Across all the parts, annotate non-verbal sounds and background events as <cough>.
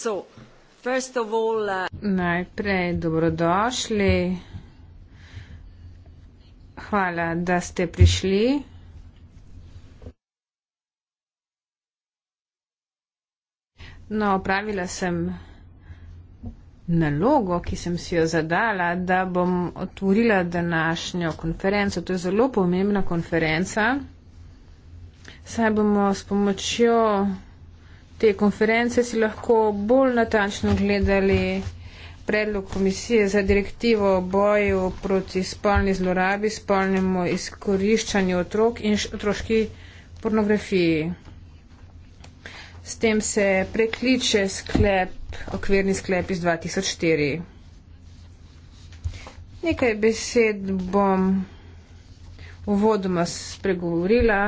So, first of all, uh... Najprej dobrodošli. Hvala, da ste prišli. No, opravila sem nalogo, ki sem si jo zadala, da bom otvorila današnjo konferenco. To je zelo pomembna konferenca. Saj bomo s pomočjo te konference si lahko bolj natančno gledali predlog komisije za direktivo o boju proti spolni zlorabi, spolnemu izkoriščanju otrok in otroški pornografiji. S tem se prekliče sklep, okvirni sklep iz 2004. Nekaj besed bom uvodoma spregovorila,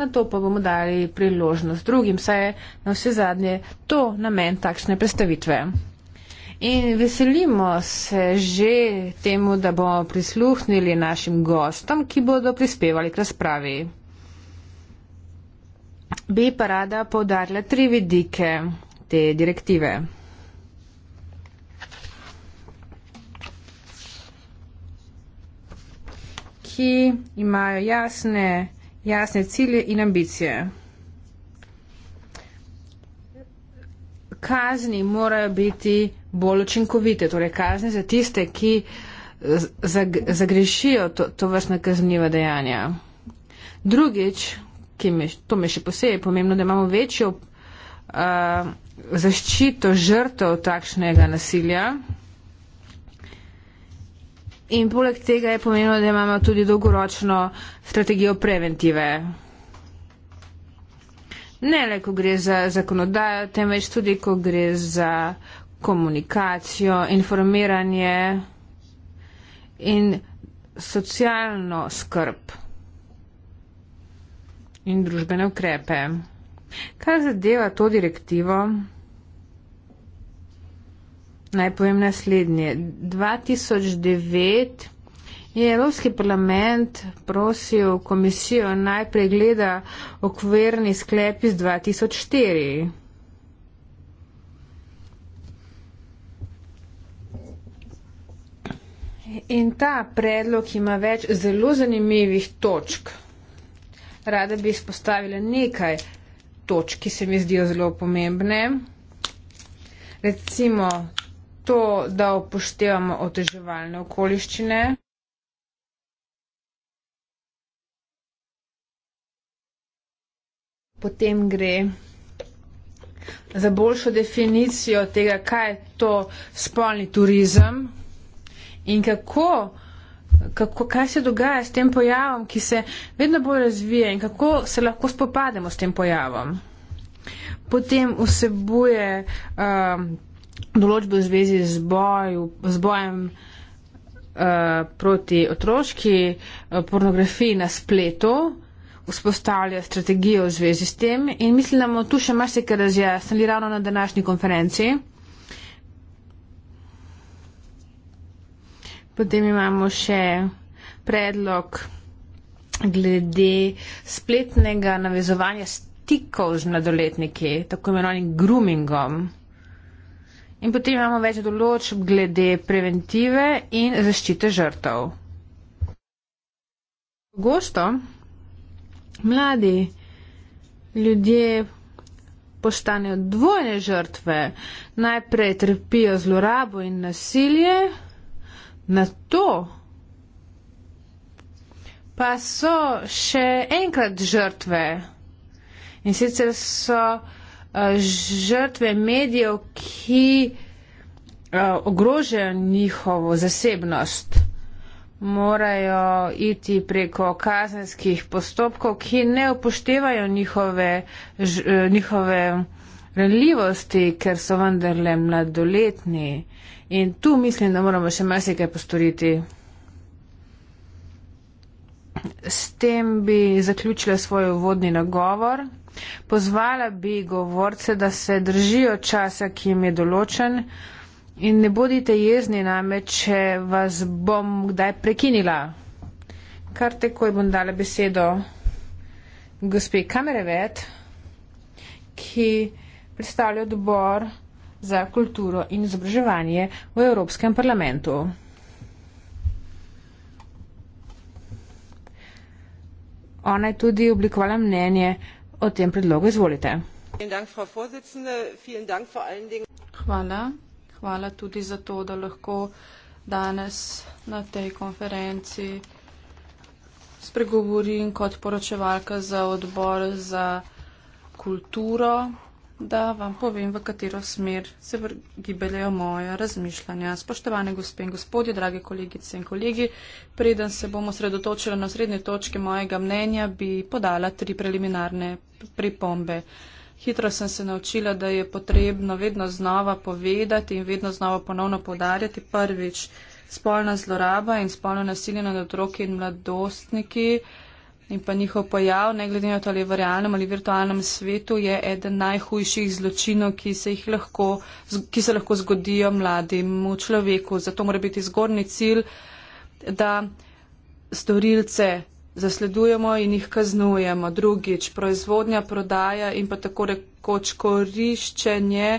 na to pa bomo dali priložnost drugim, saj je na vse zadnje to namen takšne predstavitve. In veselimo se že temu, da bomo prisluhnili našim gostom, ki bodo prispevali k razpravi. Bi pa rada povdarila tri vidike te direktive. ki imajo jasne jasne cilje in ambicije. Kazni morajo biti bolj učinkovite, torej kazni za tiste, ki zag, zagrešijo to, to vrstne kazniva dejanja. Drugič, ki mi, to mi še posebej je pomembno, da imamo večjo uh, zaščito žrtev takšnega nasilja. In poleg tega je pomenilo, da imamo tudi dolgoročno strategijo preventive. Ne le, ko gre za zakonodajo, temveč tudi, ko gre za komunikacijo, informiranje in socialno skrb in družbene ukrepe. Kar zadeva to direktivo, Naj povem naslednje. 2009 je Evropski parlament prosil komisijo naj pregleda okvirni sklep iz 2004. In ta predlog ima več zelo zanimivih točk. Rada bi izpostavila nekaj točk, ki se mi zdijo zelo pomembne. Recimo to, da upoštevamo oteževalne okoliščine. Potem gre za boljšo definicijo tega, kaj je to spolni turizem in kako, kako, kaj se dogaja s tem pojavom, ki se vedno bolj razvije in kako se lahko spopademo s tem pojavom. Potem vsebuje. Um, določbe v zvezi z, boju, z bojem uh, proti otroški uh, pornografiji na spletu, vzpostavlja strategijo v zvezi s tem in mislim, da bomo tu še marsikaj razjasnili ravno na današnji konferenci. Potem imamo še predlog glede spletnega navezovanja stikov z mladoletniki, tako imenovanim groomingom. In potem imamo več določb glede preventive in zaščite žrtev. Pogosto mladi ljudje postanejo dvojne žrtve. Najprej trpijo zlorabo in nasilje, na to pa so še enkrat žrtve. In sicer so žrtve medijev, ki eh, ogrožajo njihovo zasebnost, morajo iti preko kazenskih postopkov, ki ne upoštevajo njihove, ž, eh, njihove renljivosti, ker so vendarle mladoletni. In tu mislim, da moramo še marsikaj postoriti. S tem bi zaključila svoj vodni nagovor. Pozvala bi govorce, da se držijo časa, ki jim je določen in ne bodite jezni name, če vas bom kdaj prekinila. Kar takoj bom dala besedo gospe Kamereved, ki predstavlja odbor za kulturo in izobraževanje v Evropskem parlamentu. Ona je tudi oblikovala mnenje, o tem predlogu. Izvolite. Hvala. Hvala tudi za to, da lahko danes na tej konferenci spregovorim kot poročevalka za odbor za kulturo da vam povem, v katero smer se gibeljajo moja razmišljanja. Spoštovane gospe in gospodje, drage kolegice in kolegi, preden se bomo sredotočili na srednje točke mojega mnenja, bi podala tri preliminarne pripombe. Hitro sem se naučila, da je potrebno vedno znova povedati in vedno znova ponovno podarjati. Prvič, spolna zloraba in spolno nasilje nad otroki in mladostniki in pa njihov pojav, ne glede na to, ali je v realnem ali virtualnem svetu, je eden najhujših zločinov, ki se, lahko, ki se lahko zgodijo mladimu človeku. Zato mora biti zgornji cilj, da storilce zasledujemo in jih kaznujemo. Drugič, proizvodnja, prodaja in pa tako rekoč koriščenje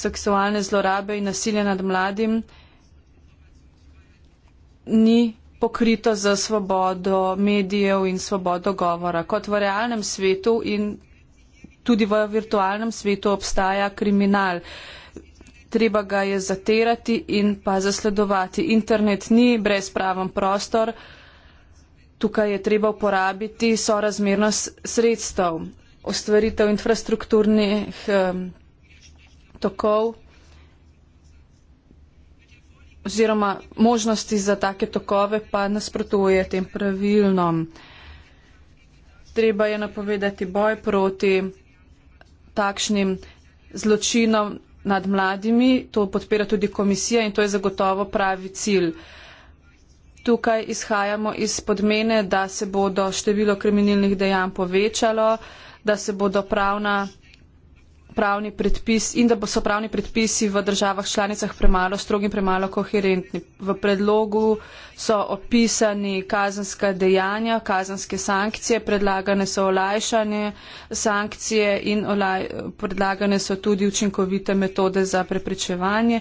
seksualne zlorabe in nasilja nad mladim ni pokrito za svobodo medijev in svobodo govora. Kot v realnem svetu in tudi v virtualnem svetu obstaja kriminal. Treba ga je zaterati in pa zasledovati. Internet ni brezpraven prostor. Tukaj je treba uporabiti sorazmernost sredstev, ustvaritev infrastrukturnih um, tokov oziroma možnosti za take tokove pa nasprotuje tem pravilnom. Treba je napovedati boj proti takšnim zločinom nad mladimi, to podpira tudi komisija in to je zagotovo pravi cilj. Tukaj izhajamo iz podmene, da se bodo število kriminalnih dejanj povečalo, da se bodo pravna pravni predpis in da so pravni predpisi v državah članicah premalo strogi in premalo koherentni. V predlogu so opisani kazenska dejanja, kazenske sankcije, predlagane so olajšanje sankcije in olaj, predlagane so tudi učinkovite metode za preprečevanje.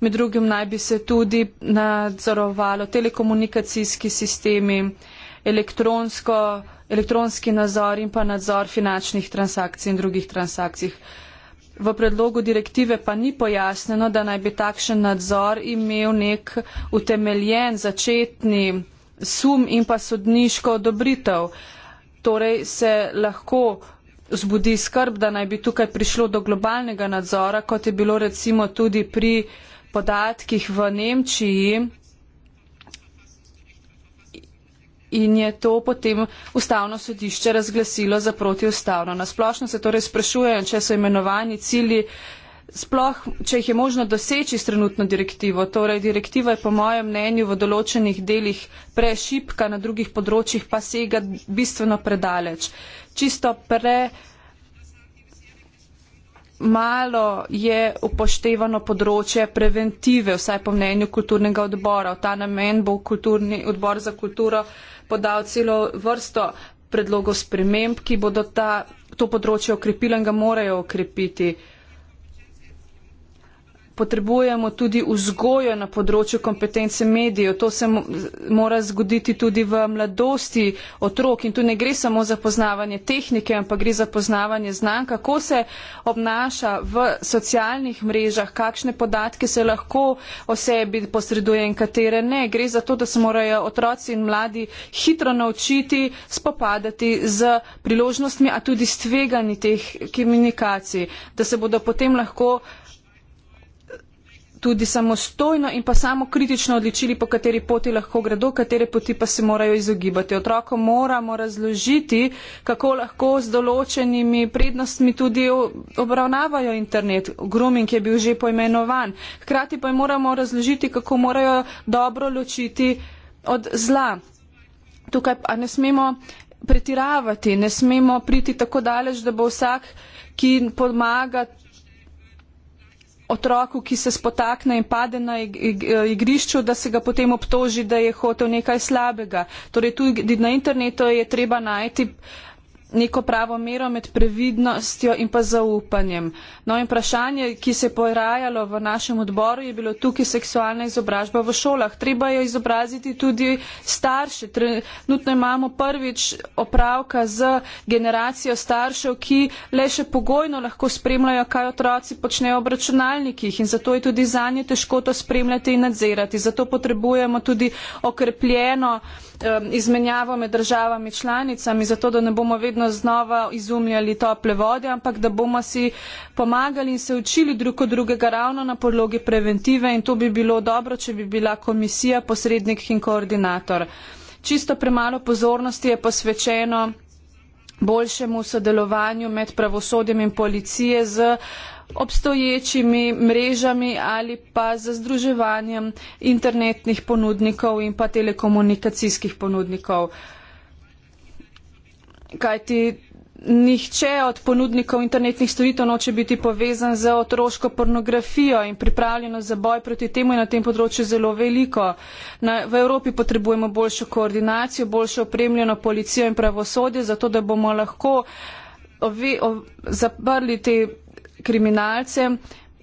Med drugim naj bi se tudi nadzorovalo telekomunikacijski sistemi, elektronsko, elektronski nazor in pa nadzor finančnih transakcij in drugih transakcij. V predlogu direktive pa ni pojasneno, da naj bi takšen nadzor imel nek utemeljen začetni sum in pa sodniško odobritev. Torej se lahko zbudi skrb, da naj bi tukaj prišlo do globalnega nadzora, kot je bilo recimo tudi pri podatkih v Nemčiji, in je to potem ustavno sodišče razglasilo za protiustavno. Nasplošno se torej sprašujem, če so imenovani cilji. Sploh, če jih je možno doseči s trenutno direktivo, torej direktiva je po mojem mnenju v določenih delih prešipka, na drugih področjih pa sega bistveno predaleč. Čisto pre malo je upoštevano področje preventive, vsaj po mnenju kulturnega odbora. V ta namen bo kulturni odbor za kulturo podal celo vrsto predlogov sprememb, ki bodo ta, to področje okrepili in ga morajo okrepiti potrebujemo tudi vzgojo na področju kompetence medijev. To se mora zgoditi tudi v mladosti otrok in tu ne gre samo za poznavanje tehnike, ampak gre za poznavanje znan, kako se obnaša v socialnih mrežah, kakšne podatke se lahko o sebi posreduje in katere ne. Gre za to, da se morajo otroci in mladi hitro naučiti spopadati z priložnostmi, a tudi s tveganji teh komunikacij, da se bodo potem lahko tudi samostojno in pa samo kritično odločili, po kateri poti lahko gredo, katere poti pa se morajo izogibati. Otroko moramo razložiti, kako lahko z določenimi prednostmi tudi obravnavajo internet, grooming je bil že poimenovan. Hkrati pa moramo razložiti, kako morajo dobro ločiti od zla. Tukaj pa ne smemo pretiravati, ne smemo priti tako daleč, da bo vsak, ki pomaga otroku, ki se spotakne in pade na igrišču, da se ga potem obtoži, da je hotel nekaj slabega. Torej, tudi na internetu je treba najti neko pravo mero med previdnostjo in pa zaupanjem. No in vprašanje, ki se je porajalo v našem odboru, je bilo tukaj seksualna izobražba v šolah. Treba jo izobraziti tudi starše. Trenutno imamo prvič opravka z generacijo staršev, ki le še pogojno lahko spremljajo, kaj otroci počnejo ob računalnikih in zato je tudi zanje težko to spremljati in nadzirati. Zato potrebujemo tudi okrepljeno um, izmenjavo med državami članicami, zato da ne bomo vedno vedno znova izumljali tople vode, ampak da bomo si pomagali in se učili drug od drugega ravno na podlogi preventive in to bi bilo dobro, če bi bila komisija posrednik in koordinator. Čisto premalo pozornosti je posvečeno boljšemu sodelovanju med pravosodjem in policije z obstoječimi mrežami ali pa z združevanjem internetnih ponudnikov in pa telekomunikacijskih ponudnikov kajti nihče od ponudnikov internetnih storitev noče biti povezan z otroško pornografijo in pripravljenost za boj proti temu je na tem področju zelo veliko. Na, v Evropi potrebujemo boljšo koordinacijo, boljšo opremljeno policijo in pravosodje, zato da bomo lahko ove, o, zaprli te kriminalce,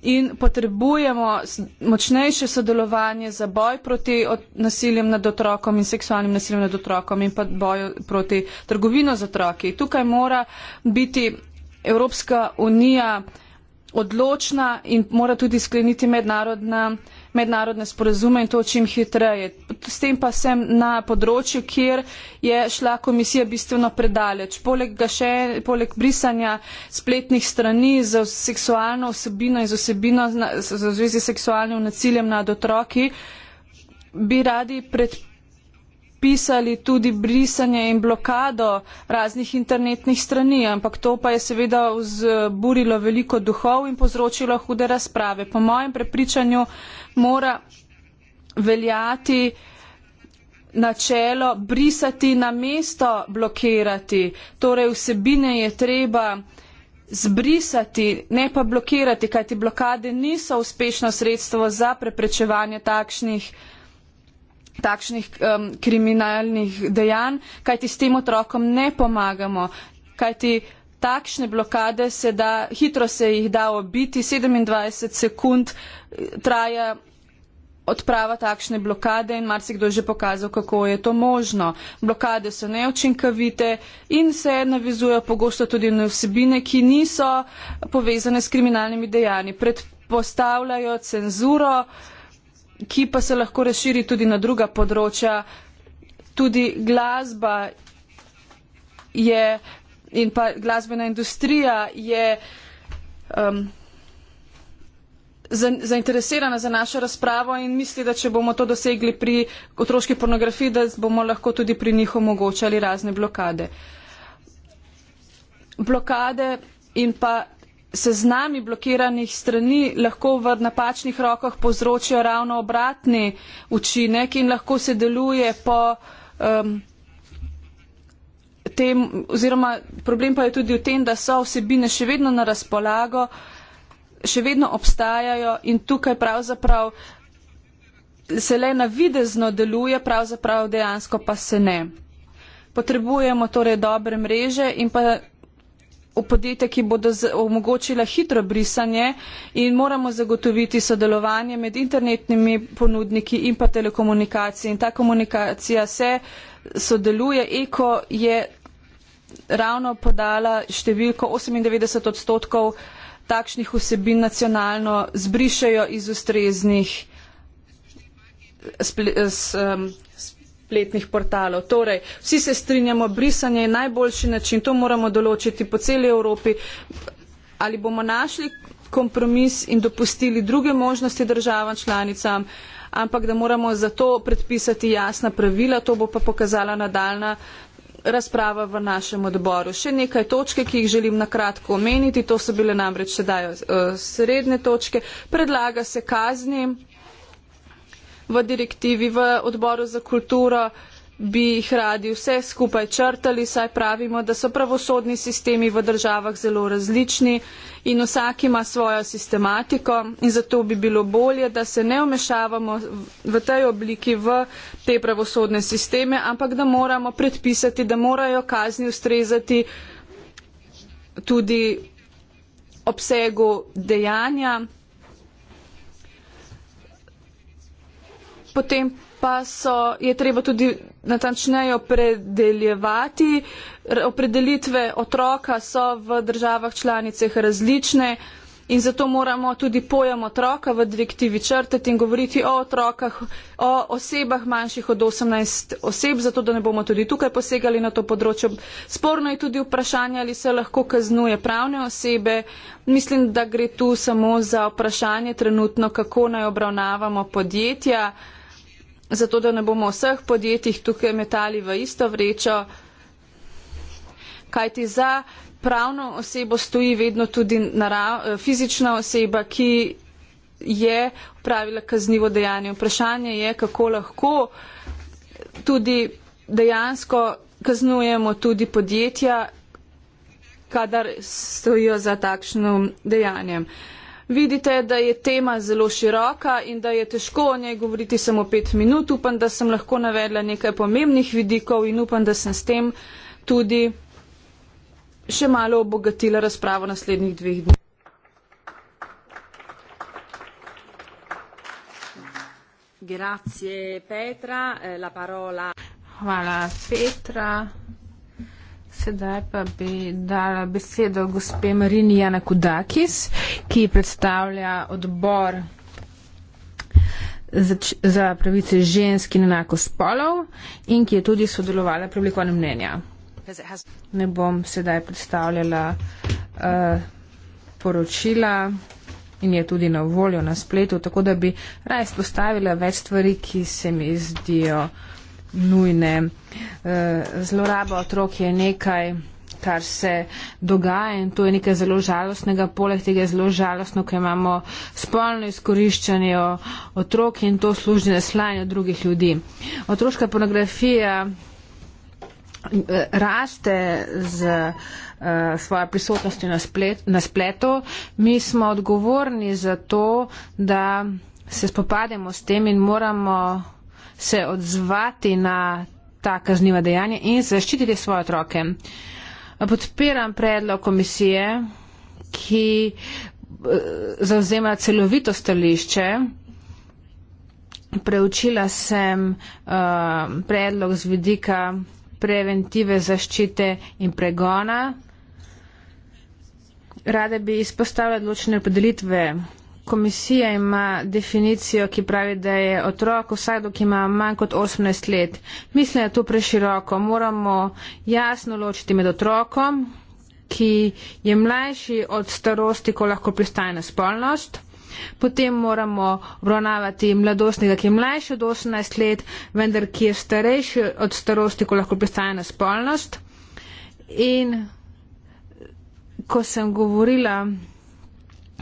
in potrebujemo močnejše sodelovanje za boj proti nasiljem nad otrokom in seksualnim nasiljem nad otrokom in pa boju proti trgovino z otroki. Tukaj mora biti Evropska unija odločna in mora tudi skleniti mednarodna mednarodne sporezume in to čim hitreje. S tem pa sem na področju, kjer je šla komisija bistveno predaleč. Poleg, še, poleg brisanja spletnih strani za seksualno osebino in za osebino na, z, z, z, z seksualnim naciljem nad otroki, bi radi predpisali, podpisali tudi brisanje in blokado raznih internetnih strani, ampak to pa je seveda vzburilo veliko duhov in povzročilo hude razprave. Po mojem prepričanju mora veljati načelo brisati na mesto blokirati. Torej vsebine je treba zbrisati, ne pa blokirati, kajti blokade niso uspešno sredstvo za preprečevanje takšnih takšnih um, kriminalnih dejanj, kajti s tem otrokom ne pomagamo. Kajti takšne blokade se da, hitro se jih da obiti, 27 sekund eh, traja odprava takšne blokade in marsikdo je že pokazal, kako je to možno. Blokade so neočinkovite in se navizujejo pogosto tudi na vsebine, ki niso povezane s kriminalnimi dejanji. Predpostavljajo cenzuro ki pa se lahko reširi tudi na druga področja. Tudi glasba je in pa glasbena industrija je um, zainteresirana za našo razpravo in misli, da če bomo to dosegli pri otroški pornografiji, da bomo lahko tudi pri njih omogočali razne blokade. Blokade in pa seznami blokiranih strani lahko v napačnih rokah povzročijo ravno obratni učinek in lahko se deluje po um, tem, oziroma problem pa je tudi v tem, da so vsebine še vedno na razpolago, še vedno obstajajo in tukaj pravzaprav se le na videzno deluje, pravzaprav dejansko pa se ne. Potrebujemo torej dobre mreže in pa podjetja ki bodo omogočila hitro brisanje in moramo zagotoviti sodelovanje med internetnimi ponudniki in pa telekomunikacijami in ta komunikacija se sodeluje eko je ravno podala številko osemindevetdeset odstotkov takšnih vsebin nacionalno zbrišejo iz ustreznih s, um, s, s, spletnih portalov. Torej, vsi se strinjamo, brisanje je najboljši način, to moramo določiti po celi Evropi. Ali bomo našli kompromis in dopustili druge možnosti državam članicam, ampak da moramo za to predpisati jasna pravila, to bo pa pokazala nadaljna razprava v našem odboru. Še nekaj točke, ki jih želim na kratko omeniti, to so bile namreč sedaj uh, srednje točke. Predlaga se kaznim v direktivi, v odboru za kulturo bi jih radi vse skupaj črtali, saj pravimo, da so pravosodni sistemi v državah zelo različni in vsak ima svojo sistematiko in zato bi bilo bolje, da se ne vmešavamo v tej obliki v te pravosodne sisteme, ampak da moramo predpisati, da morajo kazni ustrezati tudi obsegu dejanja potem pa so, je treba tudi natančneje opredeljevati. Opredelitve otroka so v državah članicah različne in zato moramo tudi pojem otroka v direktivi črtati in govoriti o otrokah, o osebah manjših od 18 oseb, zato da ne bomo tudi tukaj posegali na to področje. Sporno je tudi vprašanje, ali se lahko kaznuje pravne osebe. Mislim, da gre tu samo za vprašanje trenutno, kako naj obravnavamo podjetja zato da ne bomo vseh podjetjih tukaj metali v isto vrečo, kajti za pravno osebo stoji vedno tudi narav, eh, fizična oseba, ki je upravila kaznivo dejanje. Vprašanje je, kako lahko tudi dejansko kaznujemo tudi podjetja, kadar stojijo za takšnim dejanjem. Uh, Vidite, da je tema zelo široka in da je težko o njej govoriti samo pet minut. Upam, da sem lahko navedla nekaj pomembnih vidikov in upam, da sem s tem tudi še malo obogatila razpravo naslednjih dveh dni. Grazie Petra, eh, la parola. Hvala Petra. Sedaj pa bi dala besedo gospe Marini Jana Kudakis, ki predstavlja odbor za, za pravice žensk in enako spolov in ki je tudi sodelovala pri oblikovanju mnenja. Ne bom sedaj predstavljala uh, poročila in je tudi na voljo na spletu, tako da bi raje spostavila več stvari, ki se mi zdijo nujne. Eh, zloraba otrok je nekaj, kar se dogaja in to je nekaj zelo žalostnega. Poleg tega je zelo žalostno, ker imamo spolno izkoriščanje otrok in to služi na slanju drugih ljudi. Otroška pornografija eh, raste z eh, svojo prisotnostjo na, splet, na spletu. Mi smo odgovorni za to, da se spopademo s tem in moramo se odzvati na ta kazniva dejanja in zaščititi svoje otroke. Podpiram predlog komisije, ki eh, zauzema celovito stališče. Preučila sem uh, predlog z vidika preventive zaščite in pregona. Rade bi izpostavila odločene podelitve komisija ima definicijo, ki pravi, da je otrok vsakdo, ki ima manj kot 18 let. Mislim, da je to preširoko. Moramo jasno ločiti med otrokom, ki je mlajši od starosti, ko lahko pristane spolnost. Potem moramo obravnavati mladostnika, ki je mlajši od 18 let, vendar ki je starejši od starosti, ko lahko pristane na spolnost. In ko sem govorila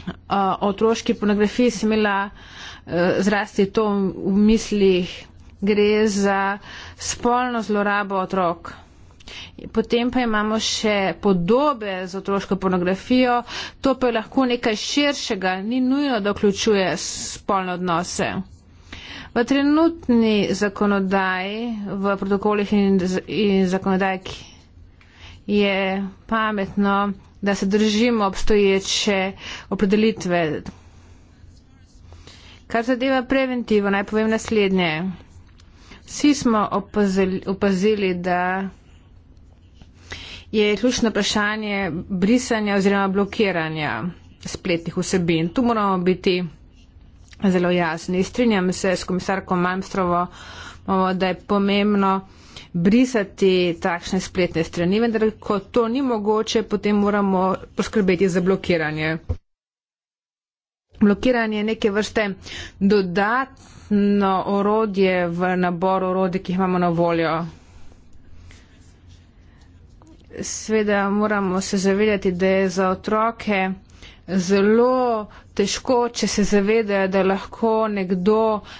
uh, otroški pornografiji si imela uh, zrasti to v mislih, gre za spolno zlorabo otrok. Potem pa imamo še podobe z otroško pornografijo, to pa je lahko nekaj širšega, ni nujno, da vključuje spolne odnose. V trenutni zakonodaji, v protokolih in, in zakonodajki je pametno da se držimo obstoječe opredelitve. Kar zadeva preventivo, naj povem naslednje. Vsi smo opazili, opazili da je ključno vprašanje brisanja oziroma blokiranja spletnih vsebin. Tu moramo biti zelo jasni. Strinjam se s komisarko Malmstrovo, da je pomembno, brisati takšne spletne strani, vendar ko to ni mogoče, potem moramo poskrbeti za blokiranje. Blokiranje je neke vrste dodatno orodje v naboru orodij, ki jih imamo na voljo. Sveda moramo se zavedati, da je za otroke zelo težko, če se zavedajo, da lahko nekdo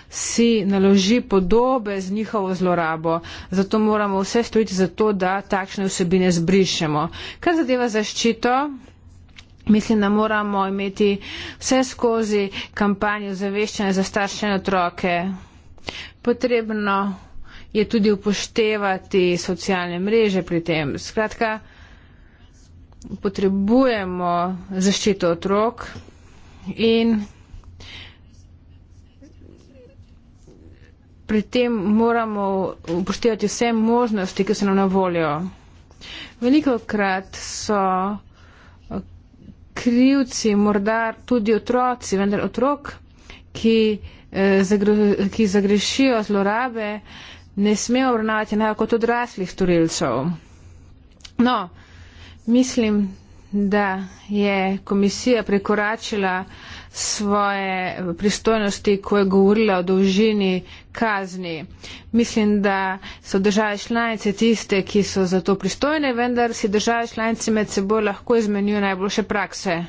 si naloži podobe z njihovo zlorabo. Zato moramo vse storiti za to, da takšne vsebine zbrišemo. Kar zadeva zaščito. Mislim, da moramo imeti vse skozi kampanjo zaveščanja za starše in otroke. Potrebno je tudi upoštevati socialne mreže pri tem. Skratka, potrebujemo zaščito otrok in pri tem moramo upoštevati vse možnosti, ki se nam navolijo. Veliko krat so krivci, morda tudi otroci, vendar otrok, ki, eh, zagre, ki zagrešijo zlorabe, ne smejo obravnavati enako kot odraslih storilcev. No, Mislim, da je komisija prekoračila svoje pristojnosti, ko je govorila o dolžini kazni. Mislim, da so države članice tiste, ki so za to pristojne, vendar si države članice med seboj lahko izmenjujo najboljše prakse.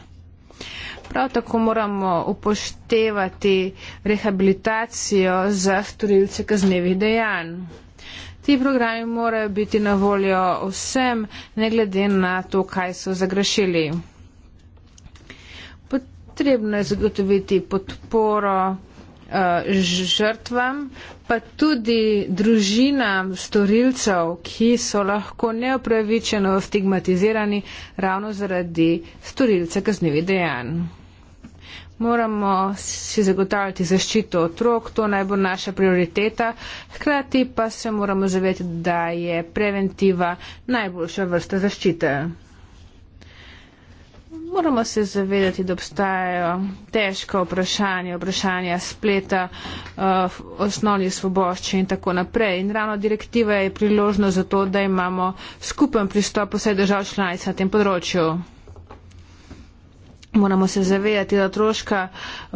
Prav tako moramo upoštevati rehabilitacijo za storilce kaznevih dejanj. Ti programi morajo biti na voljo vsem, ne glede na to, kaj so zagrešili. Potrebno je zagotoviti podporo eh, žrtvam, pa tudi družinam storilcev, ki so lahko neopravičeno stigmatizirani ravno zaradi storilce kaznjivih dejanj moramo si zagotavljati zaščito otrok, to naj bo naša prioriteta, hkrati pa se moramo zavedati, da je preventiva najboljša vrsta zaščite. Moramo se zavedati, da obstajajo težka vprašanja, vprašanja spleta, uh, osnovnih svoboščin in tako naprej. In ravno direktiva je priložno za to, da imamo skupen pristop vseh držav članic na tem področju. Moramo se zavedati, da otroška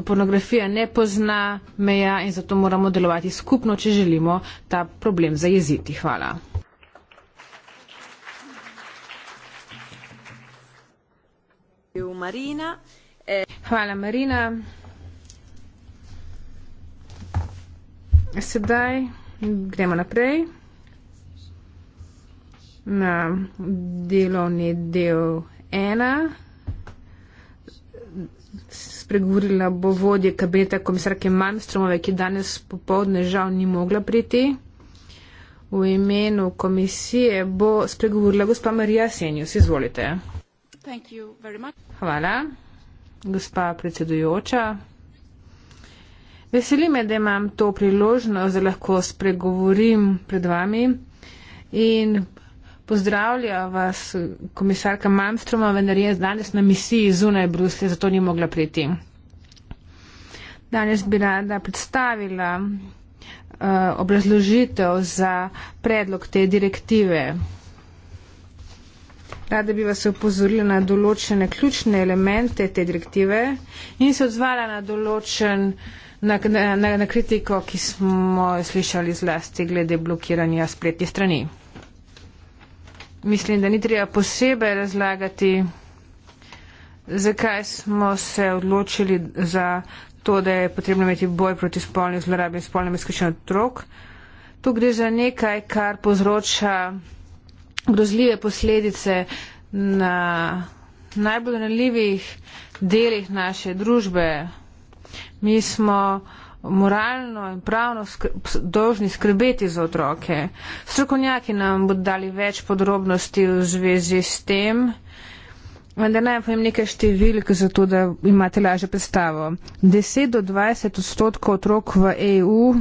pornografija ne pozna meja in zato moramo delovati skupno, če želimo ta problem zajeziti. Hvala. Marina. Eh. Hvala, Marina. Sedaj gremo naprej na delovni del ena spregovorila bo vodje kabineta komisarke Manstromove, ki danes popovdne žal ni mogla priti. V imenu komisije bo spregovorila gospa Marija Senjus. Izvolite. Hvala, gospa predsedujoča. Veseli me, da imam to priložnost, da lahko spregovorim pred vami in Pozdravlja vas komisarka Malmstroma, vendar je danes na misiji zunaj Bruslja, zato ni mogla priti. Danes bi rada predstavila uh, obrazložitev za predlog te direktive. Rada bi vas upozorila na določene ključne elemente te direktive in se odzvala na določen na, na, na, na kritiko, ki smo slišali zlasti glede blokiranja spletnih strani mislim, da ni treba posebej razlagati, zakaj smo se odločili za to, da je potrebno imeti boj proti spolni zlorabi in spolnem izkušnjem otrok. Tu gre za nekaj, kar povzroča grozljive posledice na najbolj ranljivih delih naše družbe. Mi smo moralno in pravno skrb, dolžni skrbeti za otroke. Strokovnjaki nam bodo dali več podrobnosti v zvezi s tem, vendar naj vam povem nekaj številk, zato da imate lažje predstavo. 10 do 20 odstotkov otrok v EU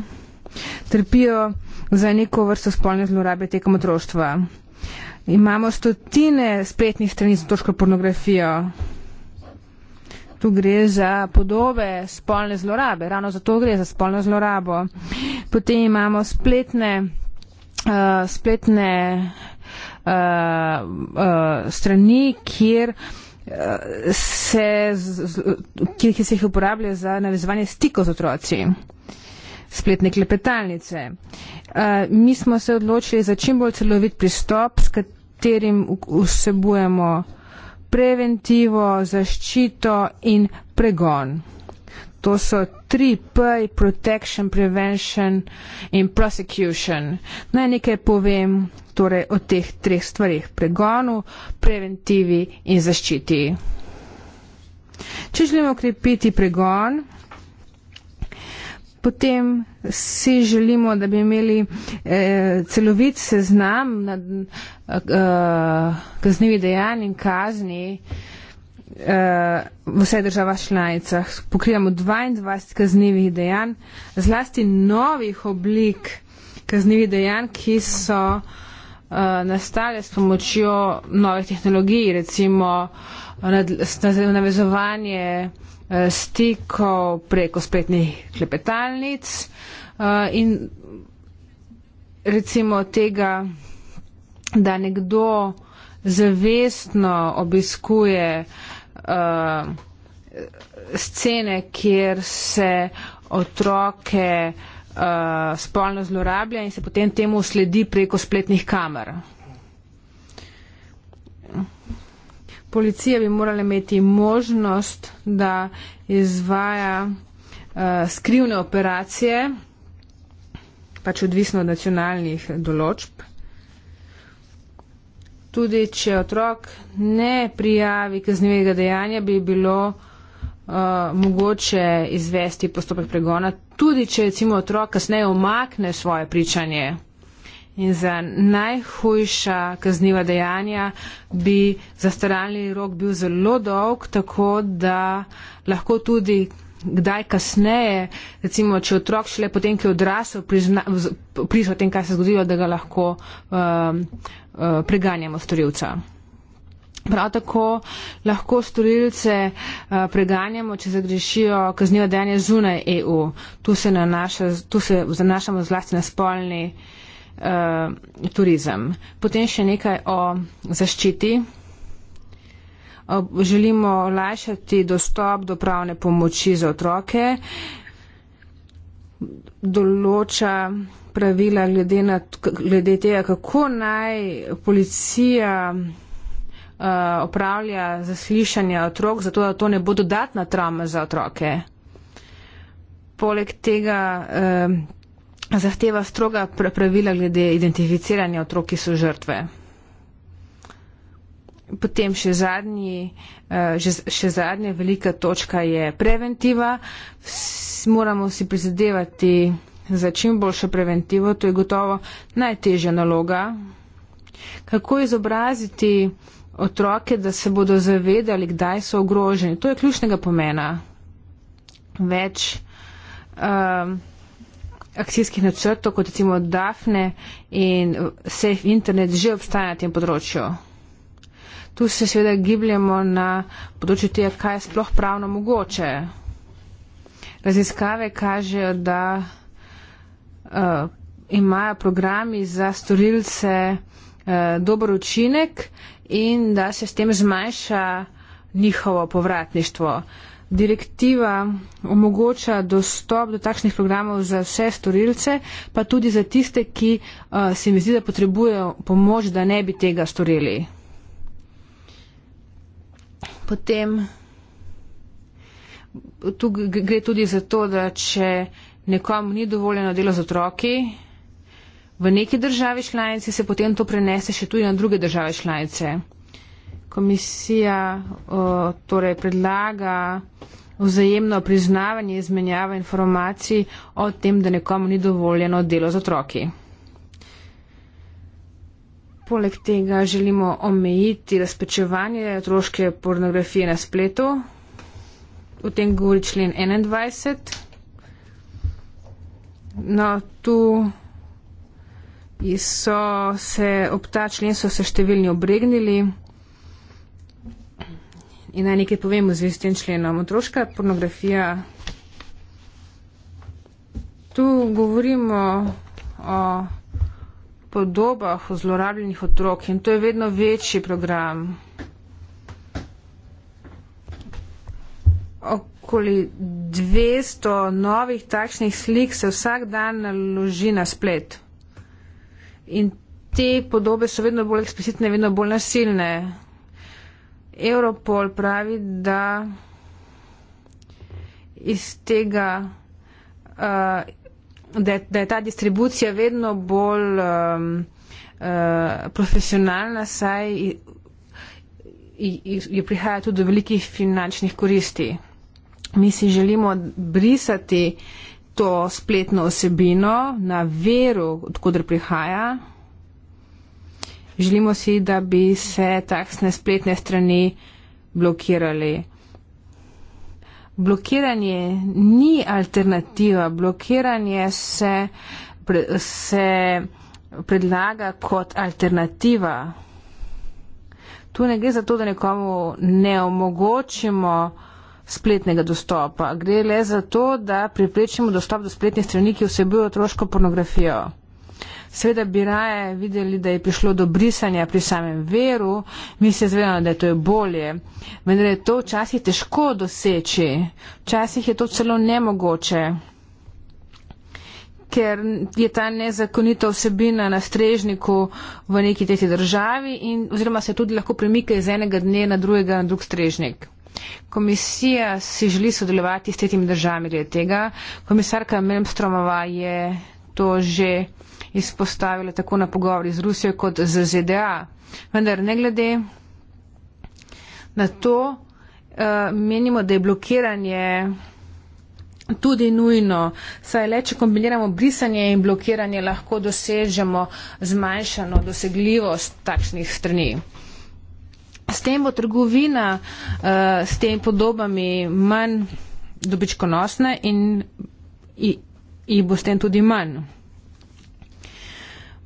trpijo za neko vrsto spolne zlorabe tekom otroštva. Imamo stotine spletnih strani za otroško pornografijo. Tu gre za podobe spolne zlorabe, ravno zato gre za spolno zlorabo. Potem imamo spletne, uh, spletne uh, uh, strani, kjer se, kjer se jih uporablja za navezovanje stikov z otroci spletne klepetalnice. Uh, mi smo se odločili za čim bolj celovit pristop, s katerim vsebujemo preventivo, zaščito in pregon. To so tri P, protection, prevention in prosecution. Naj nekaj povem torej, o teh treh stvarih. Pregonu, preventivi in zaščiti. Če želimo ukrepiti pregon, potem si želimo, da bi imeli eh, celovit seznam nad eh, kaznjivi dejanj in kazni eh, v vseh državah članicah. Pokrivamo 22 kaznjivih dejanj, zlasti novih oblik kaznjivih dejanj, ki so eh, Eh, nastale s pomočjo novih tehnologij, recimo navezovanje eh, stikov preko spletnih klepetalnic eh, in recimo tega, da nekdo zavestno obiskuje scene, kjer se otroke vsega, uh, spolno zlorablja in se potem temu sledi preko spletnih kamer. Policija bi morala imeti možnost, da izvaja uh, skrivne operacije, pač odvisno od nacionalnih določb. Tudi, če otrok ne prijavi kaznivega dejanja, bi bilo uh, uh, mogoče izvesti postopek pregona, tudi če recimo otrok kasneje omakne svoje pričanje. In za najhujša kazniva dejanja bi zastaralni rok bil zelo dolg, tako da lahko tudi kdaj kasneje, recimo, če otrok šele potem, ki je odrasel, prizna, prizna o tem, kaj se je zgodilo, da ga lahko uh, uh, preganjamo storilca. Prav tako lahko storilce eh, preganjamo, če zagrešijo kaznivo dejanje zunaj EU. Tu se, nanaša, tu se zanašamo zlasti na spolni eh, turizem. Potem še nekaj o zaščiti. Eh, želimo olajšati dostop do pravne pomoči za otroke. Določa pravila glede, na, glede tega, kako naj policija Eh, opravlja zaslišanje otrok, zato da to ne bo dodatna trauma za otroke. Poleg tega uh, zahteva stroga pravila glede identificiranja otrok, ki so žrtve. Potem še, zadnji, eh, še zadnja velika točka je preventiva. Moramo si prizadevati za čim boljšo preventivo. To je gotovo najtežja naloga. Kako izobraziti otroke, da se bodo zavedali, kdaj so ogroženi. To je ključnega pomena. Več um, akcijskih načrtov, kot recimo DAFNE in Safe Internet, že obstaja na tem področju. Tu se seveda gibljamo na področju tega, kaj je sploh pravno mogoče. Raziskave kažejo, da uh, imajo programi za storilce uh, dober učinek, in da se s tem zmanjša njihovo povratništvo. Direktiva omogoča dostop do takšnih programov za vse storilce, pa tudi za tiste, ki uh, se mi zdi, da potrebujejo pomoč, da ne bi tega storili. Potem tu gre tudi za to, da če nekom ni dovoljeno delo z otroki, v neki državi članici, se potem to prenese še tudi na druge države članice. Komisija torej predlaga vzajemno priznavanje izmenjava informacij o tem, da nekomu ni dovoljeno delo z otroki. Poleg tega želimo omejiti razpečevanje otroške pornografije na spletu. O tem govori člen 21. No, tu in so se ob ta člen so se številni obregnili. In naj nekaj povemo z istim členom. Otroška pornografija. Tu govorimo o podobah zlorabljenih otrok in to je vedno večji program. Okoli 200 novih takšnih slik se vsak dan naloži na splet. In te podobe so vedno bolj eksplicitne, vedno bolj nasilne. Europol pravi, da iz tega, uh, da, je, da je ta distribucija vedno bolj um, uh, profesionalna, saj jo prihaja tudi do velikih finančnih koristi. Mi si želimo brisati to spletno osebino na veru, odkudr prihaja. Želimo si, da bi se takšne spletne strani blokirali. Blokiranje ni alternativa. Blokiranje se, se predlaga kot alternativa. Tu ne gre za to, da nekomu ne omogočimo, spletnega dostopa. Gre le za to, da priprečimo dostop do spletnih strani, ki vsebujo otroško pornografijo. Seveda bi raje videli, da je prišlo do brisanja pri samem veru, mi se zvedamo, da je to bolje, vendar je to včasih težko doseči, včasih je to celo nemogoče, ker je ta nezakonita osebina na strežniku v neki tretji državi in, oziroma se tudi lahko premika iz enega dne na drugega na drug strežnik. Komisija si želi sodelovati s tretjimi državami glede tega. Komisarka Melmstromova je to že izpostavila tako na pogovori z Rusijo kot z ZDA. Vendar ne glede na to, uh, menimo, da je blokiranje tudi nujno. Saj le, če kombiniramo brisanje in blokiranje, lahko dosežemo zmanjšano dosegljivost takšnih strani s tem bo trgovina uh, s tem podobami manj dobičkonosna in jih bo s tem tudi manj.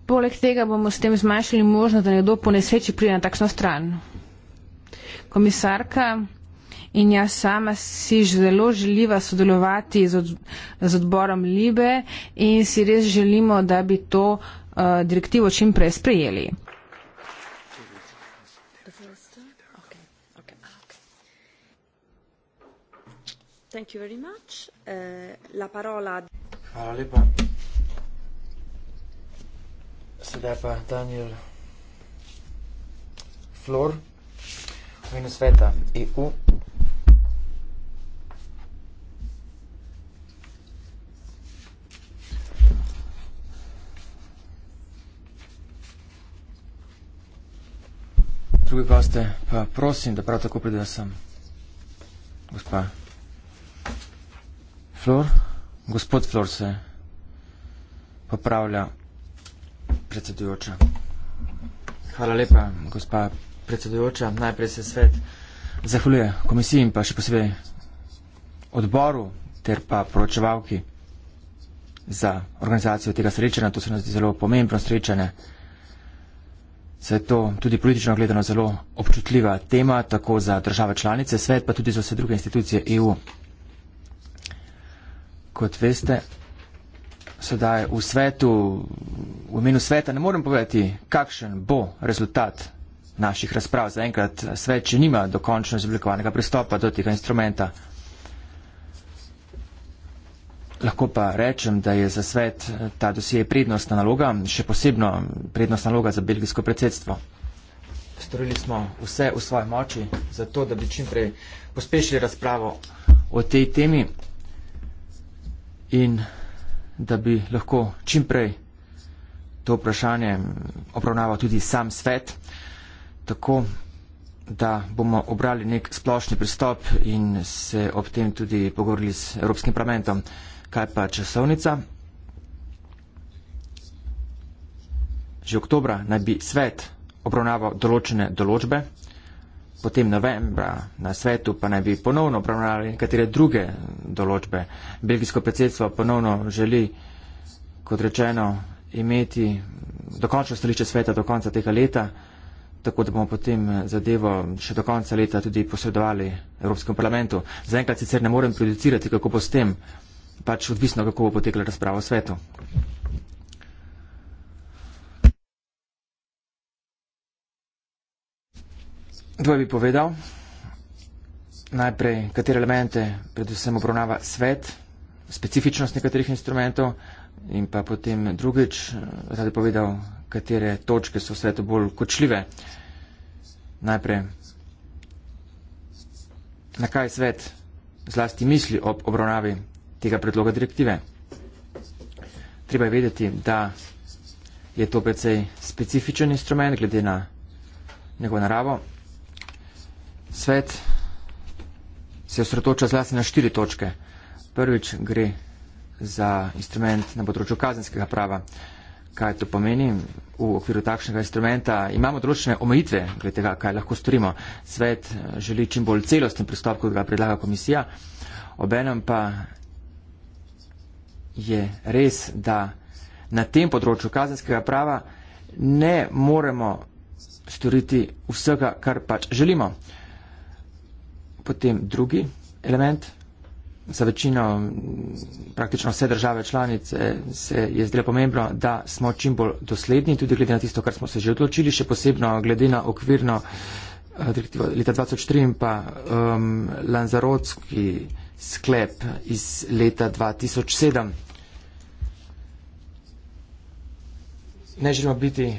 Poleg tega bomo s tem zmanjšali možnost, da nekdo po nesreči pride na takšno stran. Komisarka in jaz sama si zelo želiva sodelovati z, od, z odborom Libe in si res želimo, da bi to uh, direktivo čim prej sprejeli. Thank you very much. Eh, la parola. Hvala lepa. Sedaj pa Daniel Flor, v imenu sveta EU. Drugi goste pa prosim, da prav tako pridejo sem. Gospa Flor, gospod Flor se popravlja, predsedujoča. Hvala lepa, gospa predsedujoča. Najprej se svet zahvaljuje komisiji in pa še posebej odboru ter pa poročevalki za organizacijo tega srečanja. To se nam zdi zelo pomembno srečanje. Se je to tudi politično gledano zelo občutljiva tema, tako za države članice, svet pa tudi za vse druge institucije EU kot veste, sedaj v svetu, v imenu sveta ne morem povedati, kakšen bo rezultat naših razprav. Zaenkrat svet še nima dokončno izoblikovanega pristopa do tega instrumenta. Lahko pa rečem, da je za svet eh, ta dosije prednostna naloga, še posebno prednostna naloga za belgijsko predsedstvo. Storili smo vse v svoji moči, zato da bi čimprej pospešili razpravo o tej temi in da bi lahko čimprej to vprašanje obravnaval tudi sam svet, tako da bomo obrali nek splošni pristop in se ob tem tudi pogovorili s Evropskim parlamentom. Kaj pa časovnica? Že oktobra naj bi svet obravnaval določene določbe, potem novembra na svetu pa naj bi ponovno obravnavali nekatere druge določbe. Belgijsko predsedstvo ponovno želi, kot rečeno, imeti dokončno stališče sveta do konca tega leta, tako da bomo potem zadevo še do konca leta tudi posredovali Evropskemu parlamentu. Zaenkrat sicer ne morem producirati, kako bo s tem, pač odvisno, kako bo potekla razprava v svetu. Kdo bi povedal? Najprej, katere elemente predvsem obravnava svet, specifičnost nekaterih instrumentov in pa potem drugič, zdaj eh, bi povedal, katere točke so v svetu bolj kočljive. Najprej, na kaj svet zlasti misli ob obravnavi tega predloga direktive. Treba je vedeti, da je to precej specifičen instrument glede na njegovo naravo svet se osredotoča zlasti na štiri točke. Prvič gre za instrument na področju kazenskega prava. Kaj to pomeni? V okviru takšnega instrumenta imamo določene omejitve glede tega, kaj lahko storimo. Svet eh, želi čim bolj celosten pristop, kot ga predlaga komisija. Obenem pa je res, da na tem področju kazenskega prava ne moremo storiti vsega, kar pač želimo. Uh, Potem drugi element. Za večino, praktično vse države članice se je zdelo pomembno, da smo čim bolj dosledni, tudi glede na tisto, kar smo se že odločili, še posebno glede na okvirno eh, direktivo leta 2004 in pa um, Lanzarotski sklep iz leta 2007. Ne želimo biti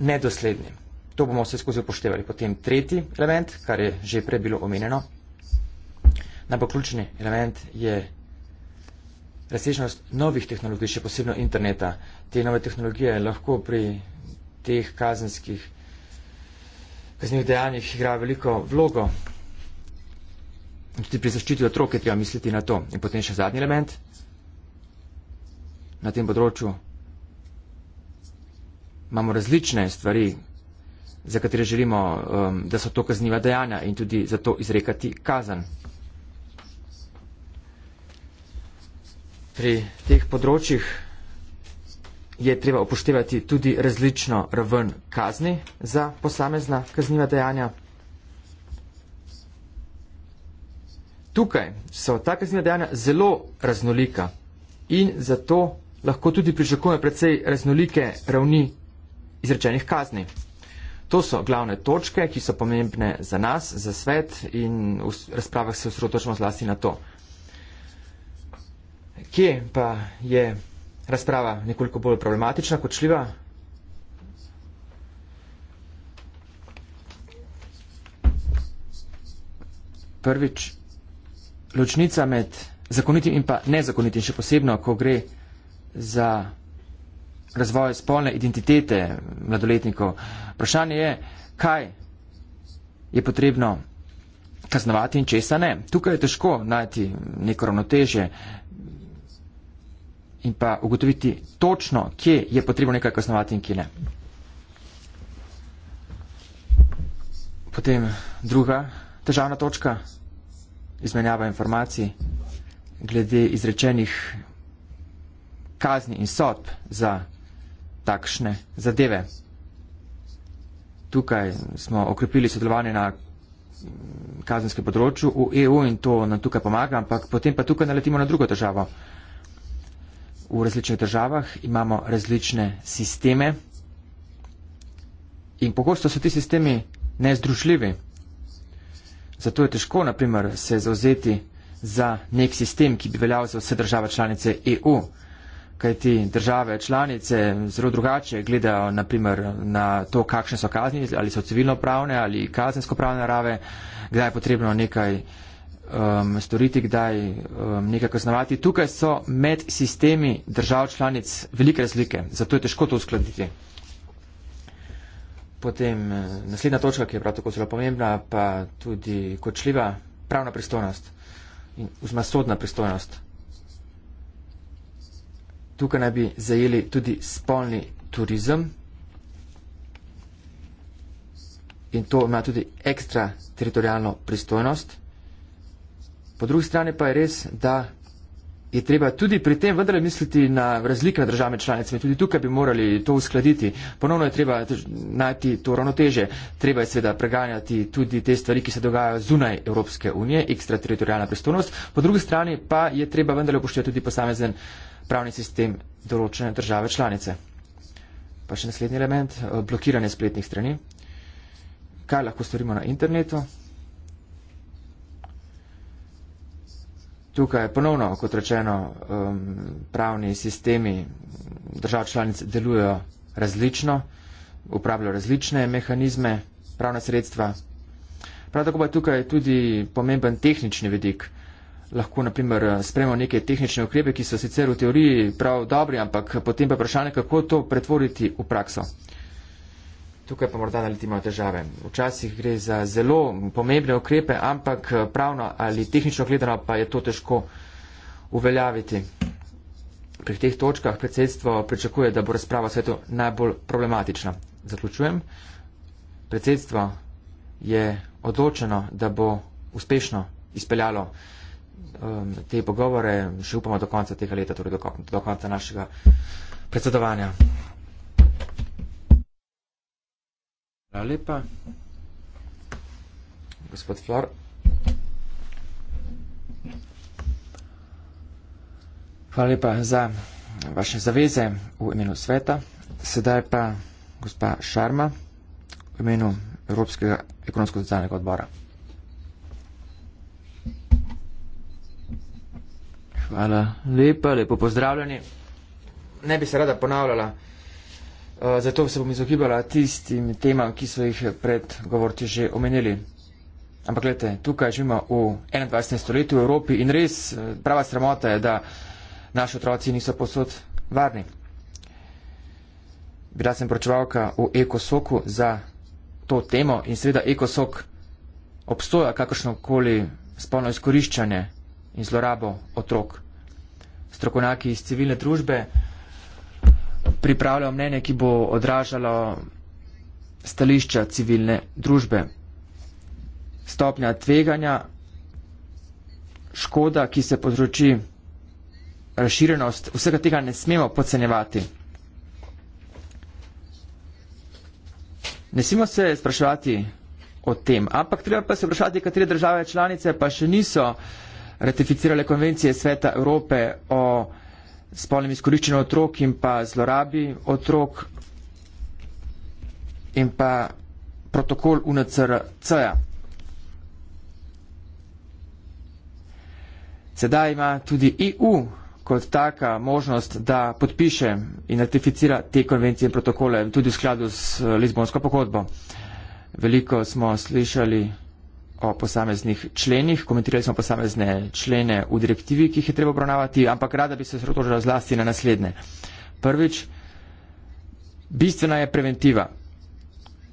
nedosledni. To bomo vse skozi upoštevali. Potem tretji element, kar je že prej bilo omenjeno. Najbolj ključni element je razsežnost novih tehnologij, še posebno interneta. Te nove tehnologije lahko pri teh kazenskih kaznih dejanjih igra veliko vlogo. Tudi pri zaščiti otrok je treba misliti na to. In potem še zadnji element na tem področju. Imamo različne stvari, za katere želimo, um, da so to kazniva dejanja in tudi za to izrekati kazan. Pri teh področjih je treba upoštevati tudi različno raven kazni za posamezna kazniva dejanja. Tukaj so ta kazniva dejanja zelo raznolika in zato lahko tudi pričakujemo precej raznolike ravni izrečenih kazni. To so glavne točke, ki so pomembne za nas, za svet in v razpravah se osredotočamo zlasti na to. Kje pa je razprava nekoliko bolj problematična kot šljiva? Prvič, ločnica med zakonitim in pa nezakonitim, še posebno, ko gre za razvoj spolne identitete mladoletnikov. Vprašanje je, kaj je potrebno kaznovati in česa ne. Tukaj je težko najti neko ravnotežje in pa ugotoviti točno, kje je potrebno nekaj kaznovati in kje ne. Potem druga težavna točka, izmenjava informacij glede izrečenih kazni in sodb za takšne zadeve. Tukaj smo okrepili sodelovanje na kazenskem področju v EU in to nam tukaj pomaga, ampak potem pa tukaj naletimo na drugo državo. V različnih državah imamo različne sisteme in pogosto so ti sistemi nezdružljivi. Zato je težko, naprimer, se zauzeti za nek sistem, ki bi veljal za vse države članice EU kajti države članice zelo drugače gledajo naprimer na to, kakšne so kazni, ali so civilno pravne ali kazensko pravne narave, kdaj je potrebno nekaj um, storiti, kdaj um, nekaj kaznovati. Tukaj so med sistemi držav članic velike razlike, zato je težko to uskladiti. Potem eh, naslednja točka, ki je prav tako zelo pomembna, pa tudi kočljiva pravna pristojnost in vzmasodna pristojnost. Tukaj naj bi zajeli tudi spolni turizem in to ima tudi ekstra teritorijalno pristojnost. Po drugi strani pa je res, da je treba tudi pri tem vendar misliti na razlike med državami članicami. Tudi tukaj bi morali to uskladiti. Ponovno je treba najti to ravnoteže. Treba je seveda preganjati tudi te stvari, ki se dogajajo zunaj Evropske unije, ekstra teritorijalna pristojnost. Po drugi strani pa je treba vendar upoštevati tudi posamezen. Uh, pravni sistem določene države članice. Pa še naslednji element, eh, blokiranje spletnih strani. Kaj lahko storimo na internetu? Tukaj ponovno, kot rečeno, pravni sistemi držav članic delujejo različno, upravljajo različne mehanizme, pravna sredstva. Prav tako pa je tukaj tudi pomemben tehnični vidik lahko naprimer spremljamo neke tehnične ukrepe, ki so sicer v teoriji prav dobri, ampak potem pa je vprašanje, kako to pretvoriti v prakso. Tukaj pa morda naletimo na težave. Včasih gre za zelo pomembne ukrepe, ampak pravno ali tehnično gledano pa je to težko uveljaviti. Pri teh točkah predsedstvo pričakuje, da bo razprava v svetu najbolj problematična. Zaključujem. Predsedstvo je odločeno, da bo uspešno izpeljalo um, te pogovore, še upamo do konca tega leta, torej do, do konca našega predsedovanja. Hvala lepa. Gospod Flor. Hvala lepa za vaše zaveze v imenu sveta. Sedaj pa gospa Šarma v imenu Evropskega ekonomsko-socialnega odbora. Hvala lepa, lepo pozdravljeni. Ne bi se rada ponavljala, eh, zato se bom izogibala tistim temam, ki so jih pred govorci že omenili. Ampak gledajte, tukaj živimo v 21. stoletju v Evropi in res eh, prava sramota je, da naši otroci niso posod varni. Bila sem pročevalka v ekosoku za to temo in seveda ekosok obstoja kakršnokoli spolno izkoriščanje in zlorabo otrok. Strokovnjaki iz civilne družbe pripravljajo mnenje, ki bo odražalo stališča civilne družbe. Stopnja tveganja, škoda, ki se povzroči, razširjenost, vsega tega ne smemo podcenjevati. Ne smemo se spraševati o tem, ampak treba pa se vprašati, katere države članice pa še niso uh, ratificirale konvencije Sveta Evrope o spolnem izkoriščenju otrok in pa zlorabi otrok in pa protokol UNCRC-ja. Sedaj ima tudi EU kot taka možnost, da podpiše in ratificira te konvencije in protokole tudi v skladu s eh, Lizbonsko pogodbo. Veliko smo slišali o posameznih členih, komentirali smo posamezne člene v direktivi, ki jih je treba obravnavati, ampak rada bi se srotožila zlasti na naslednje. Prvič, bistvena je preventiva.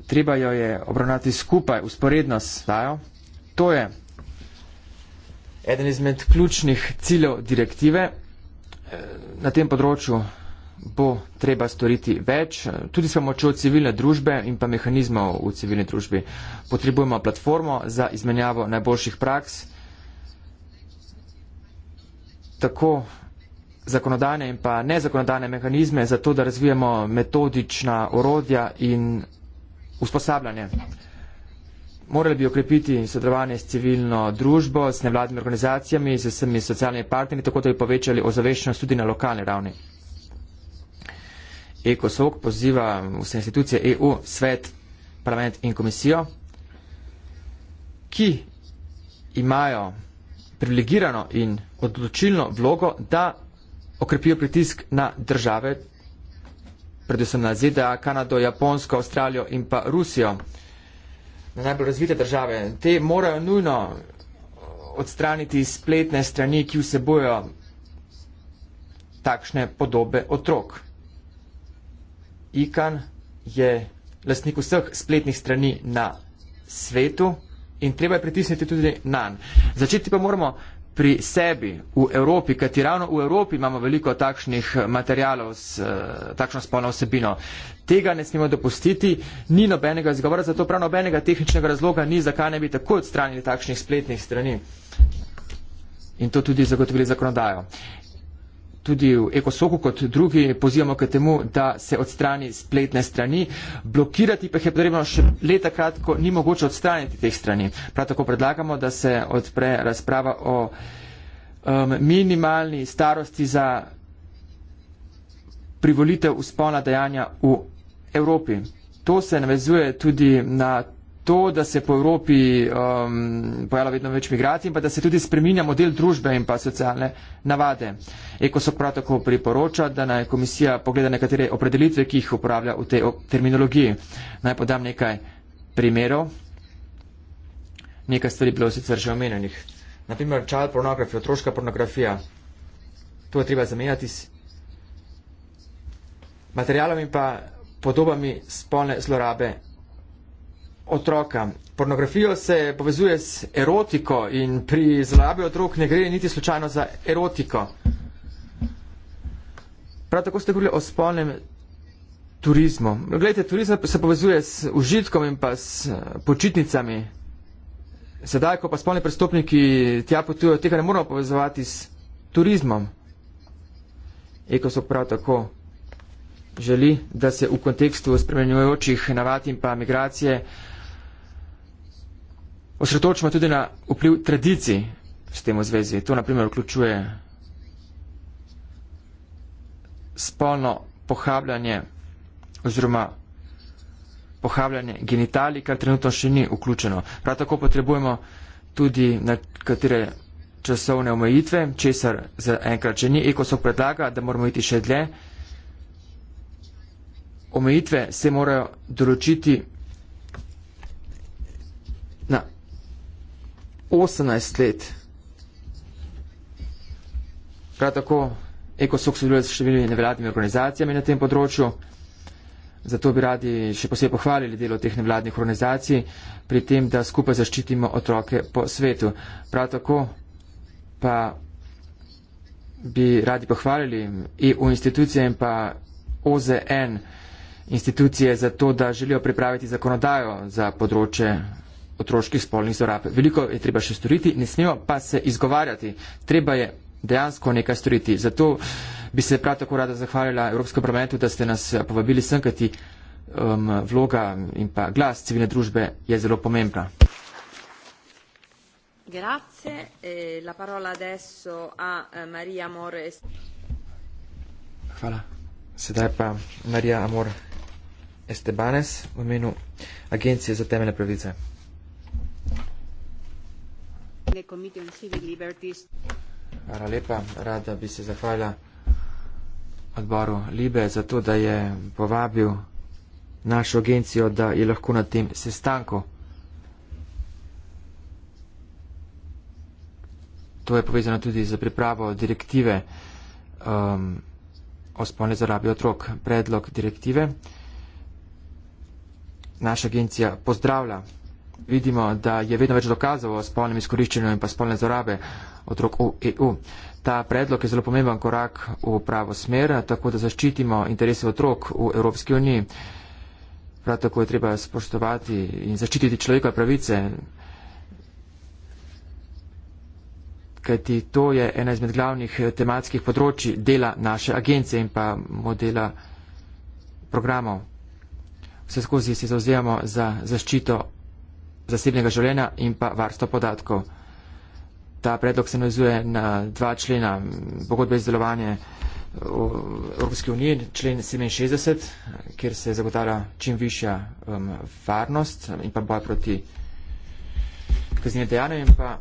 Treba jo je obravnati skupaj, usporedno s stajo. To je eden izmed ključnih ciljev direktive. Eh, na tem področju bo treba storiti več, tudi s pomočjo civilne družbe in pa mehanizmov v civilni družbi. Potrebujemo platformo za izmenjavo najboljših praks, tako zakonodane in pa nezakonodane mehanizme, zato da razvijamo metodična orodja in usposabljanje. Morali bi okrepiti sodelovanje s civilno družbo, s nevladnimi organizacijami, z vsemi socialnimi partnerji, tako da bi povečali ozaveščenost tudi na lokalni ravni. ECOSOC poziva vse institucije EU, svet, parlament in komisijo, ki imajo privilegirano in odločilno vlogo, da okrepijo pritisk na države, predvsem na ZDA, Kanado, Japonsko, Avstralijo in pa Rusijo, na najbolj razvite države. Te morajo nujno odstraniti spletne strani, ki vsebojo takšne podobe otrok. Ikan je lastnik vseh spletnih strani na svetu in treba je pritisniti tudi na nan. Začeti pa moramo pri sebi v Evropi, kajti ravno v Evropi imamo veliko takšnih materijalov s eh, takšno spolno vsebino. Tega ne smemo dopustiti, ni nobenega izgovora, zato prav nobenega tehničnega razloga ni, zakaj ne bi tako odstranili takšnih spletnih strani. In to tudi zagotovili zakonodajo tudi v Ekosoku kot drugi pozivamo k temu, da se odstrani spletne strani. Blokirati pa jih je potrebno še leta kratko, ni mogoče odstraniti teh strani. Prav tako predlagamo, da se odpre razprava o um, minimalni starosti za privolitev uspona dejanja v Evropi. To se navezuje tudi na to, da se po Evropi um, pojavlja vedno več migracij in pa da se tudi spreminja model družbe in pa socialne navade. Ekosok prav tako priporoča, da naj komisija pogleda nekatere opredelitve, ki jih uporablja v tej terminologiji. Naj podam nekaj primerov. Nekaj stvari bilo sicer že omenjenih. Naprimer, child pornografija, otroška pornografija. To je treba zamenjati s materialom in pa podobami spolne zlorabe otroka. Pornografijo se povezuje z erotiko in pri zlorabi otrok ne gre niti slučajno za erotiko. Prav tako ste govorili o spolnem turizmu. Glejte, turizem se povezuje z užitkom in pa s eh, počitnicami. Sedaj, ko pa spolni prestopniki tja potujejo, tega ne moramo povezovati s turizmom. Eko so prav tako želi, da se v kontekstu spremenjujočih navad in pa migracije osredotočimo tudi na vpliv tradicij s tem v zvezi. To naprimer vključuje spolno pohabljanje oziroma pohabljanje genitali, kar trenutno še ni vključeno. Prav tako potrebujemo tudi nekatere časovne omejitve, česar za enkrat še ni. Ekosov predlaga, da moramo iti še dlje. Omejitve se morajo določiti 18 let. Prav tako EkoSok sodeluje z številnimi nevladnimi organizacijami na tem področju. Zato bi radi še posebej pohvalili delo teh nevladnih organizacij pri tem, da skupaj zaščitimo otroke po svetu. Prav tako pa bi radi pohvalili EU institucije in pa OZN institucije za to, da želijo pripraviti zakonodajo za področje otroških spolnih zorab. Veliko je treba še storiti, ne smemo pa se izgovarjati. Treba je dejansko nekaj storiti. Zato bi se prav tako rada zahvalila Evropskem parlamentu, da ste nas eh, povabili sem, kajti um, vloga in pa glas civilne družbe je zelo pomembna. Grazie. Eh, la parola adesso a eh, Maria Mores. Hvala. Sedaj pa Marija Amor Estebanes v imenu Agencije za temeljne pravice. Hvala lepa. Rada bi se zahvalila odboru Libe za to, da je povabil našo agencijo, da je lahko na tem sestanku. To je povezano tudi z pripravo direktive um, o spolne zarabi otrok, predlog direktive. Naša agencija pozdravlja vidimo, da je vedno več dokazov o spolnem izkoriščenju in pa spolne zorabe otrok v EU. Ta predlog je zelo pomemben korak v pravo smer, tako da zaščitimo interese otrok v Evropski uniji. Prav tako je treba spoštovati in zaščititi človekove pravice, kajti to je ena izmed glavnih tematskih področji dela naše agencije in pa modela programov. Vse skozi se zauzemamo za zaščito zasebnega življenja in pa varstva podatkov. Ta predlog se navezuje na dva člena pogodbe iz delovanja v Evropski uniji, člen 67, kjer se zagotavlja čim višja um, varnost in pa boj proti kaznjenim dejanjem in pa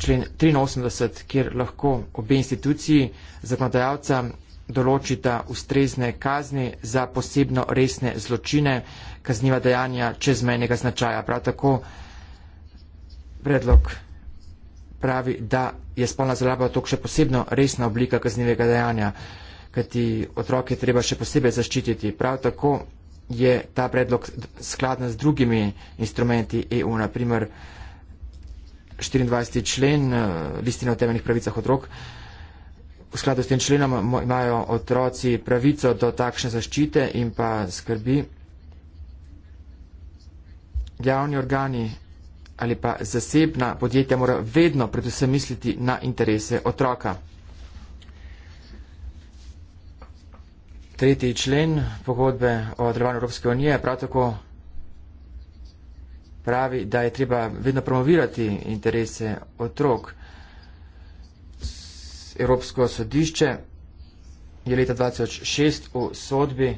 člen 83, kjer lahko obe instituciji zakonodajalca določita ustrezne kazni za posebno resne zločine kazniva dejanja čezmejnega značaja. Prav tako predlog pravi, da je spolna zloraba otrok še posebno resna oblika kaznivega dejanja, kajti otroke treba še posebej zaščititi. Prav tako je ta predlog skladen z drugimi instrumenti EU, naprimer 24. člen eh, listina o temeljnih pravicah otrok. V skladu s tem členom imajo otroci pravico do takšne zaščite in pa skrbi javni organi ali pa zasebna podjetja mora vedno predvsem misliti na interese otroka. Tretji člen pogodbe o delovanju Evropske unije prav tako pravi, da je treba vedno promovirati interese otrok. Evropsko sodišče je leta 2006 v sodbi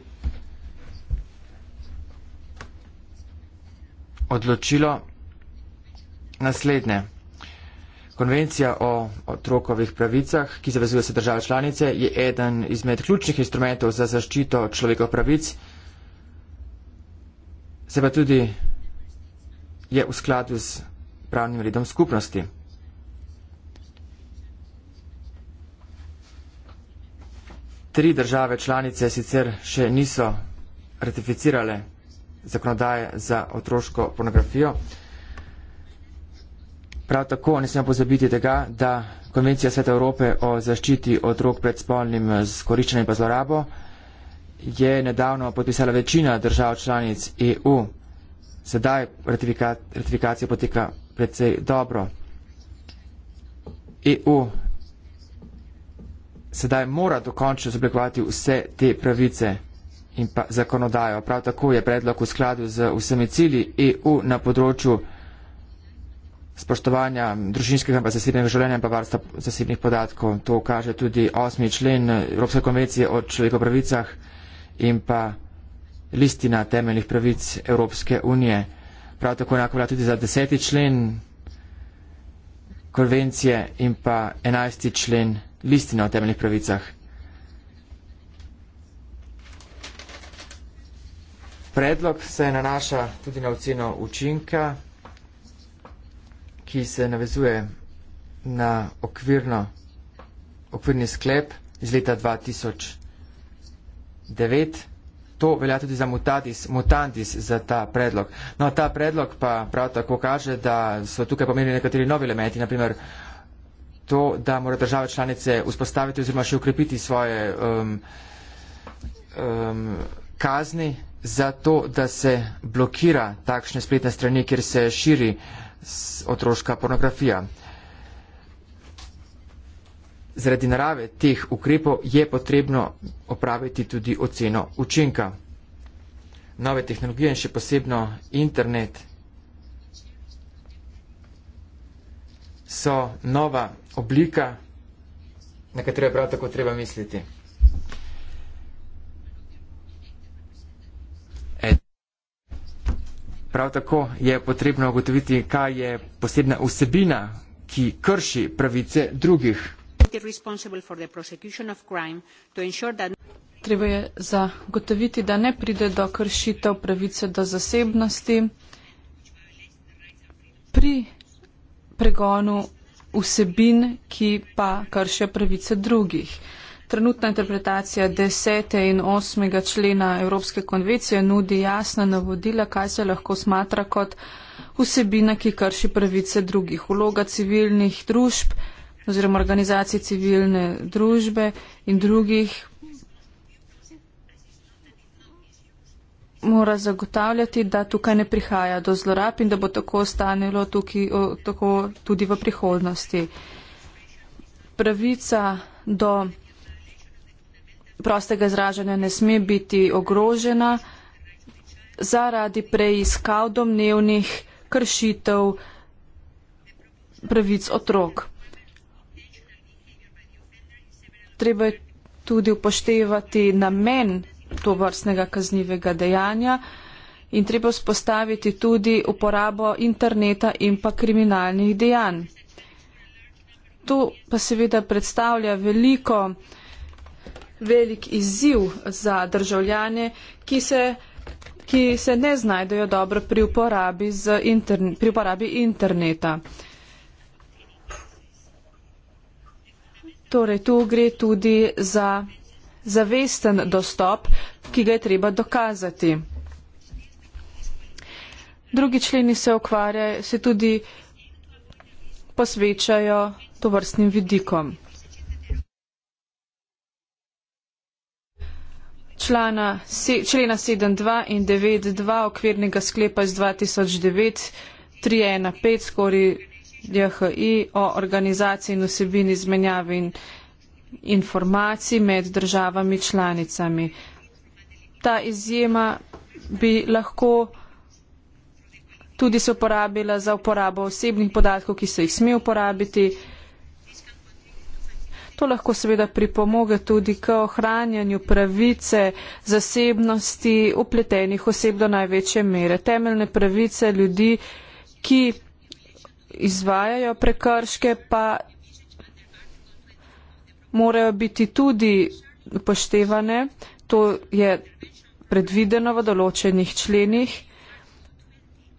odločilo naslednje. Konvencija o otrokovih pravicah, ki zavezuje se države članice, je eden izmed ključnih instrumentov za zaščito človekov pravic, se pa tudi je v skladu z pravnim redom skupnosti. Tri države članice sicer še niso ratificirale zakonodaje za otroško pornografijo. Prav tako ne smemo pozabiti tega, da Konvencija Sveta Evrope o zaščiti otrok pred spolnim eh, skoriščenjem in zlorabo je nedavno podpisala večina držav članic EU. Sedaj ratifika ratifikacija poteka predvsej dobro. EU sedaj mora dokončno zoblikovati vse te pravice in pa zakonodajo. Prav tako je predlog v skladu z vsemi cili EU na področju spoštovanja družinskega in pa zasebnega življenja in pa varstva zasebnih podatkov. To kaže tudi osmi člen Evropske konvencije o človekovih pravicah in pa listina temeljnih pravic Evropske unije. Prav tako enako velja tudi za deseti člen konvencije in pa enajsti člen listina o temeljnih pravicah. Predlog se nanaša tudi na oceno učinka, ki se navezuje na okvirno, okvirni sklep iz leta 2009. To velja tudi za mutatis, mutantis za ta predlog. No, ta predlog pa prav tako kaže, da so tukaj pomenili nekateri novi elementi, naprimer to, da mora države članice vzpostaviti oziroma še ukrepiti svoje um, um, kazni za to, da se blokira takšne spletne strani, kjer se širi otroška pornografija. Zaradi narave teh ukrepov je potrebno opraviti tudi oceno učinka. Nove tehnologije in še posebno internet so nova oblika, na katero je prav tako treba misliti. Prav tako je potrebno ugotoviti, kaj je posebna vsebina, ki krši pravice drugih. Treba je zagotoviti, da ne pride do kršitev pravice do zasebnosti pri pregonu vsebin, ki pa krše pravice drugih. Trenutna interpretacija 10. in 8. člena Evropske konvencije nudi jasna navodila, kaj se lahko smatra kot vsebina, ki krši pravice drugih. Uloga civilnih družb oziroma organizacij civilne družbe in drugih mora zagotavljati, da tukaj ne prihaja do zlorab in da bo tako ostanilo tudi v prihodnosti. Pravica do prostega izražanja ne sme biti ogrožena zaradi preiskav domnevnih kršitev pravic otrok. Treba je tudi upoštevati namen to vrstnega kaznivega dejanja in treba spostaviti tudi uporabo interneta in pa kriminalnih dejanj. To pa seveda predstavlja veliko velik izziv za državljane, ki se ki se ne znajdejo dobro pri uporabi, interne, pri uporabi interneta. Torej, tu gre tudi za zavesten dostop, ki ga je treba dokazati. Drugi členi se ukvarjajo, se tudi posvečajo tovrstnim vidikom. člena 7.2 in 9.2 okvirnega sklepa iz 2009 3.1.5 skori DHI o organizaciji in osebini izmenjavi in informacij med državami članicami. Ta izjema bi lahko tudi se uporabila za uporabo osebnih podatkov, ki se jih sme uporabiti. To lahko seveda pripomoga tudi k ohranjanju pravice zasebnosti upletenih oseb do največje mere. Temeljne pravice ljudi, ki izvajajo prekrške, pa morajo biti tudi upoštevane. To je predvideno v določenih členih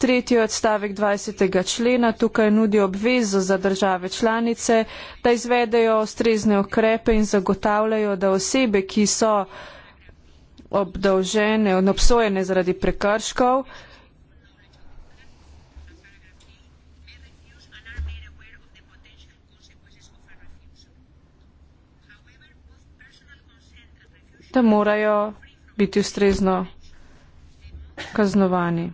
tretji odstavek 20. člena tukaj nudi obvezo za države članice, da izvedejo ustrezne ukrepe in zagotavljajo, da osebe, ki so obdolžene, obsojene zaradi prekrškov, da morajo biti ustrezno kaznovani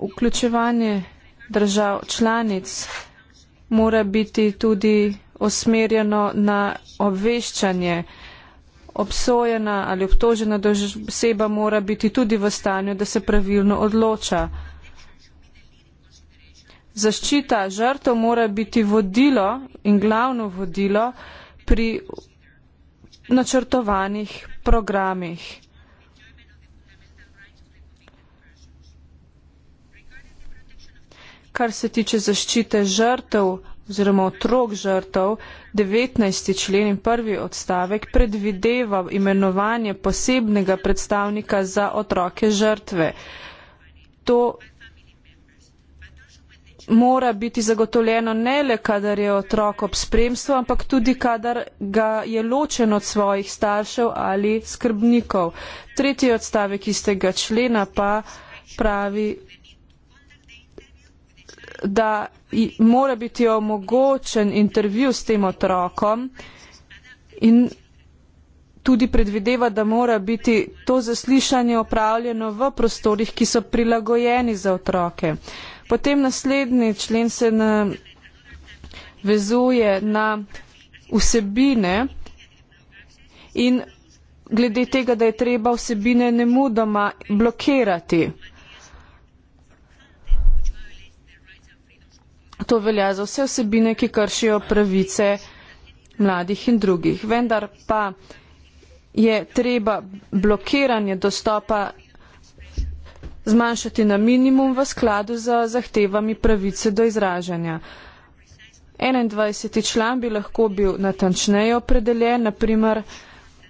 vključevanje držav članic mora biti tudi osmerjeno na obveščanje. Obsojena ali obtožena oseba mora biti tudi v stanju, da se pravilno odloča. Zaščita žrtev mora biti vodilo in glavno vodilo pri načrtovanih programih. kar se tiče zaščite žrtev oziroma otrok žrtev, 19. člen in prvi odstavek predvideva imenovanje posebnega predstavnika za otroke žrtve. To mora biti zagotovljeno ne le, kadar je otrok ob spremstvu, ampak tudi, kadar ga je ločen od svojih staršev ali skrbnikov. Tretji odstavek istega člena pa pravi da mora biti omogočen intervju s tem otrokom in tudi predvideva, da mora biti to zaslišanje opravljeno v prostorih, ki so prilagojeni za otroke. Potem naslednji člen se na, vezuje na vsebine in glede tega, da je treba vsebine nemudoma blokirati. To velja za vse vsebine, ki kršijo pravice mladih in drugih. Vendar pa je treba blokiranje dostopa zmanjšati na minimum v skladu z zahtevami pravice do izražanja. 21. član bi lahko bil natančneje opredeljen, naprimer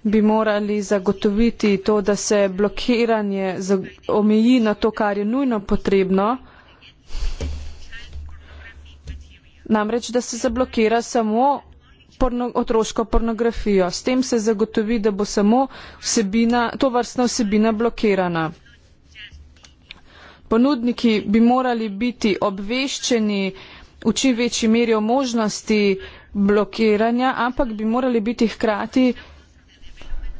bi morali zagotoviti to, da se blokiranje omeji na to, kar je nujno potrebno namreč da se zablokira samo porno, otroško pornografijo. S tem se zagotovi, da bo samo vsebina, to vrstna vsebina blokirana. Ponudniki bi morali biti obveščeni v čim večji meri o možnosti blokiranja, ampak bi morali biti hkrati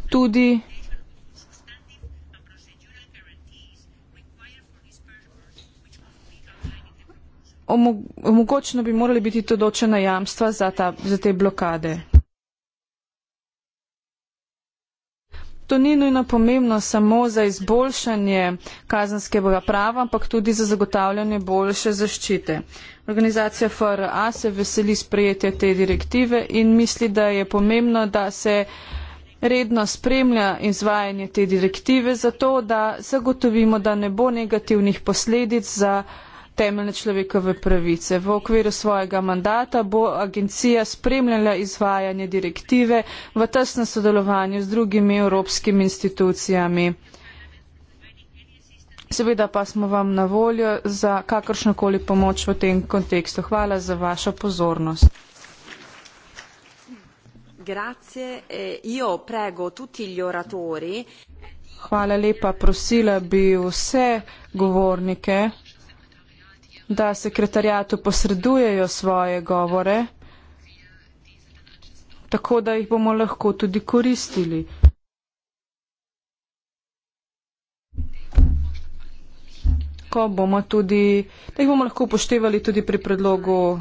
tudi omogočeno bi morali biti to dočena jamstva za, ta, za te blokade. To ni nujno pomembno samo za izboljšanje kazanskega prava, ampak tudi za zagotavljanje boljše zaščite. Organizacija FRA se veseli sprejetja te direktive in misli, da je pomembno, da se redno spremlja izvajanje te direktive, zato da zagotovimo, da ne bo negativnih posledic za temeljne človekove pravice. V okviru svojega mandata bo agencija spremljala izvajanje direktive v tesnem sodelovanju z drugimi evropskimi institucijami. Seveda pa smo vam na voljo za kakršnokoli pomoč v tem kontekstu. Hvala za vašo pozornost. Eh, Hvala lepa. Prosila bi vse govornike da sekretarjatu posredujejo svoje govore, tako da jih bomo lahko tudi koristili. Ko bomo tudi, da jih bomo lahko upoštevali tudi pri predlogu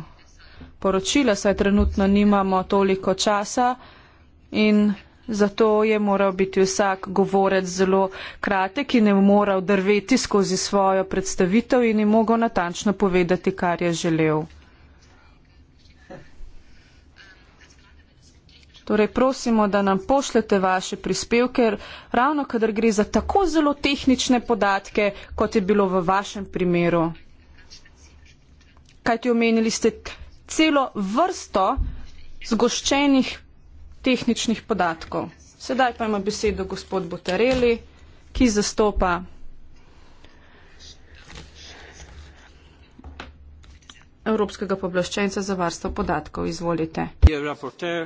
poročila, saj trenutno nimamo toliko časa in Zato je moral biti vsak govorec zelo kratek in je moral drveti skozi svojo predstavitev in je mogel natančno povedati, kar je želel. Torej prosimo, da nam pošljete vaše prispevke, ravno kadar gre za tako zelo tehnične podatke, kot je bilo v vašem primeru. Kajti omenili ste celo vrsto zgoščenih tehničnih podatkov. Sedaj pa ima besedo gospod Botareli, ki zastopa Evropskega poblaščenca za varstvo podatkov. Izvolite. Uh,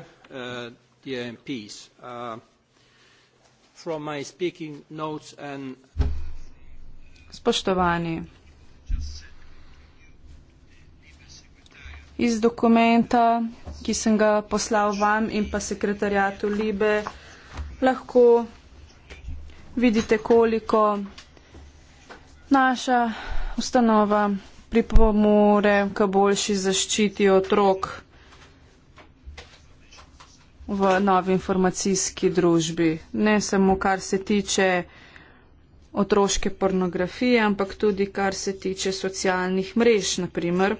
uh, Spoštovani, iz dokumenta, ki sem ga poslal vam in pa sekretarjatu Libe, lahko vidite, koliko naša ustanova pripomore k boljši zaščiti otrok v novi informacijski družbi. Ne samo kar se tiče otroške pornografije, ampak tudi kar se tiče socialnih mrež, naprimer.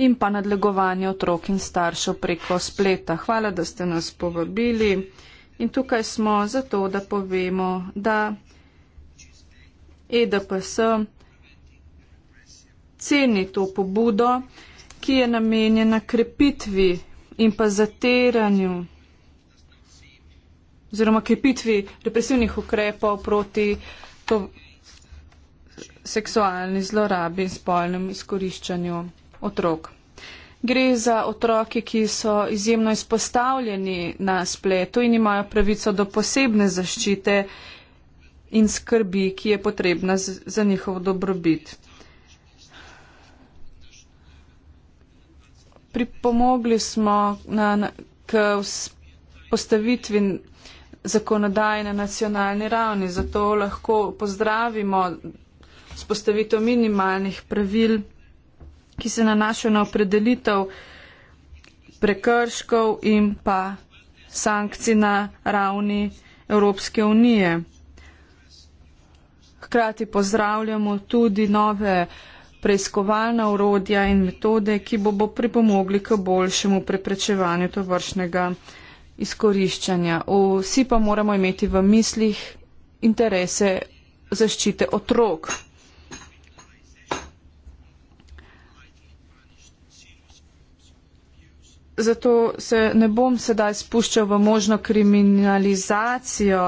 in pa nadlegovanje otrok in staršev preko spleta. Hvala, da ste nas povabili in tukaj smo zato, da povemo, da EDPS ceni to pobudo, ki je namenjena krepitvi in pa zateranju oziroma krepitvi represivnih ukrepov proti to seksualni zlorabi in spolnemu izkoriščanju otrok. Gre za otroke, ki so izjemno izpostavljeni na spletu in imajo pravico do posebne zaščite in skrbi, ki je potrebna za njihov dobrobit. Pripomogli smo na, na, k postavitvi zakonodaje na nacionalni ravni, zato lahko pozdravimo spostavitev minimalnih pravil ki se nanašajo na opredelitev prekrškov in pa sankcij na ravni Evropske unije. Hkrati pozdravljamo tudi nove preiskovalna urodja in metode, ki bo, bo pripomogli k boljšemu preprečevanju tovršnega izkoriščanja. Vsi pa moramo imeti v mislih interese zaščite otrok. zato se ne bom sedaj spuščal v možno kriminalizacijo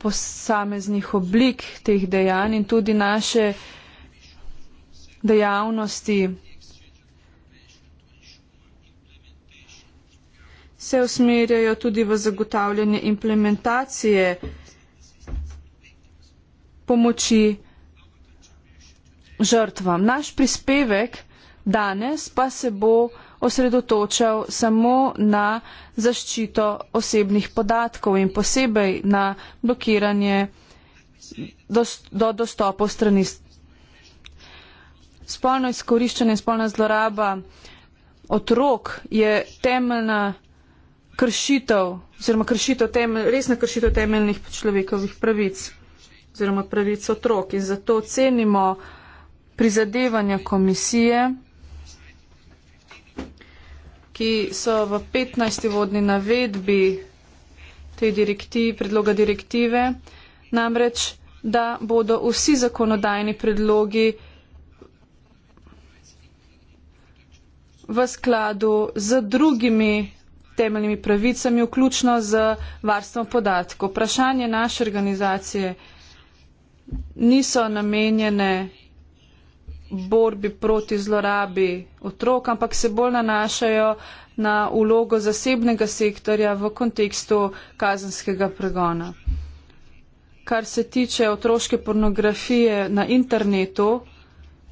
posameznih oblik teh dejanj in tudi naše dejavnosti se usmerjajo tudi v zagotavljanje implementacije pomoči žrtvam. Naš prispevek danes pa se bo osredotočal samo na zaščito osebnih podatkov in posebej na blokiranje do dostopov strani. Spolno izkoriščanje, spolna zloraba otrok je temeljna kršitev oziroma kršitev temelj, resna kršitev temeljnih človekovih pravic oziroma pravic otrok in zato cenimo prizadevanja komisije ki so v 15. vodni navedbi te direktive, predloga direktive, namreč, da bodo vsi zakonodajni predlogi v skladu z drugimi temeljnimi pravicami, vključno z varstvom podatkov. Vprašanje naše organizacije niso namenjene borbi proti zlorabi otrok, ampak se bolj nanašajo na ulogo zasebnega sektorja v kontekstu kazenskega pregona. Kar se tiče otroške pornografije na internetu,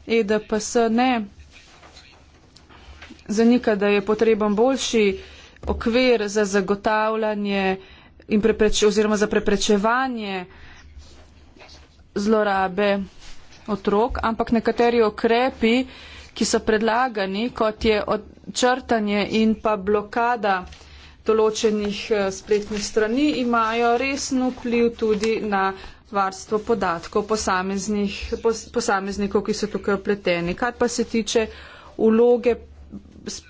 EDPS ne zanika, da je potreben boljši okvir za zagotavljanje preprečev, oziroma za preprečevanje zlorabe otrok, ampak nekateri okrepi, ki so predlagani, kot je črtanje in pa blokada določenih eh, spletnih strani, imajo resno vpliv tudi na varstvo podatkov posameznih, pos, posameznikov, ki so tukaj upleteni. Kar pa se tiče uloge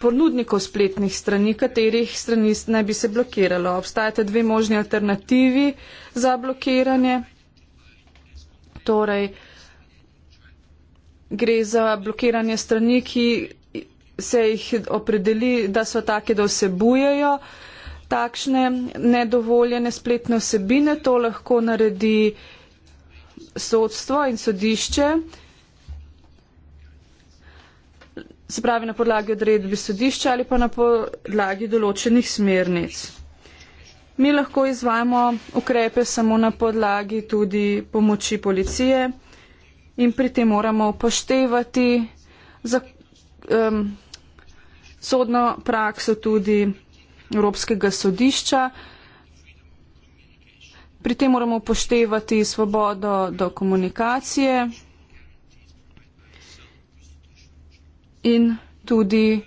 ponudnikov spletnih strani, katerih strani naj bi se blokiralo. Obstajate dve možni alternativi za blokiranje. Torej, uh, gre za blokiranje strani, ki se jih opredeli, da so take, da vsebujejo takšne nedovoljene spletne osebine. To lahko naredi sodstvo in sodišče. Se pravi na podlagi odredbi sodišča ali pa na podlagi določenih smernic. Mi lahko izvajamo ukrepe samo na podlagi tudi pomoči policije in pri tem moramo upoštevati za, um, sodno prakso tudi Evropskega sodišča. Pri tem moramo upoštevati svobodo do komunikacije in tudi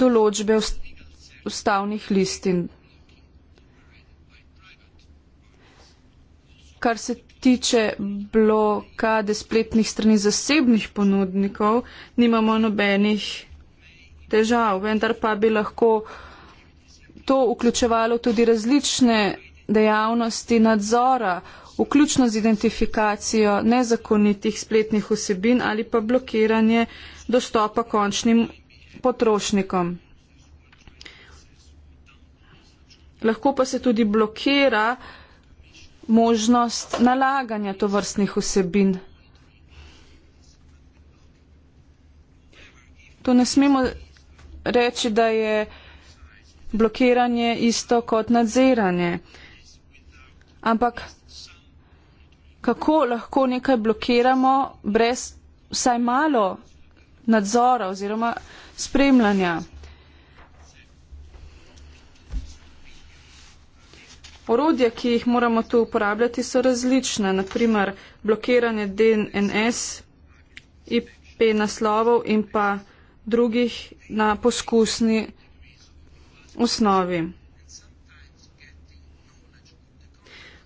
določbe ustavnih listin. Kar se tiče blokade spletnih strani zasebnih ponudnikov, nimamo nobenih težav, vendar pa bi lahko to vključevalo tudi različne dejavnosti nadzora, vključno z identifikacijo nezakonitih spletnih vsebin ali pa blokiranje dostopa končnim potrošnikom. Lahko pa se tudi blokira, možnost nalaganja tovrstnih vsebin. To ne smemo reči, da je blokiranje isto kot nadziranje. Ampak kako lahko nekaj blokiramo brez vsaj malo nadzora oziroma spremljanja? Orodja, ki jih moramo tu uporabljati, so različna, naprimer blokiranje DNS, IP naslovov in pa drugih na poskusni osnovi.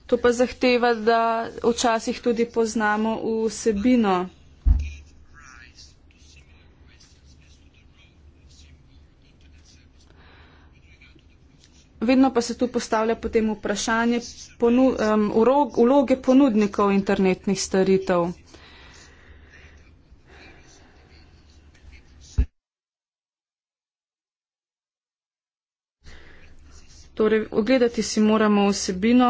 To pa zahteva, da včasih tudi poznamo vsebino. vedno pa se tu postavlja potem vprašanje ponu, um, urog, uloge ponudnikov internetnih storitev. Torej, ogledati si moramo vsebino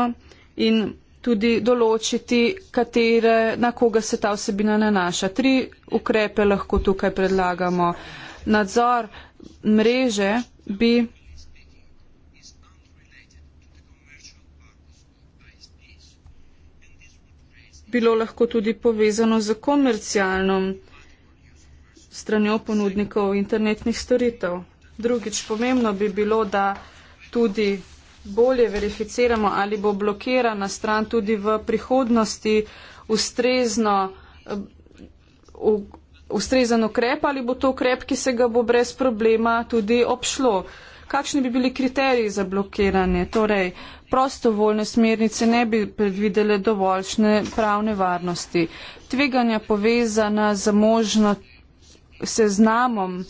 in tudi določiti, katere, na koga se ta vsebina nanaša. Tri ukrepe lahko tukaj predlagamo. Nadzor mreže bi bilo lahko tudi povezano z komercialnom stranjo ponudnikov internetnih storitev. Drugič, pomembno bi bilo, da tudi bolje verificiramo, ali bo blokirana stran tudi v prihodnosti ustrezno, eh, ustrezen ukrep ali bo to ukrep, ki se ga bo brez problema tudi obšlo kakšni bi bili kriteriji za blokiranje. Torej, prostovoljne smernice ne bi predvidele dovoljšne pravne varnosti. Tveganja povezana z možno seznamom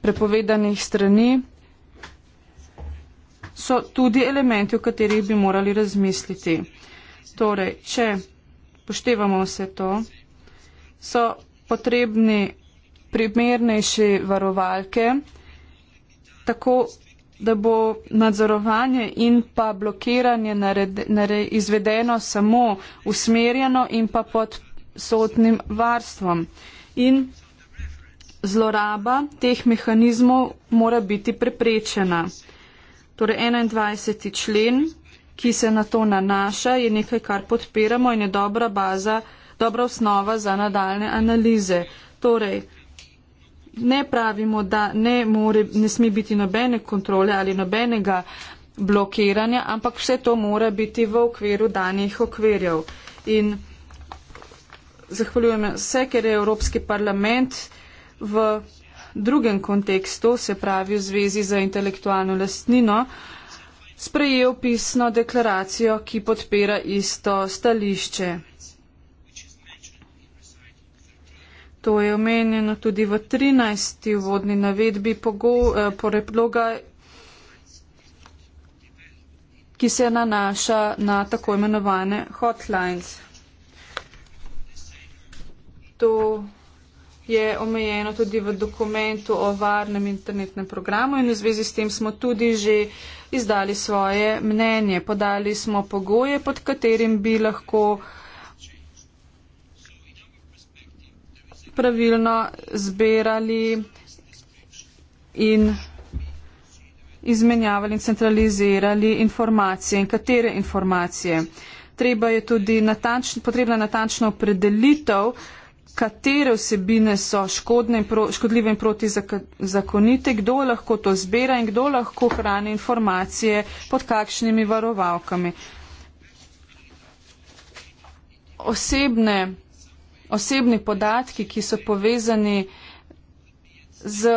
prepovedanih strani so tudi elementi, o katerih bi morali razmisliti. Torej, če poštevamo vse to, so potrebni primernejše varovalke, tako, da bo nadzorovanje in pa blokiranje nared, nared, izvedeno samo usmerjeno in pa pod sotnim varstvom. In zloraba teh mehanizmov mora biti preprečena. Torej 21. člen, ki se na to nanaša, je nekaj, kar podpiramo in je dobra baza, dobra osnova za nadaljne analize. Torej, ne pravimo, da ne, more, ne sme biti nobene kontrole ali nobenega blokiranja, ampak vse to mora biti v okviru danih okvirjev. In zahvaljujem vse, ker je Evropski parlament v drugem kontekstu, se pravi v zvezi za intelektualno lastnino, sprejel pisno deklaracijo, ki podpira isto stališče. to je omenjeno tudi v 13. vodni navedbi eh, porebloga, ki se nanaša na tako imenovane hotlines. To je omejeno tudi v dokumentu o varnem internetnem programu in v zvezi s tem smo tudi že izdali svoje mnenje. Podali smo pogoje, pod katerim bi lahko uh, pravilno zbirali in izmenjavali in centralizirali informacije in katere informacije. Treba je tudi natanč, potrebna natančna opredelitev, katere vsebine so škodne in pro, škodljive in protizakonite, kdo lahko to zbira in kdo lahko hrani informacije pod kakšnimi varovalkami. Osebne osebni podatki, ki so povezani z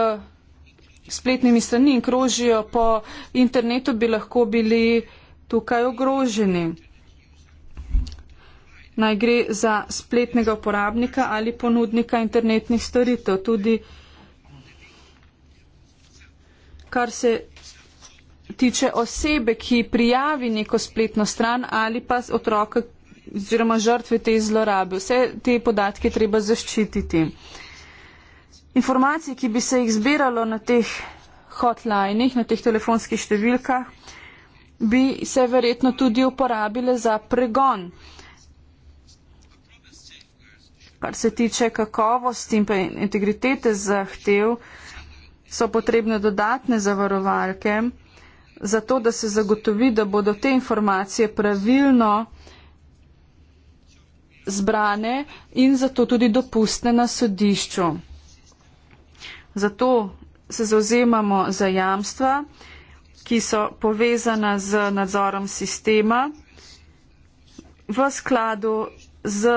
spletnimi strani in krožijo po internetu, bi lahko bili tukaj ogroženi. Naj gre za spletnega uporabnika ali ponudnika internetnih storitev. Tudi kar se tiče osebe, ki prijavi neko spletno stran ali pa otroka, oziroma žrtve te zlorabe. Vse te podatke treba zaščititi. Informacije, ki bi se jih zbiralo na teh hotlinih, na teh telefonskih številkah, bi se verjetno tudi uporabile za pregon. Kar se tiče kakovosti in pa integritete zahtev, so potrebne dodatne zavarovalke, zato da se zagotovi, da bodo te informacije pravilno zbrane in zato tudi dopustne na sodišču. Zato se zauzemamo za jamstva, ki so povezana z nadzorom sistema v skladu z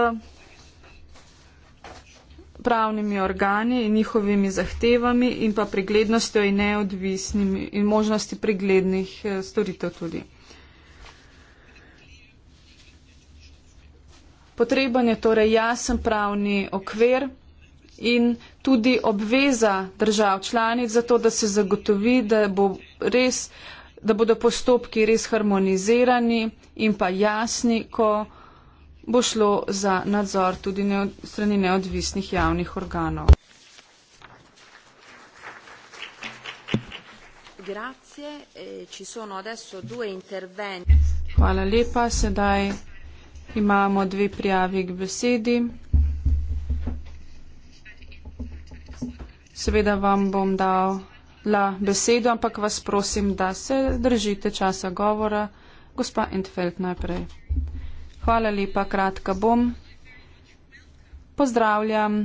pravnimi organi in njihovimi zahtevami in pa preglednostjo in neodvisnimi in možnosti preglednih eh, storitev tudi. Potreben je torej jasen pravni okvir in tudi obveza držav članic za to, da se zagotovi, da, bo res, da bodo postopki res harmonizirani in pa jasni, ko bo šlo za nadzor tudi neod, strani neodvisnih javnih organov. Grazie, eh, ci sono adesso due interventi. Hvala lepa, sedaj Imamo dve prijavi k besedi. Seveda vam bom dal la besedo, ampak vas prosim, da se držite časa govora. Gospa Entfeld najprej. Hvala lepa, kratka bom. Pozdravljam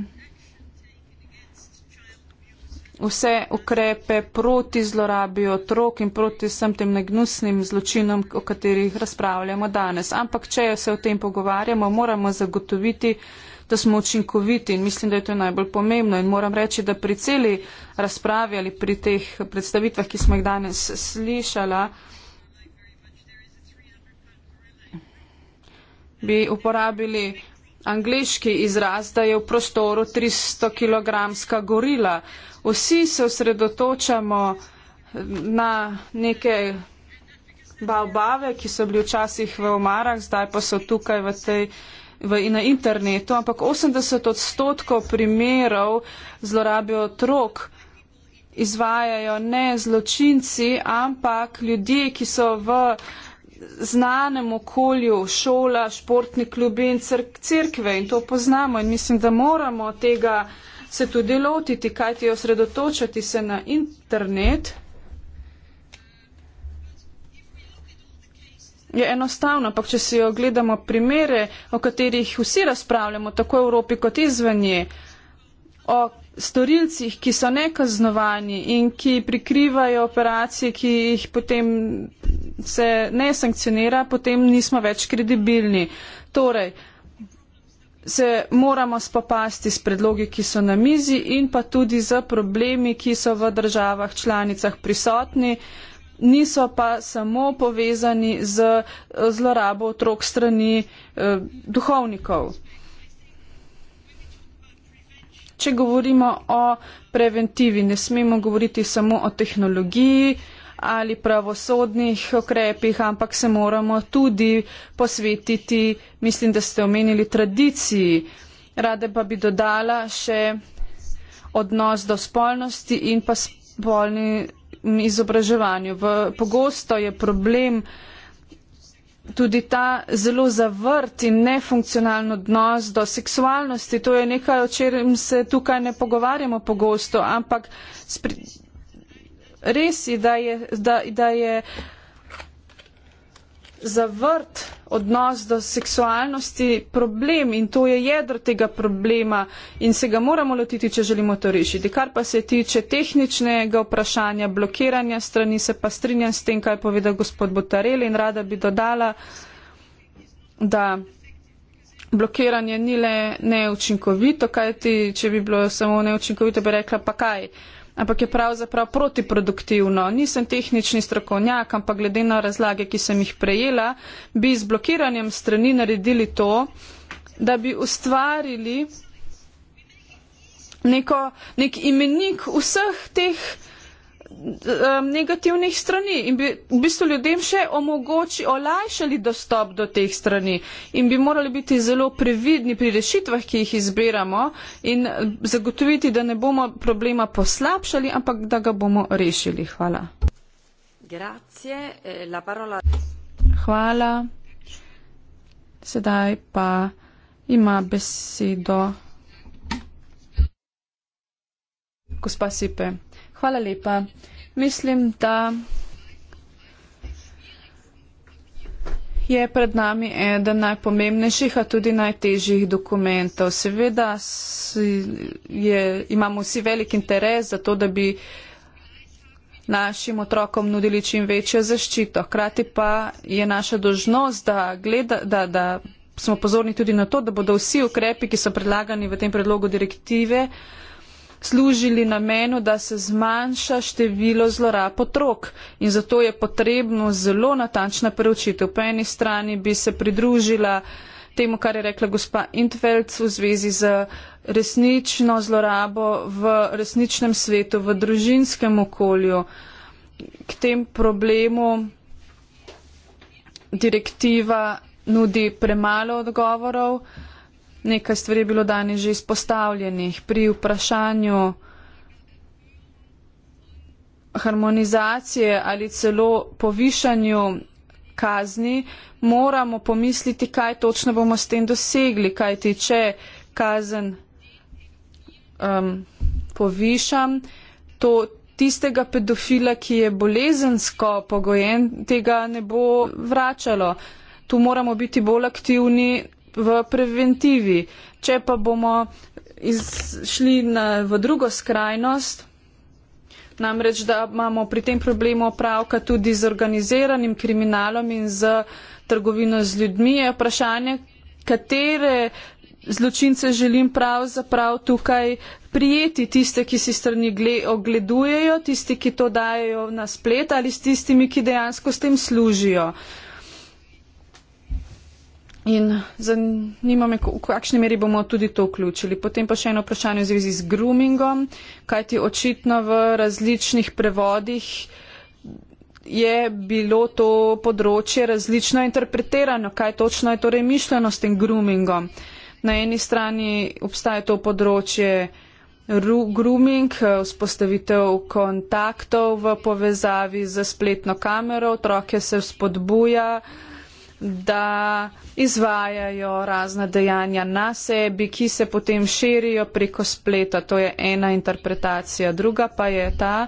vse ukrepe proti zlorabi otrok in proti vsem tem negnusnim zločinom, o katerih razpravljamo danes. Ampak, če se o tem pogovarjamo, moramo zagotoviti, da smo učinkoviti in mislim, da je to najbolj pomembno. In moram reči, da pri celi razpravi ali pri teh predstavitvah, ki smo jih danes slišala, bi uporabili angliški izraz, da je v prostoru 300 kg gorila. Vsi se osredotočamo na neke baobave, ki so bili včasih v omarah, zdaj pa so tukaj v tej, v, na internetu, ampak 80 odstotkov primerov zlorabe otrok izvajajo ne zločinci, ampak ljudje, ki so v uh, znanem okolju, šola, športni klubi in crk, crkve in to poznamo in mislim, da moramo tega se tudi lotiti, kajti osredotočati se na internet je enostavno, ampak če si ogledamo primere, o katerih vsi razpravljamo, tako v Evropi kot izven nje, o storilcih, ki so nekaznovani in ki prikrivajo operacije, ki jih potem se ne sankcionira, potem nismo več kredibilni. Torej, se moramo spopasti s predlogi, ki so na mizi in pa tudi z problemi, ki so v državah članicah prisotni, niso pa samo povezani z zlorabo otrok strani eh, duhovnikov če govorimo o preventivi, ne smemo govoriti samo o tehnologiji ali pravosodnih okrepih, ampak se moramo tudi posvetiti, mislim, da ste omenili tradiciji. Rade pa bi dodala še odnos do spolnosti in pa spolnim izobraževanju. V, pogosto je problem, tudi ta zelo zavrt in nefunkcionalen odnos do seksualnosti. To je nekaj, o čem se tukaj ne pogovarjamo pogosto, ampak res je, da je. Da, da je zavrt odnos do seksualnosti problem in to je jedro tega problema in se ga moramo lotiti, če želimo to rešiti. Kar pa se tiče tehničnega vprašanja, blokiranja strani, se pa strinjam s tem, kaj je povedal gospod Botarel in rada bi dodala, da blokiranje ni le neučinkovito, kaj ti, če bi bilo samo neučinkovito, bi rekla pa kaj. Uh, ampak je pravzaprav protiproduktivno. Nisem tehnični strokovnjak, ampak glede na razlage, ki sem jih prejela, bi z blokiranjem strani naredili to, da bi ustvarili neko, nek imenik vseh teh Eh, negativnih strani in bi v bistvu ljudem še omogoči, olajšali dostop do teh strani in bi morali biti zelo previdni pri rešitvah, ki jih izbiramo in zagotoviti, da ne bomo problema poslabšali, ampak da ga bomo rešili. Hvala. Grazie, eh, la parola... Hvala. Sedaj pa ima besedo gospa Sipe. Hvala lepa. Mislim, da je pred nami eden najpomembnejših, a tudi najtežjih dokumentov. Seveda je, imamo vsi velik interes za to, da bi našim otrokom nudili čim večjo zaščito. Hkrati pa je naša dožnost, da, gleda, da, da smo pozorni tudi na to, da bodo vsi ukrepi, ki so predlagani v tem predlogu direktive, služili namenu, da se zmanjša število zlorab otrok in zato je potrebno zelo natančna preučitev. Po eni strani bi se pridružila temu, kar je rekla gospa Intfeld v zvezi z resnično zlorabo v resničnem svetu, v družinskem okolju. K tem problemu direktiva nudi premalo odgovorov nekaj stvari bilo danes že izpostavljenih pri vprašanju harmonizacije ali celo povišanju kazni, moramo pomisliti, kaj točno bomo s tem dosegli, kaj ti če kazen um, povišam, to tistega pedofila, ki je bolezensko pogojen, tega ne bo vračalo. Tu moramo biti bolj aktivni, v preventivi. Če pa bomo šli v drugo skrajnost. Namreč, da imamo pri tem problemu opravka tudi z organiziranim kriminalom in z trgovino z ljudmi, je vprašanje, katere zločince želim pravzaprav tukaj prijeti, tiste, ki si strani ogledujejo, tisti, ki to dajo na splet ali s tistimi, ki dejansko s tem služijo. Uh, In zanima me, v kakšni meri bomo tudi to vključili. Potem pa še eno vprašanje v zvezi z groomingom, kaj ti očitno v različnih prevodih je bilo to področje različno interpretirano, kaj točno je torej mišljeno s tem groomingom. Na eni strani obstaja to področje grooming, vzpostavitev kontaktov v povezavi z spletno kamero, otroke se spodbuja da izvajajo razna dejanja na sebi, ki se potem širijo preko spleta. To je ena interpretacija. Druga pa je ta,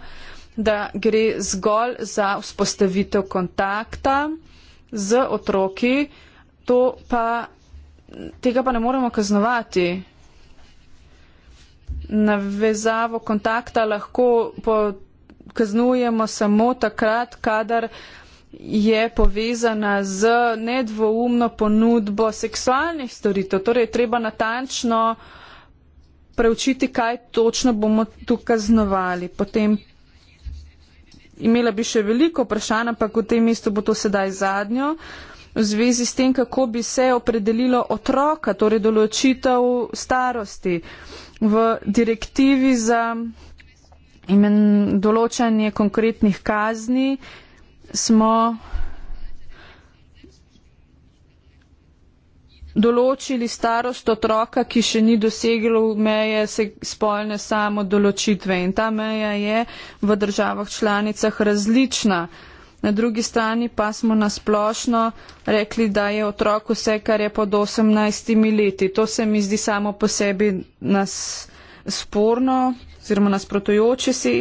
da gre zgolj za vzpostavitev kontakta z otroki, pa, tega pa ne moremo kaznovati. Navezavo kontakta lahko po, kaznujemo samo takrat, kadar je povezana z nedvoumno ponudbo seksualnih storitev. Torej, treba natančno preučiti, kaj točno bomo tu kaznovali. Potem imela bi še veliko vprašanj, ampak v tem mestu bo to sedaj zadnjo. V zvezi s tem, kako bi se opredelilo otroka, torej določitev starosti v direktivi za imen določanje konkretnih kazni, smo določili starost otroka, ki še ni dosegel meje spolne samo določitve. In ta meja je v državah članicah različna. Na drugi strani pa smo nasplošno rekli, da je otrok vse, kar je pod 18 leti. To se mi zdi samo po sebi nas sporno oziroma nasprotujoče si.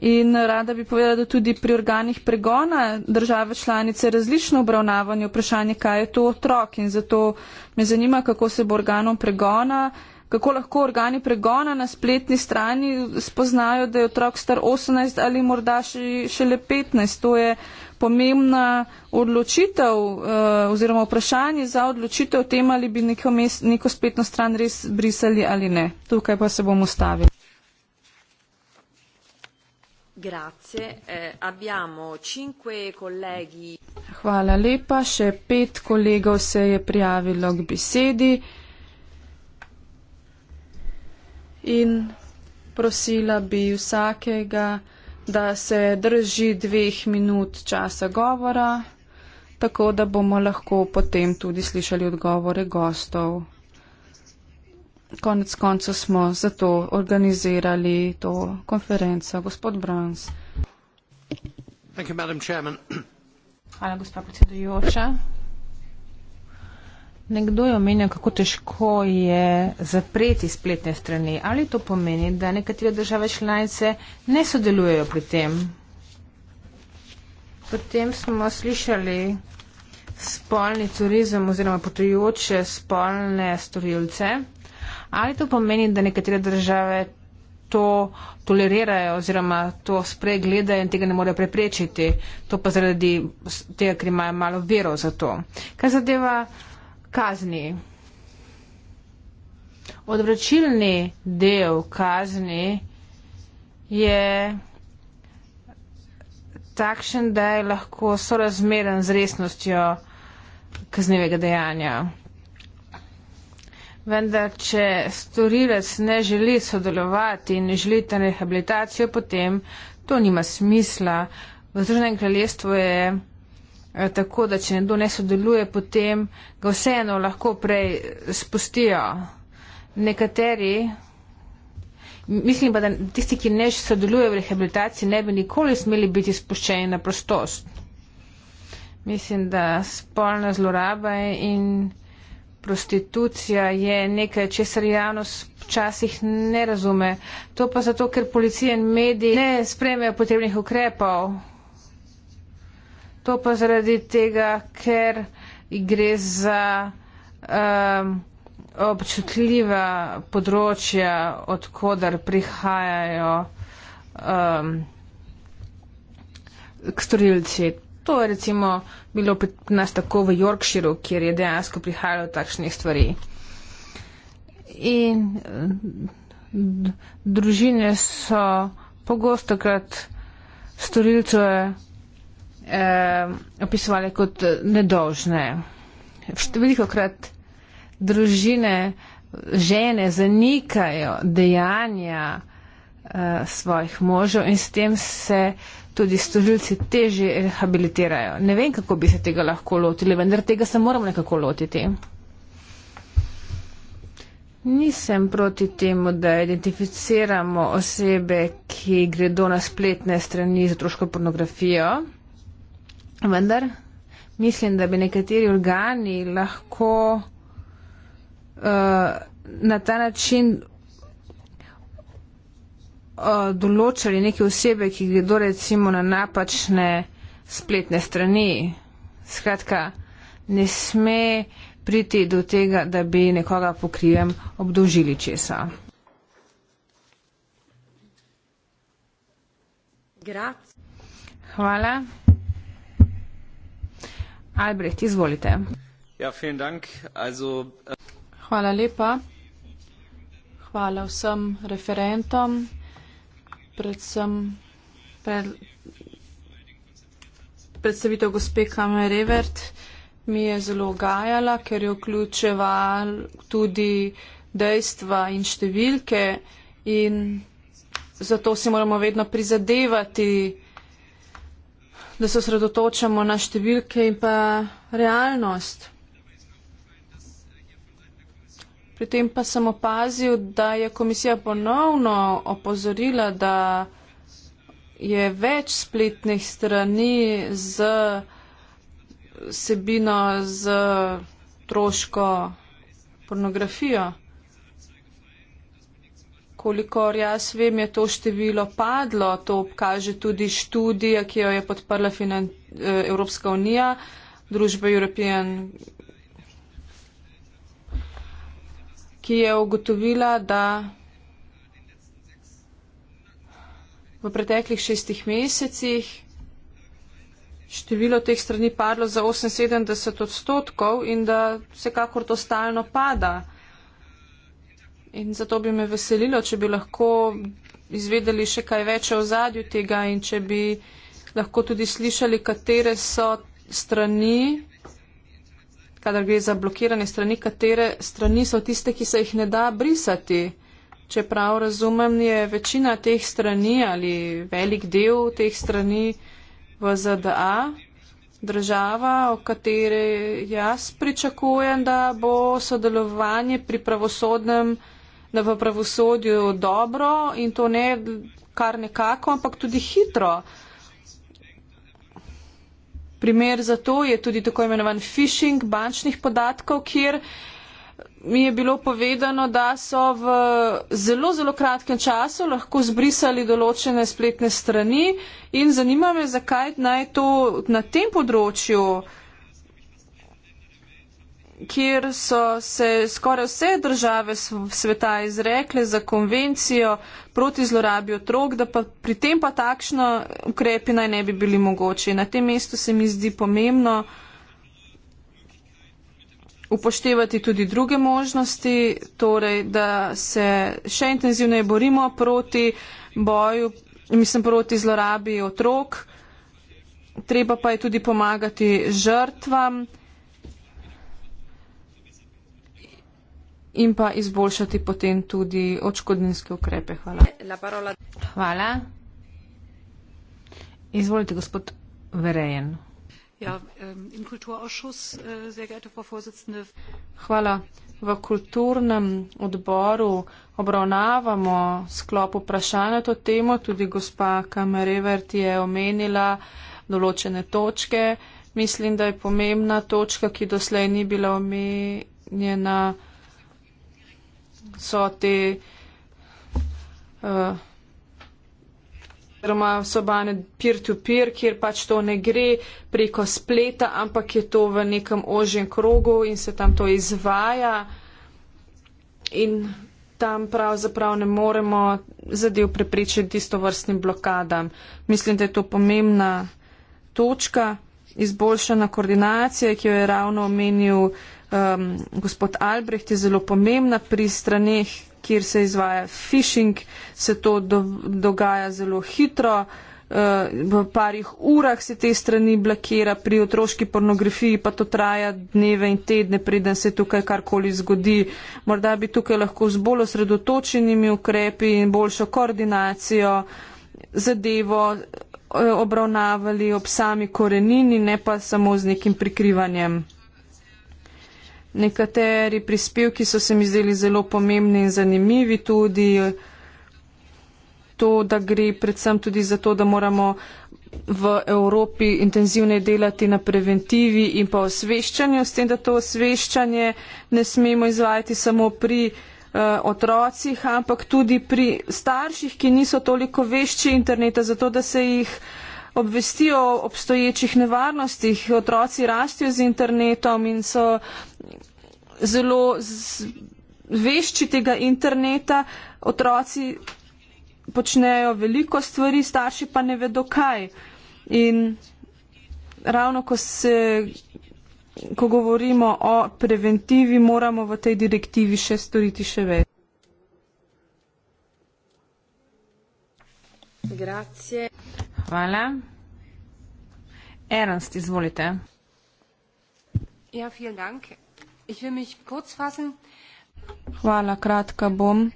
In rada bi povedala, da tudi pri organih pregona države članice različno obravnavanje vprašanje, kaj je to otrok. In zato me zanima, kako se bo organom pregona, kako lahko organi pregona na spletni strani spoznajo, da je otrok star 18 ali morda še, šele 15. To je pomembna odločitev eh, oziroma vprašanje za odločitev tem, ali bi neko, mes, neko spletno stran res brisali ali ne. Tukaj pa se bomo stavili. Grazie. Eh, abbiamo cinque colleghi. Hvala lepa. Še pet kolegov se je prijavilo k besedi. In prosila bi vsakega, da se drži dveh minut časa govora, tako da bomo lahko potem tudi slišali odgovore gostov konec konca smo zato organizirali to konferenco. Gospod Brans. Thank you, Madam Chairman. Hvala, gospa predsedujoča. Nekdo je omenjal, kako težko je zapreti spletne strani. Ali to pomeni, da nekatere države članice ne sodelujejo pri tem? Potem smo slišali spolni turizem oziroma potujoče spolne storilce. Ali to pomeni, da nekatere države to tolerirajo oziroma to spregledajo in tega ne morejo preprečiti? To pa zaradi tega, ker imajo malo verov za to. Kaj zadeva kazni? Odvračilni del kazni je takšen, da je lahko sorazmeren z resnostjo kaznevega dejanja. Vendar, če storilec ne želi sodelovati in želi ta rehabilitacijo, potem to nima smisla. V Združenem kraljestvu je eh, tako, da če nekdo ne sodeluje, potem ga vseeno lahko prej spustijo. Nekateri, mislim pa, da tisti, ki ne sodelujejo v rehabilitaciji, ne bi nikoli smeli biti spuščeni na prostost. Mislim, da spolna zloraba in prostitucija je nekaj, česar javnost včasih ne razume. To pa zato, ker policija in mediji ne spremejo potrebnih ukrepov. To pa zaradi tega, ker gre za um, občutljiva področja, odkudar prihajajo um, storilci to recimo bilo pri nas tako v Yorkshiru, kjer je dejansko prihajalo takšnih stvari. In eh, družine so pogosto krat storilce eh, opisovali kot eh, nedolžne. Veliko krat družine žene zanikajo dejanja eh, svojih možev in s tem se tudi storilci teže rehabilitirajo. Ne vem, kako bi se tega lahko lotili, vendar tega se moramo nekako lotiti. Nisem proti temu, da identificiramo osebe, ki gredo na spletne strani za troško pornografijo, vendar mislim, da bi nekateri organi lahko uh, na ta način določali neke osebe, ki gredo recimo na napačne spletne strani. Skratka, ne sme priti do tega, da bi nekoga pokrijem obdožili česa. Hvala. Albrecht, izvolite. Ja, dank. Also, uh... Hvala lepa. Hvala vsem referentom predvsem pred, predstavitev gospe Kamerevert mi je zelo gajala, ker je vključeval tudi dejstva in številke in zato si moramo vedno prizadevati, da se osredotočamo na številke in pa realnost. Pri tem pa sem opazil, da je komisija ponovno opozorila, da je več spletnih strani z sebino, z troško pornografijo. Kolikor jaz vem, je to število padlo. To kaže tudi študija, ki jo je podprla Finan eh, Evropska unija, družba European ki je ugotovila, da v preteklih šestih mesecih število teh strani padlo za 78 odstotkov in da vsekakor to stalno pada. In zato bi me veselilo, če bi lahko izvedeli še kaj več o zadju tega in če bi lahko tudi slišali, katere so strani kadar gre za blokiranje strani, katere strani so tiste, ki se jih ne da brisati. Če prav razumem, je večina teh strani ali velik del teh strani v ZDA država, o kateri jaz pričakujem, da bo sodelovanje pri pravosodnem, da v pravosodju dobro in to ne kar nekako, ampak tudi hitro. Uh, Primer za to je tudi tako imenovan phishing bančnih podatkov, kjer mi je bilo povedano, da so v zelo, zelo kratkem času lahko zbrisali določene spletne strani in zanima me, zakaj naj to na tem področju kjer so se skoraj vse države sveta izrekle za konvencijo proti zlorabi otrok, da pa pri tem pa takšno ukrepi naj ne bi bili mogoče. Na tem mestu se mi zdi pomembno upoštevati tudi druge možnosti, torej, da se še intenzivneje borimo proti boju, mislim, proti zlorabi otrok. Treba pa je tudi pomagati žrtvam. in pa izboljšati potem tudi očkodninske ukrepe. Hvala. Hvala. Izvolite, gospod Verejen. Ja, äh, Hvala. V kulturnem odboru obravnavamo sklop vprašanja to temo. Tudi gospa Kamerevert je omenila določene točke. Mislim, da je pomembna točka, ki doslej ni bila omenjena so te uh, eh, sobane peer-to-peer, kjer pač to ne gre preko spleta, ampak je to v nekem ožjem krogu in se tam to izvaja. In tam pravzaprav ne moremo zadev preprečiti istovrstnim blokadam. Mislim, da je to pomembna točka. Izboljšana koordinacija, ki jo je ravno omenil uh, um, gospod Albrecht je zelo pomembna pri straneh, kjer se izvaja phishing, se to do, dogaja zelo hitro, uh, v parih urah se te strani blokira, pri otroški pornografiji pa to traja dneve in tedne, preden se tukaj karkoli zgodi. Morda bi tukaj lahko z bolj osredotočenimi ukrepi in boljšo koordinacijo zadevo eh, obravnavali ob sami korenini, ne pa samo z nekim prikrivanjem nekateri prispevki so se mi zdeli zelo pomembni in zanimivi tudi. To, da gre predvsem tudi za to, da moramo v Evropi intenzivne delati na preventivi in pa osveščanju, s tem, da to osveščanje ne smemo izvajati samo pri eh, otrocih, ampak tudi pri starših, ki niso toliko vešči interneta, zato da se jih obvestijo o obstoječih nevarnostih. Otroci rastijo z internetom in so zelo vešči tega interneta, otroci počnejo veliko stvari, starši pa ne vedo kaj. In ravno ko se, ko govorimo o preventivi, moramo v tej direktivi še storiti še več. Grazie. Hvala. Ernst, izvolite. Ja, vielen Dank. Hvala, kratka bom.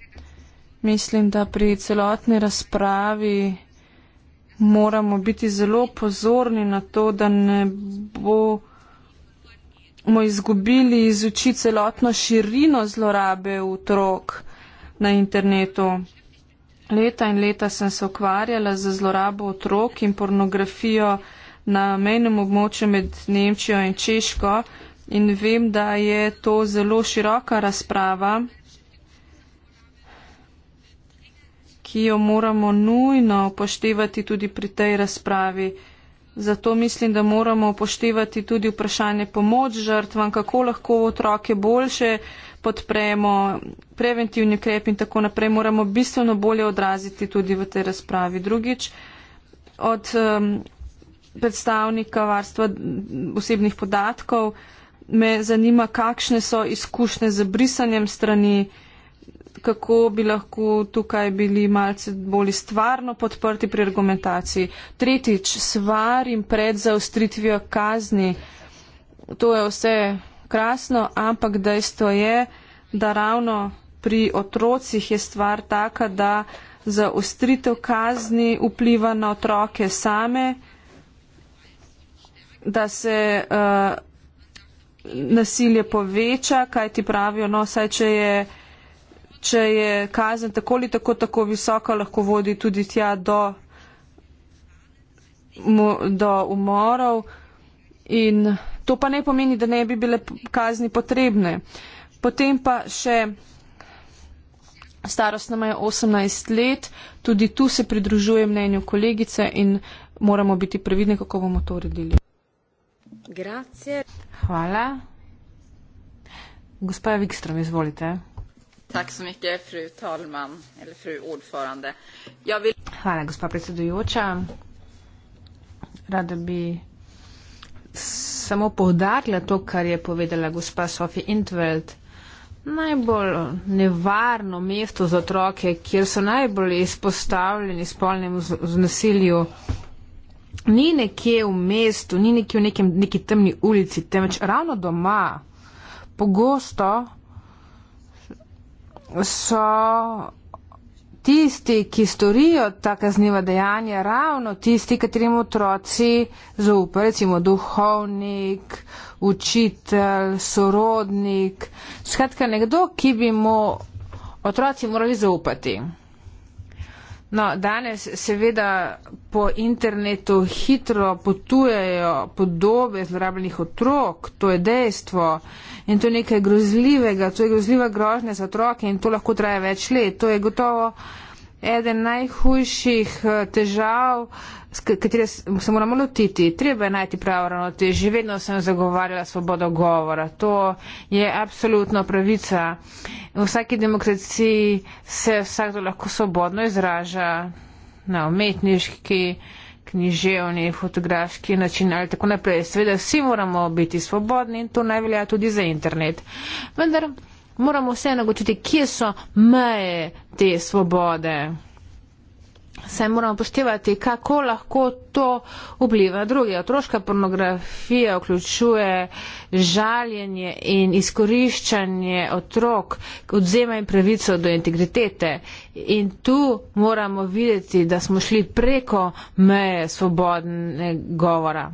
Mislim, da pri celotni razpravi moramo biti zelo pozorni na to, da ne bomo izgubili iz oči celotno širino zlorabe otrok na internetu. Leta in leta sem se ukvarjala z zlorabo otrok in pornografijo na mejnem območju med Nemčijo in Češko, in vem, da je to zelo široka razprava, ki jo moramo nujno upoštevati tudi pri tej razpravi. Zato mislim, da moramo upoštevati tudi vprašanje pomoč žrtvam, kako lahko otroke boljše podpremo, preventivni ukrep in tako naprej, moramo bistveno bolje odraziti tudi v tej razpravi. Drugič, od um, predstavnika varstva osebnih podatkov, uh, me zanima, kakšne so izkušnje z brisanjem strani, kako bi lahko tukaj bili malce bolj stvarno podprti pri argumentaciji. Tretjič, svar in pred zaustritvijo kazni. To je vse krasno, ampak dejstvo je, da ravno pri otrocih je stvar taka, da zaustritev kazni vpliva na otroke same, da se. Uh, nasilje poveča, kaj ti pravijo, no, saj če je, če je kazen tako ali tako, tako visoka, lahko vodi tudi tja do, do umorov in to pa ne pomeni, da ne bi bile kazni potrebne. Potem pa še starost nama je 18 let, tudi tu se pridružuje mnenju kolegice in moramo biti previdni, kako bomo to uredili. Hvala. Gospa Wikström, izvolite. Tak so mi, fru talman, ali fru ordförande. Ja, vil... Hvala, gospa predsedujoča. Rada bi samo povdarila to, kar je povedala gospa Sofija Intveld. Najbolj nevarno mesto za otroke, kjer so najbolj izpostavljeni spolnemu nasilju, ni nekje v mestu, ni nekje v nekem, neki temni ulici, temveč ravno doma, pogosto so tisti, ki storijo ta kazniva dejanja, ravno tisti, katerim otroci zaupa, recimo duhovnik, učitelj, sorodnik, skratka nekdo, ki bi mu otroci morali zaupati. No, danes seveda po internetu hitro potujejo podobe zlorabljenih otrok, to je dejstvo in to je nekaj grozljivega, to je grozljiva grožnja za otroke in to lahko traja več let. To je gotovo uh, eden najhujših eh, težav, katere se moramo lotiti. Treba je najti pravo ravnotežje. Vedno sem zagovarjala svobodo govora. To je absolutno pravica. V vsaki demokraciji se vsakdo lahko svobodno izraža na umetniški, književni, fotografski način ali tako naprej. Seveda vsi moramo biti svobodni in to naj velja tudi za internet. Vendar, moramo vseeno gočiti, kje so meje te svobode. Saj moramo poštevati, kako lahko to vpliva druge. Otroška pornografija vključuje žaljenje in izkoriščanje otrok, odzemanje pravico do integritete. In tu moramo videti, da smo šli preko meje svobodne govora.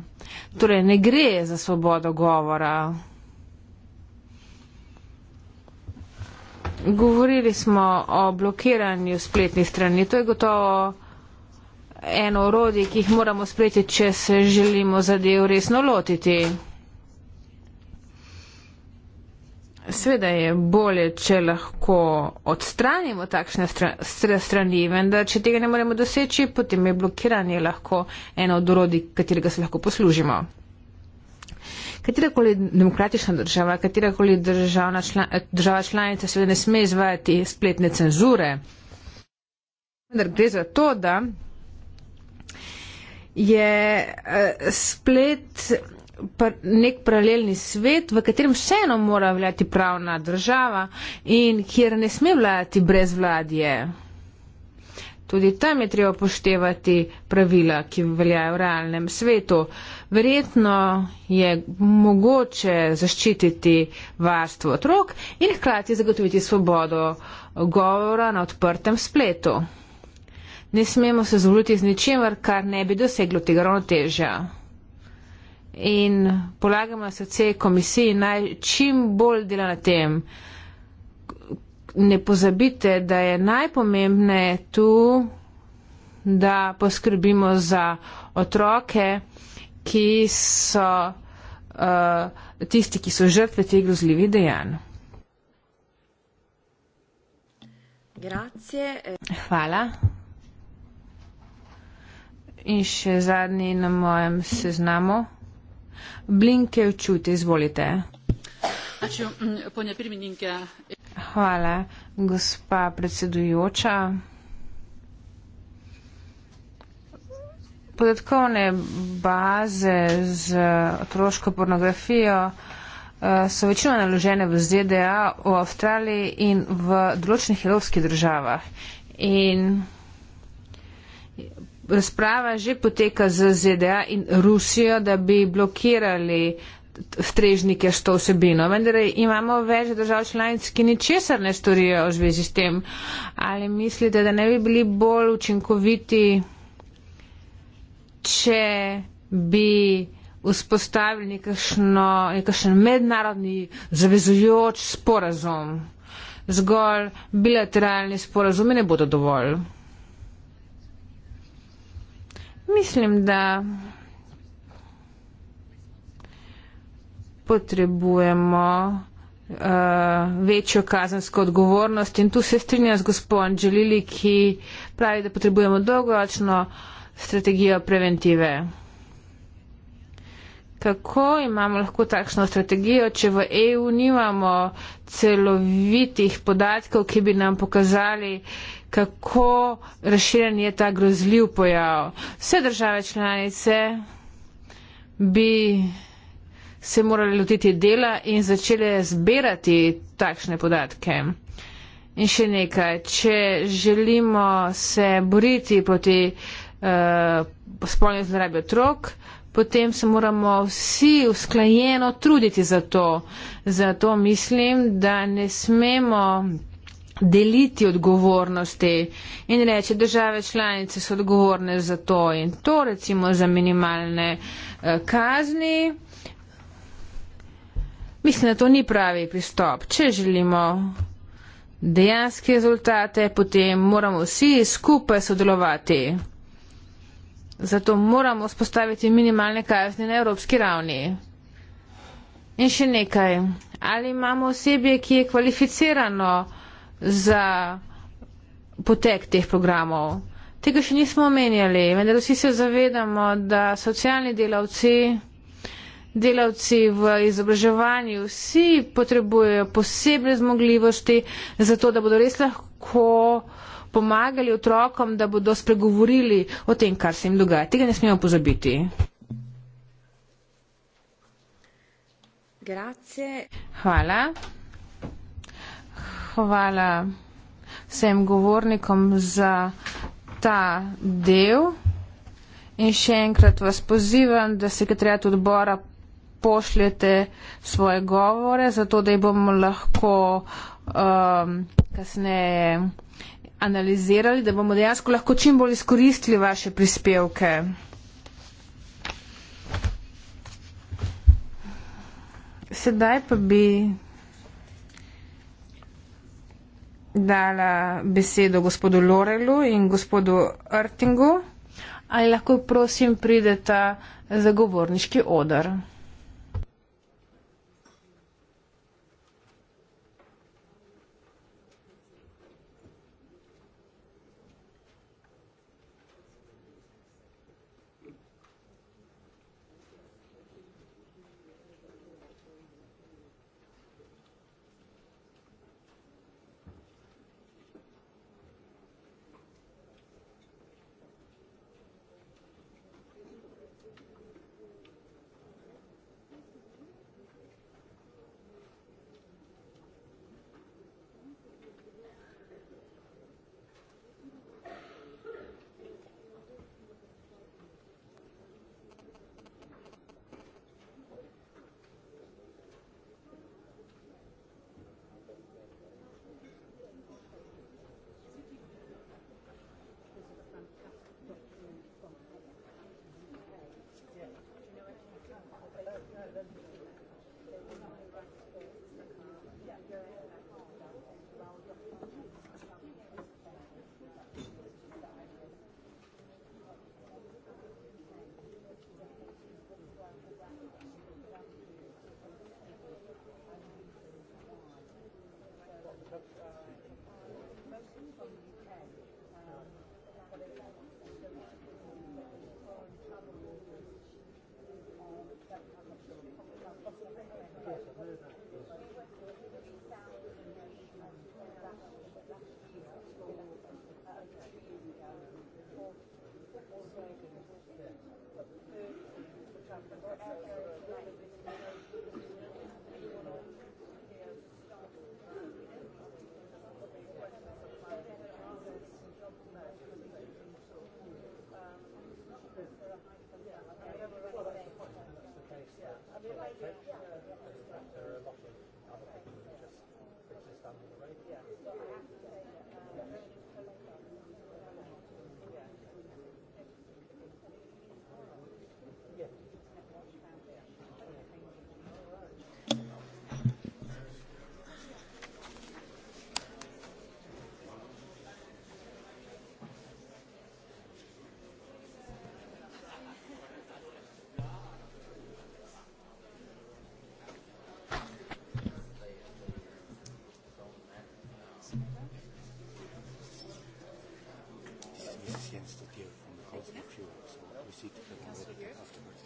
Torej, ne gre za svobodo govora. Govorili smo o blokiranju spletnih strani. To je gotovo eno orodje, ki jih moramo spreti, če se želimo zadev resno lotiti. Sveda je bolje, če lahko odstranimo takšne strani, vendar če tega ne moremo doseči, potem je blokiranje lahko eno od orodij, katerega se lahko poslužimo katerakoli demokratična država, katerakoli člana, država članica seveda ne sme izvajati spletne cenzure. Vendar gre za to, da je eh, splet nek paralelni svet, v katerem vseeno mora vljati pravna država in kjer ne sme vljati brez vladje. Tudi tam je treba poštevati pravila, ki veljajo v realnem svetu. Uh, verjetno je mogoče zaščititi varstvo otrok in hkrati zagotoviti svobodo govora na odprtem spletu. Ne smemo se zavljuti z ničemer, kar ne bi doseglo tega ravnotežja. In polagamo na srce komisiji naj čim bolj dela na tem. Ne pozabite, da je najpomembneje tu, da poskrbimo za otroke ki so uh, tisti, ki so žrtve teh grozljivih dejanj. Grazie. Hvala. In še zadnji na mojem seznamu. Blinke včuti, izvolite. Mm, Hvala, gospa predsedujoča. podatkovne baze z otroško pornografijo eh, so večino naložene v ZDA, v Avstraliji in v določenih evropskih državah. In razprava že poteka z ZDA in Rusijo, da bi blokirali strežnike s to vsebino. Vendar imamo več držav članic, ki ničesar ne storijo v zvezi s tem. Ali mislite, da ne bi bili bolj učinkoviti? če bi vzpostavili nekakšno, nekakšen mednarodni zavezujoč sporazum, zgolj bilateralni sporazumi ne bodo dovolj. Mislim, da potrebujemo uh, večjo kazensko odgovornost in tu se strinja z gospod Anželili, ki pravi, da potrebujemo dolgoročno uh, strategijo preventive. Kako imamo lahko takšno strategijo, če v EU nimamo celovitih podatkov, ki bi nam pokazali, kako razširjen je ta grozljiv pojav. Vse države članice bi se morali lotiti dela in začele zbirati takšne podatke. In še nekaj, če želimo se boriti proti uh, spolne zdrave otrok, potem se moramo vsi usklajeno truditi za to. Zato mislim, da ne smemo deliti odgovornosti in reči, države članice so odgovorne za to in to recimo za minimalne eh, kazni. Mislim, da to ni pravi pristop. Če želimo dejanske rezultate, potem moramo vsi skupaj sodelovati. Zato moramo spostaviti minimalne kazni na evropski ravni. In še nekaj. Ali imamo osebje, ki je kvalificirano za potek teh programov? Tega še nismo omenjali, vendar vsi se zavedamo, da socialni delavci, delavci v izobraževanju, vsi potrebujejo posebne zmogljivosti za to, da bodo res lahko uh, pomagali otrokom, da bodo spregovorili o tem, kar se jim dogaja. Tega ne smemo pozabiti. Grazie. Hvala. Hvala vsem govornikom za ta del. In še enkrat vas pozivam, da sekretariat odbora pošljete svoje govore, zato da jih bomo lahko um, kasneje analizirali, da bomo dejansko lahko čim bolj izkoristili vaše prispevke. Sedaj pa bi dala besedo gospodu Lorelu in gospodu Artingu. Ali lahko prosim pridete za govorniški odr?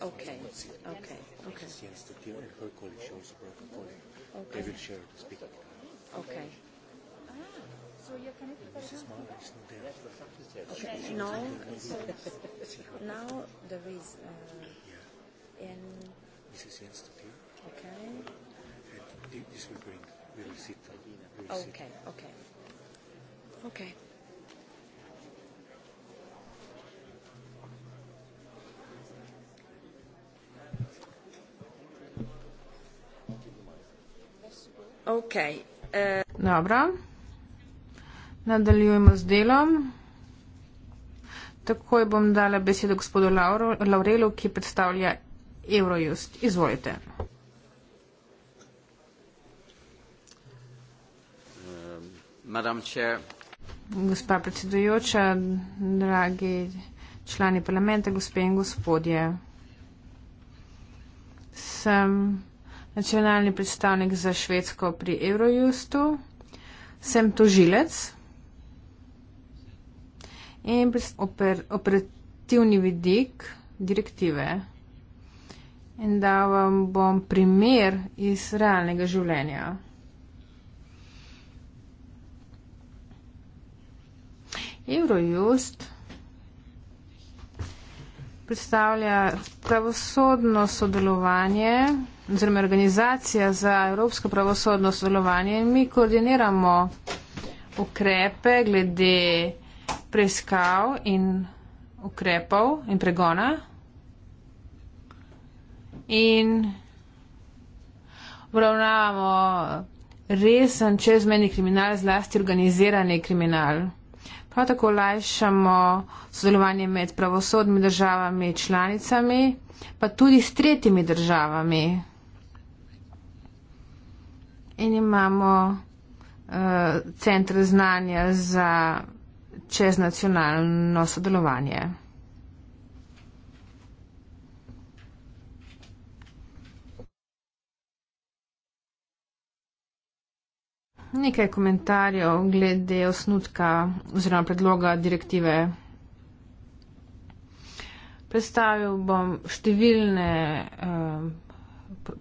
Okay. Okay. Ah, okay. Okay. Yes, the dear and her colleague shows her a colleague. Okay. They will share the speaker. Okay. okay. Okay. Now, so now there is. Uh, yeah. In. This is yes, Okay. And this will bring. We will sit. Uh, we will okay. Sit. Okay. Okay. Okej. Eh. Dobro. Nadaljujemo z delom. Takoj bom dala besedo gospodu Laurelu, ki predstavlja Eurojust. Izvolite. Eh, Gospa predsedujoča, dragi člani parlamenta, gospe in gospodje, sem nacionalni predstavnik za Švedsko pri Eurojustu, sem tožilec in oper, operativni vidik direktive. In da vam bom primer iz realnega življenja. Eurojust predstavlja pravosodno sodelovanje oziroma organizacija za evropsko pravosodno sodelovanje in mi koordiniramo ukrepe glede preiskav in ukrepov in pregona. In obravnavamo resen čezmeni kriminal, zlasti organizirani kriminal. Prav tako lajšamo sodelovanje med pravosodnimi državami, članicami, pa tudi s tretjimi državami in imamo uh, eh, centre znanja za čeznacionalno sodelovanje. Nekaj komentarjev glede osnutka oziroma predloga direktive. Predstavil bom številne eh,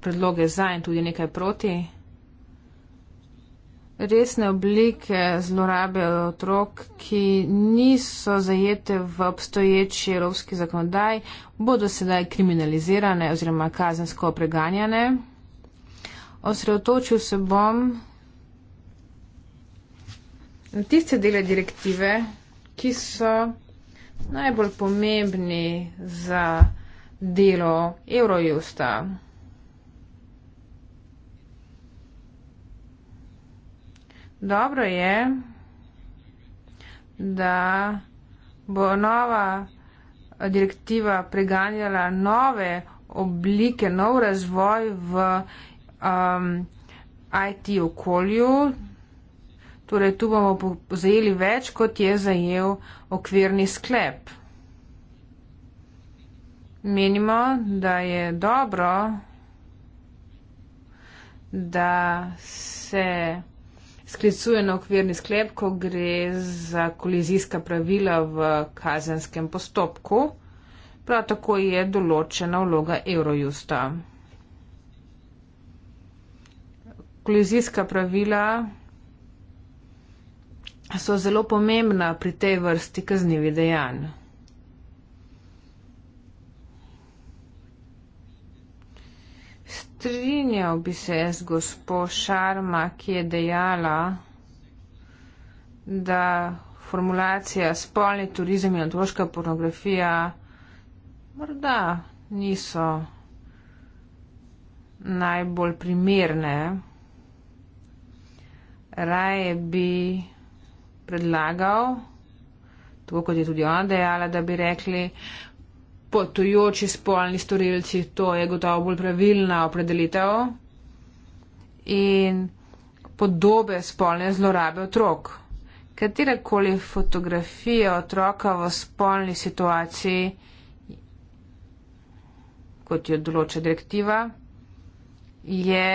predloge za in tudi nekaj proti resne oblike zlorabe otrok, ki niso zajete v obstoječi evropski zakonodaj, bodo sedaj kriminalizirane oziroma kazensko preganjane. Osredotočil se bom na tiste dele direktive, ki so najbolj pomembni za delo Eurojusta. dobro je, da bo nova direktiva preganjala nove oblike, nov razvoj v um, IT okolju. Torej, tu bomo zajeli več, kot je zajel okvirni sklep. Menimo, da je dobro, da se sklicuje na okvirni sklep, ko gre za kolizijska pravila v kazenskem postopku. Prav tako je določena vloga Eurojusta. Kolizijska pravila so zelo pomembna pri tej vrsti kaznjivih dejanj. strinjal bi se z gospo Šarma, ki je dejala, da formulacija spolni turizem in otroška pornografija morda niso najbolj primerne. Raje bi predlagal, tako kot je tudi ona dejala, da bi rekli, potujoči spolni storilci, to je gotovo bolj pravilna opredelitev. In podobe spolne zlorabe otrok. Katerakoli fotografija otroka v spolni situaciji, kot jo določa direktiva, je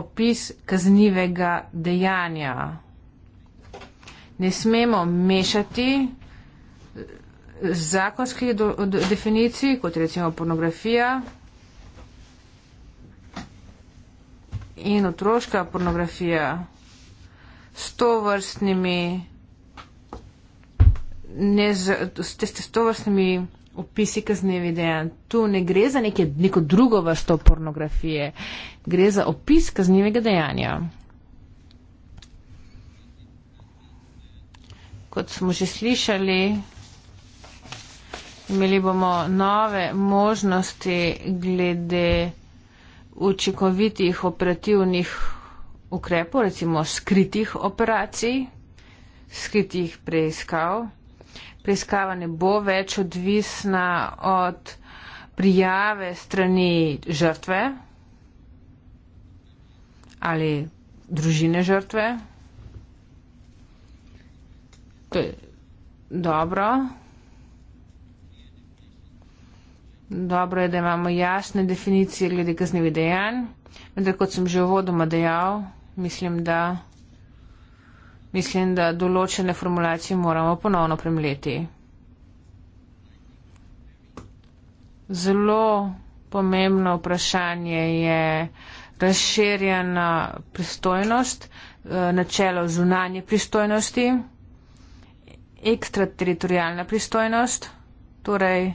opis kaznivega dejanja. Ne smemo mešati zakonskih do, do, definicij, kot recimo pornografija in otroška pornografija s to vrstnimi Ne z, s, s, s to vrstnimi opisi kaznevi dejanj. Tu ne gre za neke, neko drugo vrsto pornografije, gre za opis kaznevega dejanja. Kot smo že slišali, Imeli bomo nove možnosti glede učinkovitih operativnih ukrepov, recimo skritih operacij, skritih preiskav. Preiskava ne bo več odvisna od prijave strani žrtve ali družine žrtve. To je dobro. Dobro je, da imamo jasne definicije glede kaznjivih dejanj, vendar kot sem že uvodoma dejal, mislim, da, mislim, da določene formulacije moramo ponovno premleti. Zelo pomembno vprašanje je razširjena pristojnost, eh, načelo zunanje pristojnosti, ekstrateritorijalna pristojnost, torej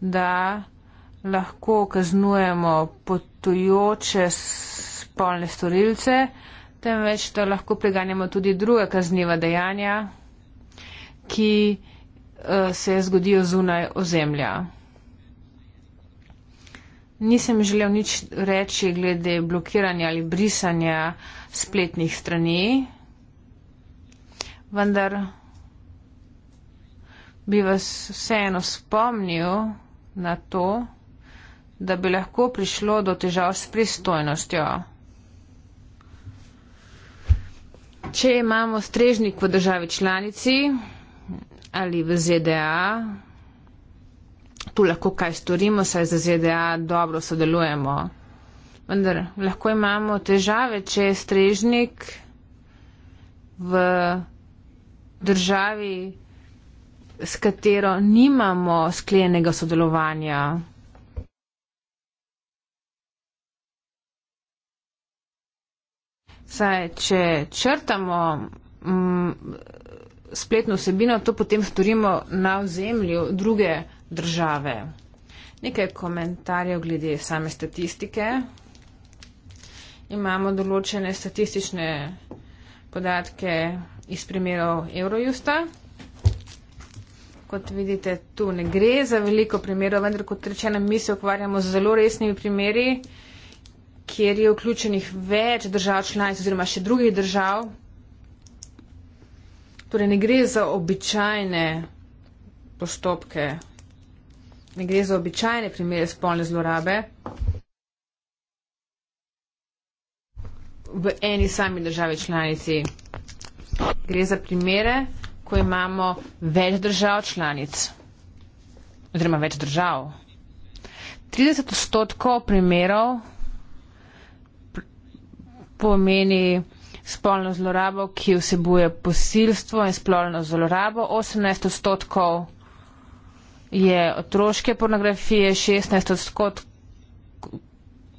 da lahko kaznujemo potujoče spolne storilce, temveč da lahko preganjamo tudi druga kazniva dejanja, ki eh, se zgodijo zunaj ozemlja. Nisem želel nič reči glede blokiranja ali brisanja spletnih strani, vendar bi vas vseeno spomnil, na to, da bi lahko prišlo do težav s pristojnostjo. Če imamo strežnik v državi članici ali v ZDA, tu lahko kaj storimo, saj za ZDA dobro sodelujemo. Vendar lahko imamo težave, če je strežnik v državi članici, s katero nimamo sklenjenega sodelovanja. Saj, če črtamo m, mm, spletno vsebino, to potem storimo na ozemlju druge države. Nekaj komentarjev glede same statistike. Imamo določene statistične podatke iz primerov Eurojusta kot vidite, tu ne gre za veliko primerov, vendar kot rečeno, mi se ukvarjamo z zelo resnimi primeri, kjer je vključenih več držav članic oziroma še drugih držav. Torej ne gre za običajne postopke, ne gre za običajne primere spolne zlorabe. V eni sami državi članici gre za primere, ko imamo več držav članic, oziroma več držav. 30 odstotkov primerov pomeni spolno zlorabo, ki vsebuje posilstvo in spolno zlorabo. 18 odstotkov je otroške pornografije, 16 odstotkov,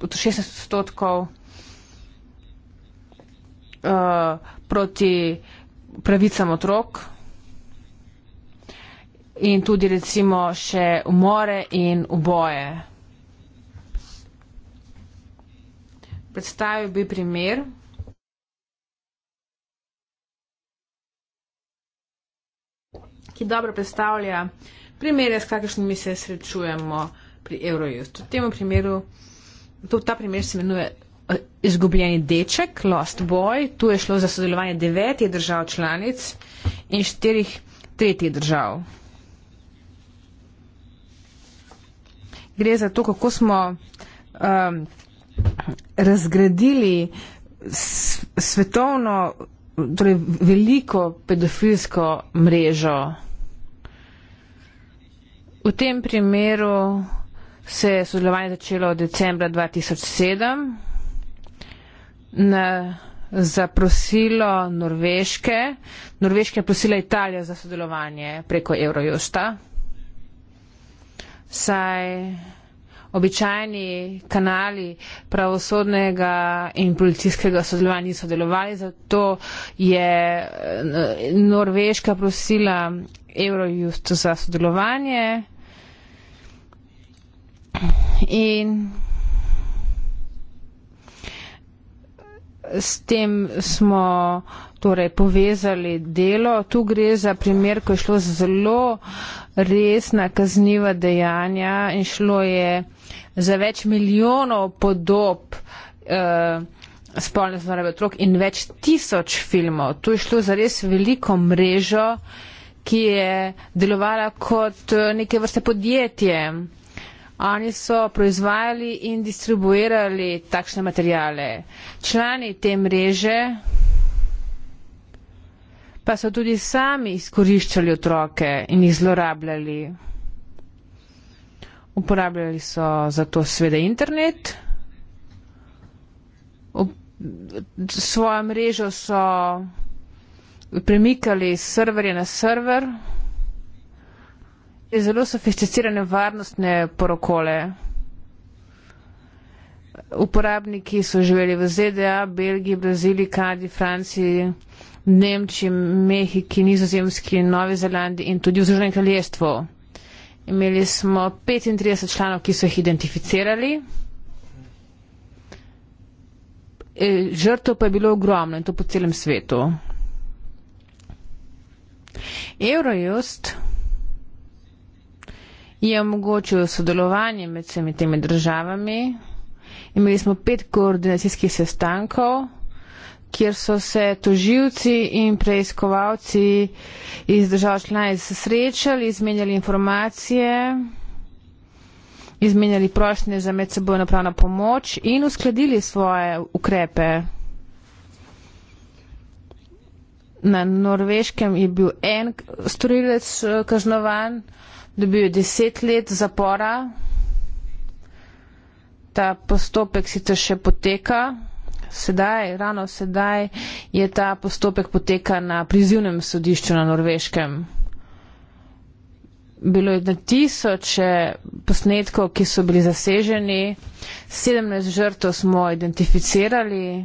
16 odstotkov uh, proti pravicam otrok, in tudi recimo še umore in uboje. Predstavil bi primer. ki dobro predstavlja primere, s kakršnimi se srečujemo pri Eurojustu. Primeru, to, ta primer se imenuje eh, izgubljeni deček, Lost Boy. Tu je šlo za sodelovanje devetih držav članic in štirih tretjih držav. gre za to, kako smo um, razgradili svetovno, torej veliko pedofilsko mrežo. V tem primeru se je sodelovanje začelo od decembra 2007 na zaprosilo Norveške. Norveška je prosila Italijo za sodelovanje preko Eurojusta saj običajni kanali pravosodnega in policijskega sodelovanja niso delovali, zato je eh, Norveška prosila Eurojust za sodelovanje. In s tem smo torej povezali delo. Tu gre za primer, ko je šlo zelo resna kazniva dejanja in šlo je za več milijonov podob eh, spolne zvarebe otrok in več tisoč filmov. Tu je šlo za res veliko mrežo, ki je delovala kot eh, neke vrste podjetje. Oni so proizvajali in distribuirali takšne materijale. Člani te mreže, pa so tudi sami izkoriščali otroke in jih zlorabljali. Uporabljali so za to sveda internet, svojo mrežo so premikali s serverja na server, je zelo sofisticirane varnostne porokole. Uporabniki so živeli v ZDA, Belgiji, Braziliji, Kanadi, Franciji, Nemčiji, Mehiki, Nizozemski, Novi Zelandiji in tudi v Združenem kraljestvu. Imeli smo 35 članov, ki so jih identificirali. E, žrtev pa je bilo ogromno in to po celem svetu. Eurojust je omogočil sodelovanje med vsemi temi državami. Imeli smo pet koordinacijskih sestankov kjer so se toživci in preiskovalci iz držav članic srečali, izmenjali informacije, izmenjali prošnje za medsebojno pravno pomoč in uskladili svoje ukrepe. Na norveškem je bil en storilec eh, kaznovan, dobil je deset let zapora. Ta postopek sicer še poteka sedaj, ravno sedaj je ta postopek poteka na prizivnem sodišču na Norveškem. Bilo je na tisoče posnetkov, ki so bili zaseženi, 17 žrtev smo identificirali,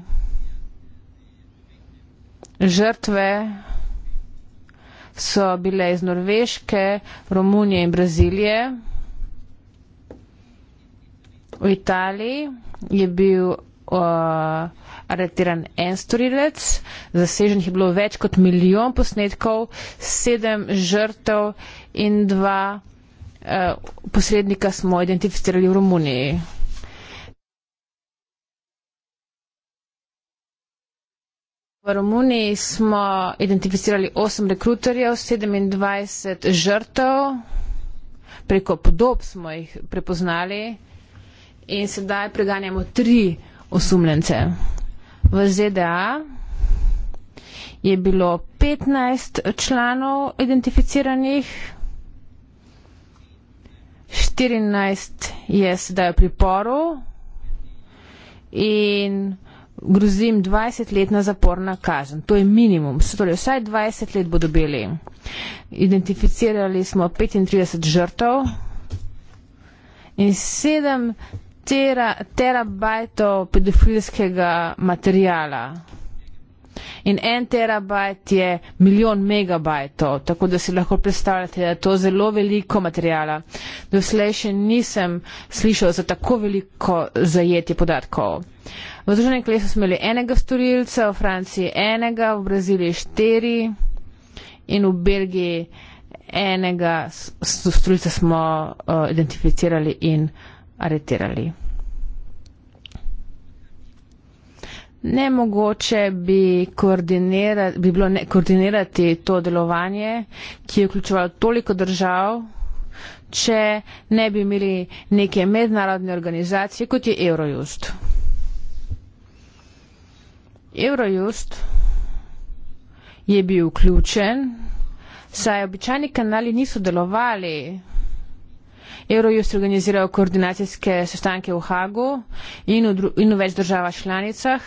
žrtve so bile iz Norveške, Romunije in Brazilije. V Italiji je bil aretiran en storilec, zaseženih je bilo več kot milijon posnetkov, sedem žrtev in dva uh, posrednika smo identificirali v Romuniji. V Romuniji smo identificirali 8 rekruterjev, 27 žrtev, preko podob smo jih prepoznali in sedaj preganjamo 3 žrtev osumljence. V ZDA je bilo 15 članov identificiranih, 14 je sedaj v priporu in grozim 20 let na zaporna kazen. To je minimum. Torej, vsaj 20 let bodo bili. Identificirali smo 35 žrtev in 7 tera, terabajtov pedofilskega materijala. In en terabajt je milijon megabajtov, tako da si lahko predstavljate, da je to zelo veliko materijala. Doslej še nisem slišal za tako veliko zajetje podatkov. V Združenem kraljestvu smo imeli enega storilca, v Franciji enega, v Braziliji štiri in v Belgiji enega storilca smo uh, identificirali in uh, aretirali. Nemogoče bi, koordinira, bi bilo ne, koordinirati to delovanje, ki je vključevalo toliko držav, če ne bi imeli neke mednarodne organizacije, kot je Eurojust. Eurojust je bil vključen, saj običajni kanali niso delovali. Eurojust je organiziral koordinacijske sestanke v Hagu in v, in v več država članicah,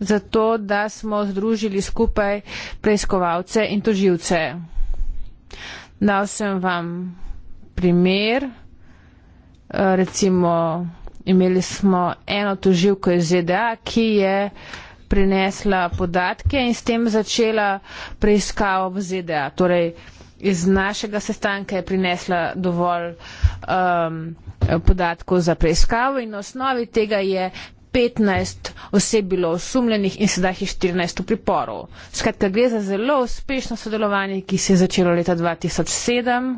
zato da smo združili skupaj preiskovalce in toživce. Dal sem vam primer, eh, recimo imeli smo eno toživko iz ZDA, ki je prinesla podatke in s tem začela preiskavo v ZDA. Torej, iz našega sestanka je prinesla dovolj um, podatkov za preiskavo in na osnovi tega je 15 oseb bilo osumljenih in sedaj je 14 v priporu. Skratka, gre za zelo uspešno sodelovanje, ki se je začelo leta 2007.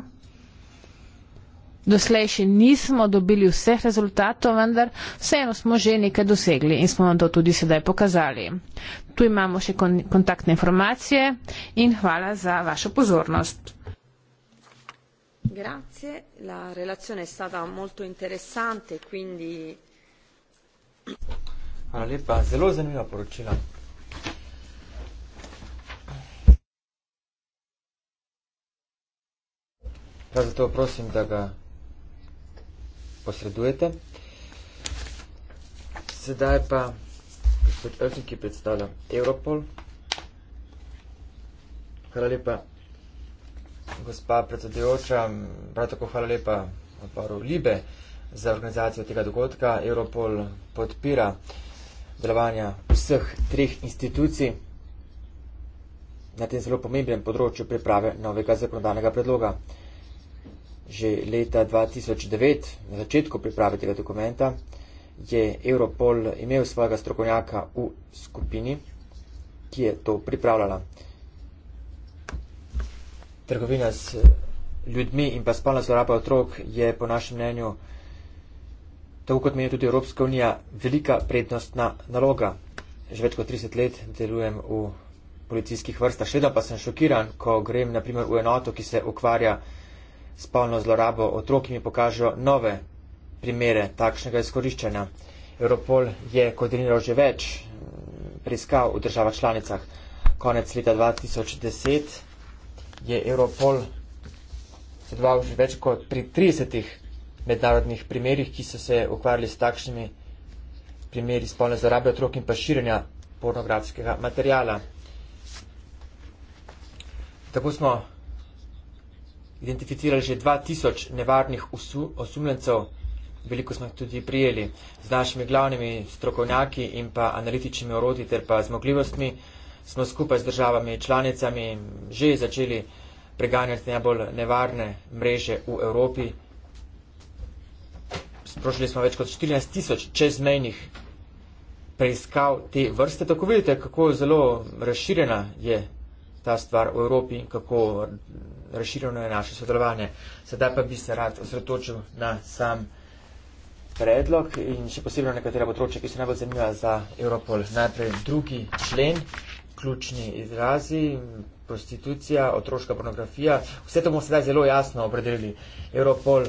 Doslej še nismo dobili vseh rezultatov, vendar vseeno smo že nekaj dosegli in smo vam to tudi sedaj pokazali. Tu imamo še kontaktne informacije in hvala za vašo pozornost. Grazie, la relazione è stata molto interessante, quindi... Allora, le lo se la porcina. Раз этого просим, дага, посредуете. Седай па, господь Эльфинки представлял Европол. Хралипа, gospa predsedujoča, prav tako hvala lepa odboru Libe za organizacijo tega dogodka. Europol podpira delovanja vseh treh institucij na tem zelo pomembnem področju priprave novega zakonodajnega predloga. Že leta 2009, na začetku priprave tega dokumenta, je Europol imel svojega strokovnjaka v skupini, ki je to pripravljala trgovina z eh, ljudmi in pa spolna zloraba otrok je po našem mnenju, tako kot meni tudi Evropska unija, velika prednostna naloga. Že več kot 30 let delujem v policijskih vrstah, še vedno pa sem šokiran, ko grem naprimer v enoto, ki se ukvarja spolno zlorabo otrok in mi pokažejo nove primere takšnega izkoriščanja. Europol je koordiniral že več mm, preiskav v državah članicah konec leta 2010 je Europol sodeloval že več kot pri 30 mednarodnih primerjih, ki so se ukvarjali s takšnimi primeri spolne zarabe otrok in pa širjenja pornografskega materijala. Tako smo identificirali že 2000 nevarnih osumljencev, veliko smo jih tudi prijeli z našimi glavnimi strokovnjaki in pa analitičnimi orodji ter pa zmogljivostmi smo skupaj z državami članicami že začeli preganjati najbolj nevarne mreže v Evropi. Sprošili smo več kot 14 tisoč čezmejnih preiskav te vrste. Tako vidite, kako zelo razširjena je ta stvar v Evropi in kako razširjeno je naše sodelovanje. Sedaj pa bi se rad osredotočil na sam predlog in še posebej na nekatera področja, ki so najbolj zanimiva za Europol. Najprej drugi člen ključni izrazi, prostitucija, otroška pornografija. Vse to bomo sedaj zelo jasno opredelili. Europol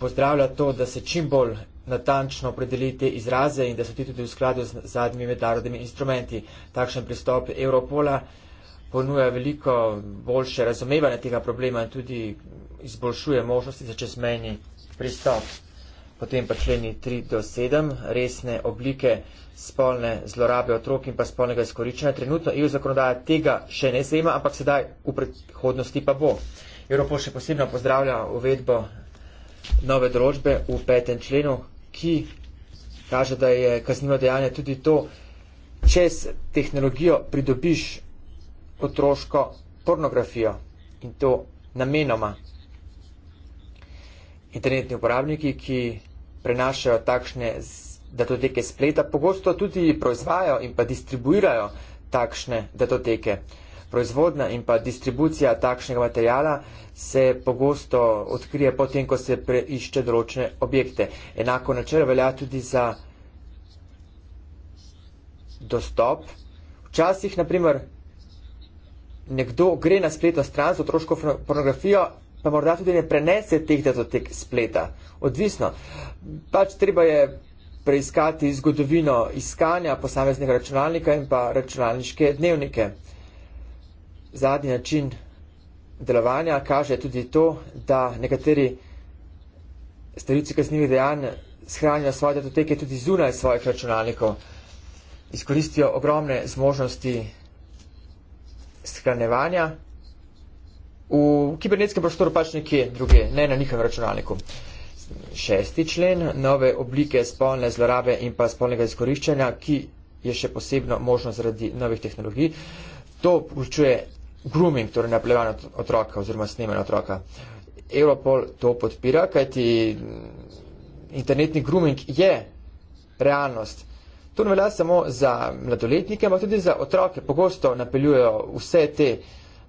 pozdravlja to, da se čim bolj natančno opredelite izraze in da so ti tudi v skladu z zadnjimi mednarodnimi instrumenti. Takšen pristop Europola ponuja veliko boljše razumevanje tega problema in tudi izboljšuje možnosti za čezmejni pristop potem pa členi 3 do 7, resne oblike spolne zlorabe otrok in pa spolnega izkoriščanja. Trenutno EU zakonodaja tega še ne zajema, ampak sedaj v prihodnosti pa bo. Evropo še posebno pozdravlja uvedbo nove določbe v petem členu, ki kaže, da je kaznivo dejanje tudi to, če s tehnologijo pridobiš otroško pornografijo in to namenoma. Internetni uporabniki, ki prenašajo takšne datoteke spleta, pogosto tudi proizvajajo in pa distribuirajo takšne datoteke. Proizvodna in pa distribucija takšnega materijala se pogosto odkrije potem, ko se preišče določene objekte. Enako načelo velja tudi za dostop. Včasih, naprimer, nekdo gre na spletno stran z otroško pornografijo pa morda tudi ne prenese teh datotek spleta. Odvisno. Pač treba je preiskati zgodovino iskanja posameznega računalnika in pa računalniške dnevnike. Zadnji način delovanja kaže tudi to, da nekateri storilci kaznjivih dejanj shranijo svoje datoteke tudi zunaj svojih računalnikov. Izkoristijo ogromne zmožnosti shranjevanja v kibernetskem prostoru pač nekje druge, ne na njihovem računalniku. Šesti člen, nove oblike spolne zlorabe in pa spolnega izkoriščanja, ki je še posebno možno zaradi novih tehnologij. To vključuje grooming, torej napljevanje otroka oziroma snemanje otroka. Europol to podpira, kajti internetni grooming je realnost. To ne velja samo za mladoletnike, ampak tudi za otroke. Pogosto napeljujejo vse te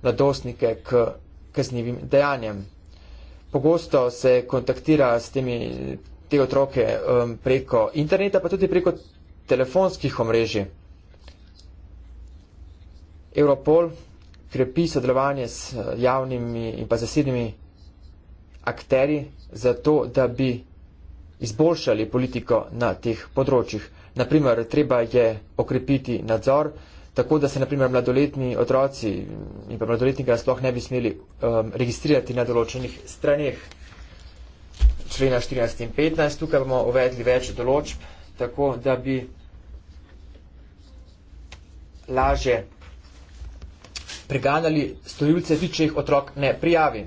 mladostnike k kaznjivim dejanjem. Pogosto se kontaktira s temi te otroke um, preko interneta, pa tudi preko telefonskih omrežij. Europol krepi sodelovanje s uh, javnimi in pa zasebnimi akteri zato, da bi izboljšali politiko na teh področjih. Naprimer, treba je okrepiti nadzor, tako da se naprimer mladoletni otroci in pa mladoletnika sploh ne bi smeli um, registrirati na določenih straneh člena 14 in 15. Tukaj bomo uvedli več določb, tako da bi laže preganjali storilce, tudi če jih otrok ne prijavi.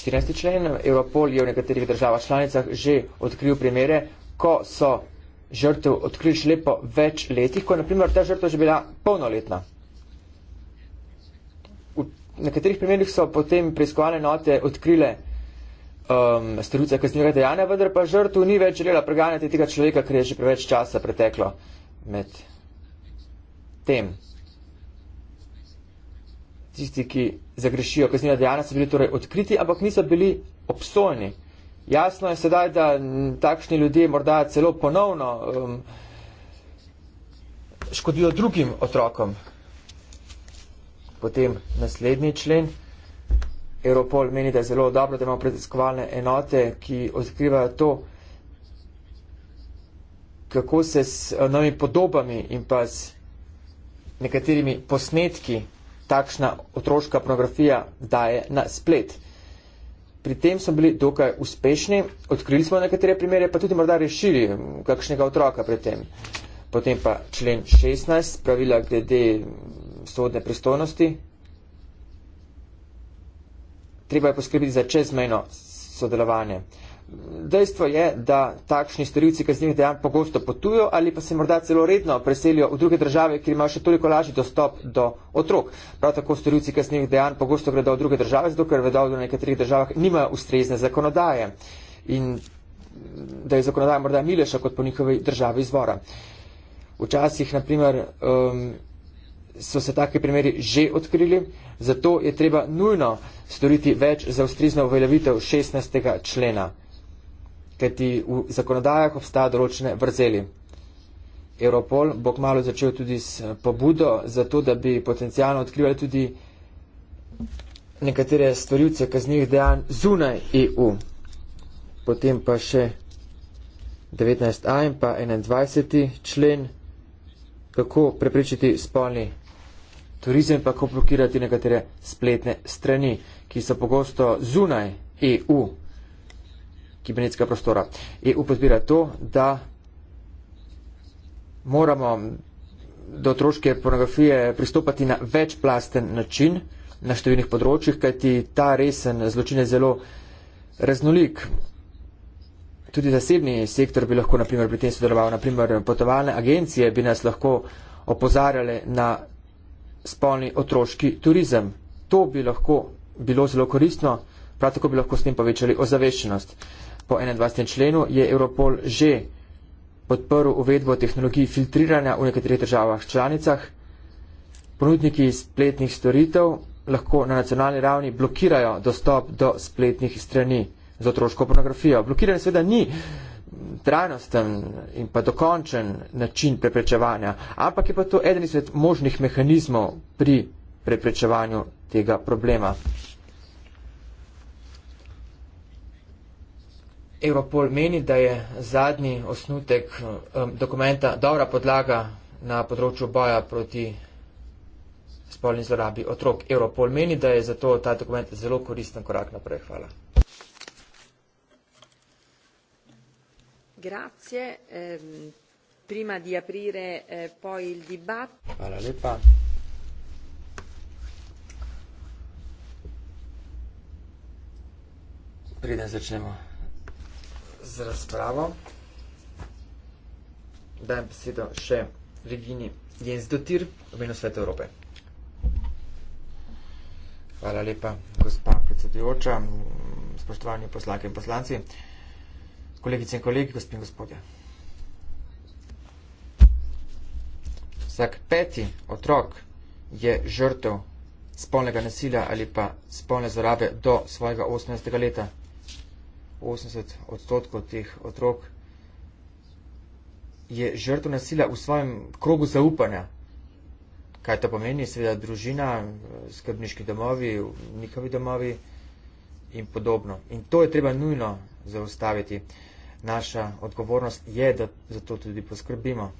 14. člen, Europol je v nekaterih državah članicah že odkril primere, ko so žrtev odkriš lepo več letih, ko je naprimer ta žrtev že bila polnoletna. V nekaterih primerih so potem preiskovalne note odkrile um, storilce kaznjega dejanja, vendar pa žrtev ni več želela preganjati tega človeka, ker je že preveč časa preteklo med tem. Tisti, ki zagrešijo kaznjega dejanja, so bili torej odkriti, ampak niso bili obsojeni. Jasno je sedaj, da takšni ljudje morda celo ponovno um, škodijo drugim otrokom. Potem naslednji člen. Europol meni, da je zelo dobro, da imamo preiskovalne enote, ki odkrivajo to, kako se s eh, novimi podobami in pa s nekaterimi posnetki takšna otroška pornografija daje na splet pri tem smo bili dokaj uspešni, odkrili smo nekatere primere, pa tudi morda rešili hm, kakšnega otroka pred tem. Potem pa člen 16, pravila glede hm, sodne pristojnosti. Treba je poskrbiti za čezmejno sodelovanje. Dejstvo je, da takšni storilci kaznjivih dejanj pogosto potujo ali pa se morda celo redno preselijo v druge države, kjer imajo še toliko lažji dostop do otrok. Prav tako storilci kaznjivih dejanj pogosto gredo v druge države, zato ker vedo, da v nekaterih državah nimajo ustrezne zakonodaje in da je zakonodaja morda milejša kot po njihovi državi izvora. Včasih, na primer, um, so se take primeri že odkrili, zato je treba nujno storiti več za ustrezno uveljavitev 16. člena kajti v zakonodajah obstajajo določene vrzeli. Europol bo kmalo začel tudi s pobudo za to, da bi potencijalno odkrivali tudi nekatere storilce kaznjih dejanj zunaj EU. Potem pa še 19a in pa 21. člen, kako prepričati spolni turizem, pa kako blokirati nekatere spletne strani, ki so pogosto zunaj EU kibernetskega prostora. EU podpira to, da moramo do otroške pornografije pristopati na večplasten način na številnih področjih, kajti ta resen zločin je zelo raznolik. Tudi zasebni sektor bi lahko naprimer, pri tem sodeloval, naprimer potovalne agencije bi nas lahko opozarjale na spolni otroški turizem. To bi lahko bilo zelo koristno, prav tako bi lahko s tem povečali ozaveščenost. Po 21. členu je Europol že podprl uvedbo tehnologij filtriranja v nekaterih državah članicah. Ponudniki spletnih storitev lahko na nacionalni ravni blokirajo dostop do spletnih strani za otroško pornografijo. Blokiranje seveda ni trajnosten in pa dokončen način preprečevanja, ampak je pa to eden izmed možnih mehanizmov pri preprečevanju tega problema. Europol meni, da je zadnji osnutek um, dokumenta dobra podlaga na področju boja proti spolni zlorabi otrok. Europol meni, da je zato ta dokument zelo koristen korak naprej. Hvala. Grazie. Ehm, prima di aprire eh, poi il dibattito. Hvala lepa. Preden začnemo z razpravo. Dajem besedo še Regini Jens Dotir, obmeno Svete Evrope. Hvala lepa, gospa predsedujoča, spoštovani poslanke in poslanci, kolegice in kolegi, gospod in gospodje. Vsak peti otrok je žrtev spolnega nasilja ali pa spolne zarabe do svojega 18. leta. 80 odstotkov teh otrok je žrtvo nasilja v svojem krogu zaupanja. Kaj to pomeni? Seveda družina, skrbniški domovi, njihovi domovi in podobno. In to je treba nujno zaustaviti. Naša odgovornost je, da za to tudi poskrbimo.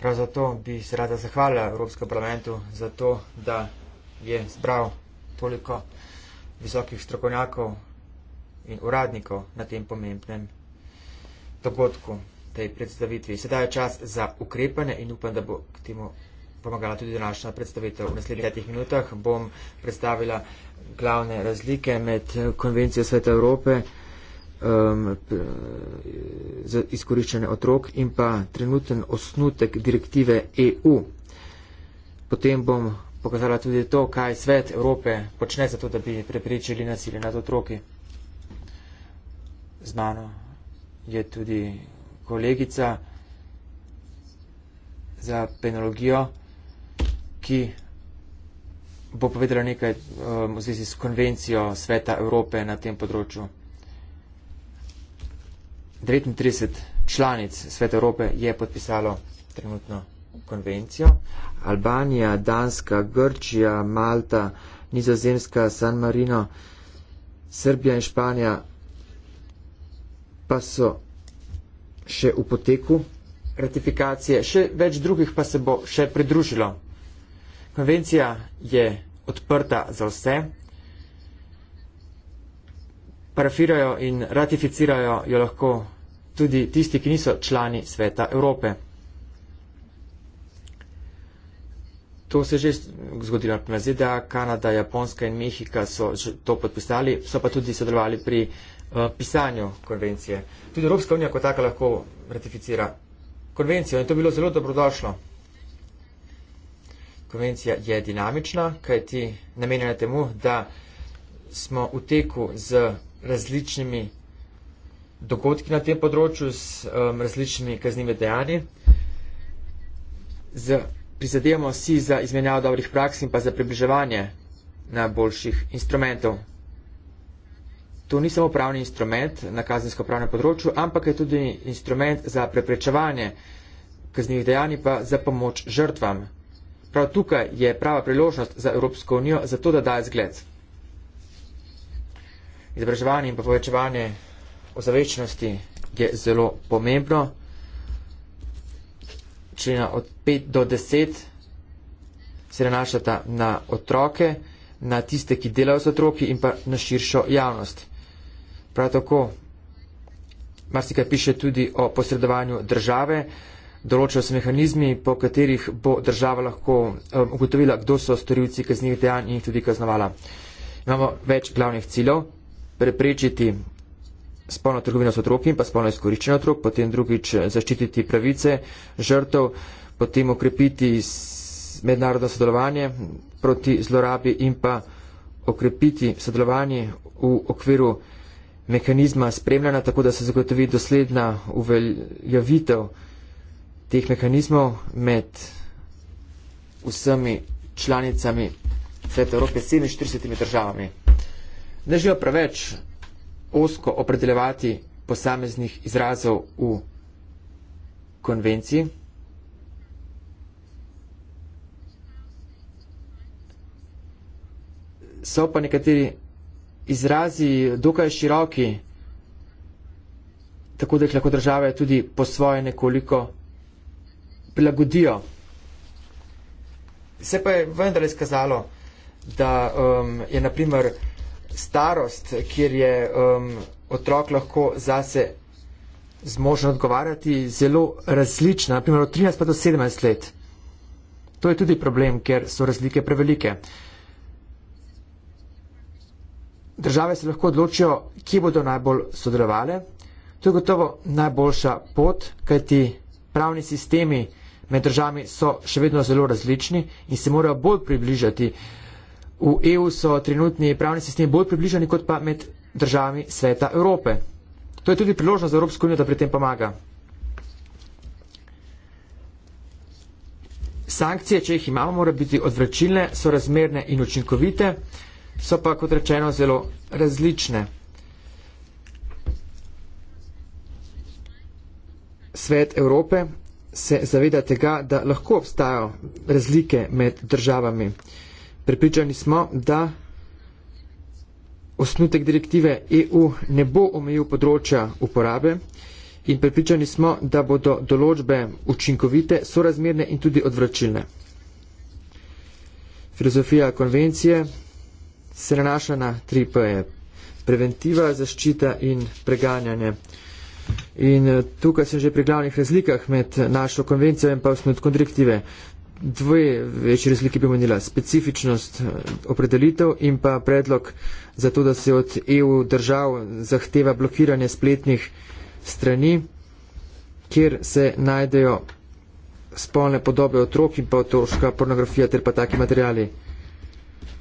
Prav zato bi se rada zahvalila Evropskemu parlamentu za to, da je zbral toliko visokih strokovnjakov in uradnikov na tem pomembnem dogodku, tej predstavitvi. Sedaj je čas za ukrepanje in upam, da bo k temu pomagala tudi današnja predstavitev. V naslednjih petih minutah bom predstavila glavne razlike med Konvencijo Sveta Evrope um, za izkoriščanje otrok in pa trenuten osnutek direktive EU. Potem bom pokazala tudi to, kaj svet Evrope počne za to, da bi prepričali nasilje nad otroki. Znano je tudi kolegica za penologijo, ki bo povedala nekaj um, v zvezi s konvencijo sveta Evrope na tem področju. 39 članic sveta Evrope je podpisalo trenutno konvencijo. Albanija, Danska, Grčija, Malta, Nizozemska, San Marino, Srbija in Španija pa so še v poteku ratifikacije. Še več drugih pa se bo še pridružilo. Konvencija je odprta za vse. Parafirajo in ratificirajo jo lahko tudi tisti, ki niso člani Sveta Evrope. To se je že zgodilo, naprimer ZDA, Kanada, Japonska in Mehika so to podpisali, so pa tudi sodelovali pri uh, pisanju konvencije. Tudi Evropska unija kot taka lahko ratificira konvencijo in to je bilo zelo dobrodošlo. Konvencija je dinamična, kajti namenjena temu, da smo v teku z različnimi dogodki na tem področju, s um, različnimi kaznimi dejanji, z prizadevamo si za izmenjavo dobrih praks in pa za približevanje najboljših instrumentov. To ni samo pravni instrument na kazensko-pravnem področju, ampak je tudi instrument za preprečevanje kaznjivih dejanj pa za pomoč žrtvam. Prav tukaj je prava priložnost za Evropsko unijo, zato da daje zgled. Izobraževanje in pa povečevanje ozaveščenosti je zelo pomembno člena od 5 do 10 se nanašata na otroke, na tiste, ki delajo z otroki in pa na širšo javnost. Prav tako marsikaj piše tudi o posredovanju države, določajo se mehanizmi, po katerih bo država lahko um, ugotovila, kdo so storilci kaznjivih dejanj in jih tudi kaznovala. Imamo več glavnih ciljev. Preprečiti spolno trgovino s otroki in pa spolno izkoriščenje otrok, potem drugič eh, zaščititi pravice žrtev, potem okrepiti mednarodno sodelovanje proti zlorabi in pa okrepiti sodelovanje v okviru mehanizma spremljanja, tako da se zagotovi dosledna uveljavitev teh mehanizmov med vsemi članicami Sveta Evrope, 47 državami. Ne živijo preveč osko opredeljevati posameznih izrazov v konvenciji. So pa nekateri izrazi dokaj široki, tako da jih lahko države tudi po svoje nekoliko prilagodijo. Se pa je vendar izkazalo, da um, je naprimer starost, kjer je um, otrok lahko zase zmožen odgovarjati, zelo različna, naprimer od 13 pa do 17 let. To je tudi problem, ker so razlike prevelike. Države se lahko odločijo, kje bodo najbolj sodelovale. To je gotovo najboljša pot, kajti pravni sistemi med državami so še vedno zelo različni in se morajo bolj približati uh, v EU so trenutni pravni sistemi bolj približani kot pa med državami sveta Evrope. To je tudi priložnost za Evropsko unijo, da pri tem pomaga. Sankcije, če jih imamo, morajo biti odvračilne, so razmerne in učinkovite, so pa, kot rečeno, zelo različne. Svet Evrope se zaveda tega, da lahko obstajajo razlike med državami. Pripričani smo, da osnutek direktive EU ne bo omejil področja uporabe in pripričani smo, da bodo določbe učinkovite, sorazmerne in tudi odvračilne. Filozofija konvencije se nanaša na 3PE. Preventiva, zaščita in preganjanje. In eh, tukaj sem že pri glavnih razlikah med našo konvencijo in pa osnutkom direktive dve večji razliki bi omenila. Specifičnost eh, opredelitev in pa predlog za to, da se od EU držav zahteva blokiranje spletnih strani, kjer se najdejo spolne podobe otrok in pa otroška pornografija ter pa taki materiali.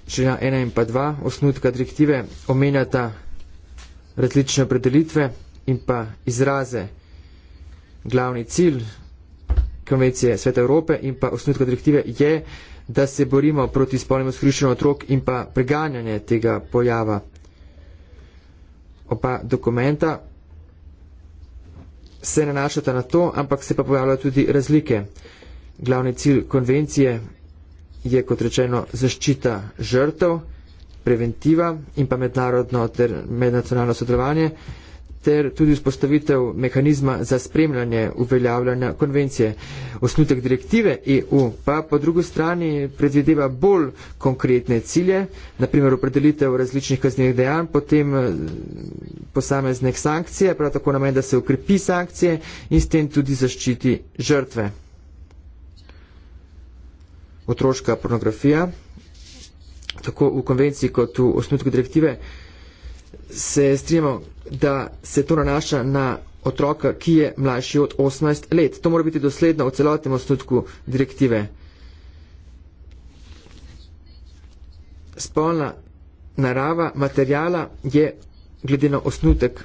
Člena 1 in pa 2 osnutka direktive omenjata različne opredelitve in pa izraze. Glavni cilj konvencije Sveta Evrope in pa osnutka direktive je, da se borimo proti spolnemu skrišenju otrok in pa preganjanje tega pojava. Opa dokumenta se nanašata na to, ampak se pa pojavljajo tudi razlike. Glavni cilj konvencije je, kot rečeno, zaščita žrtev, preventiva in pa mednarodno ter mednacionalno sodelovanje ter tudi vzpostavitev mehanizma za spremljanje uveljavljanja konvencije. Osnutek direktive EU pa po drugi strani predvideva bolj konkretne cilje, naprimer opredelitev različnih kaznjenih dejanj, potem eh, posameznih sankcije, prav tako namen, da se ukrepi sankcije in s tem tudi zaščiti žrtve. Otroška pornografija, tako v konvenciji kot v osnutku direktive, se strinjamo, da se to nanaša na otroka, ki je mlajši od 18 let. To mora biti dosledno v celotnem osnutku direktive. Spolna narava materijala je glede na osnutek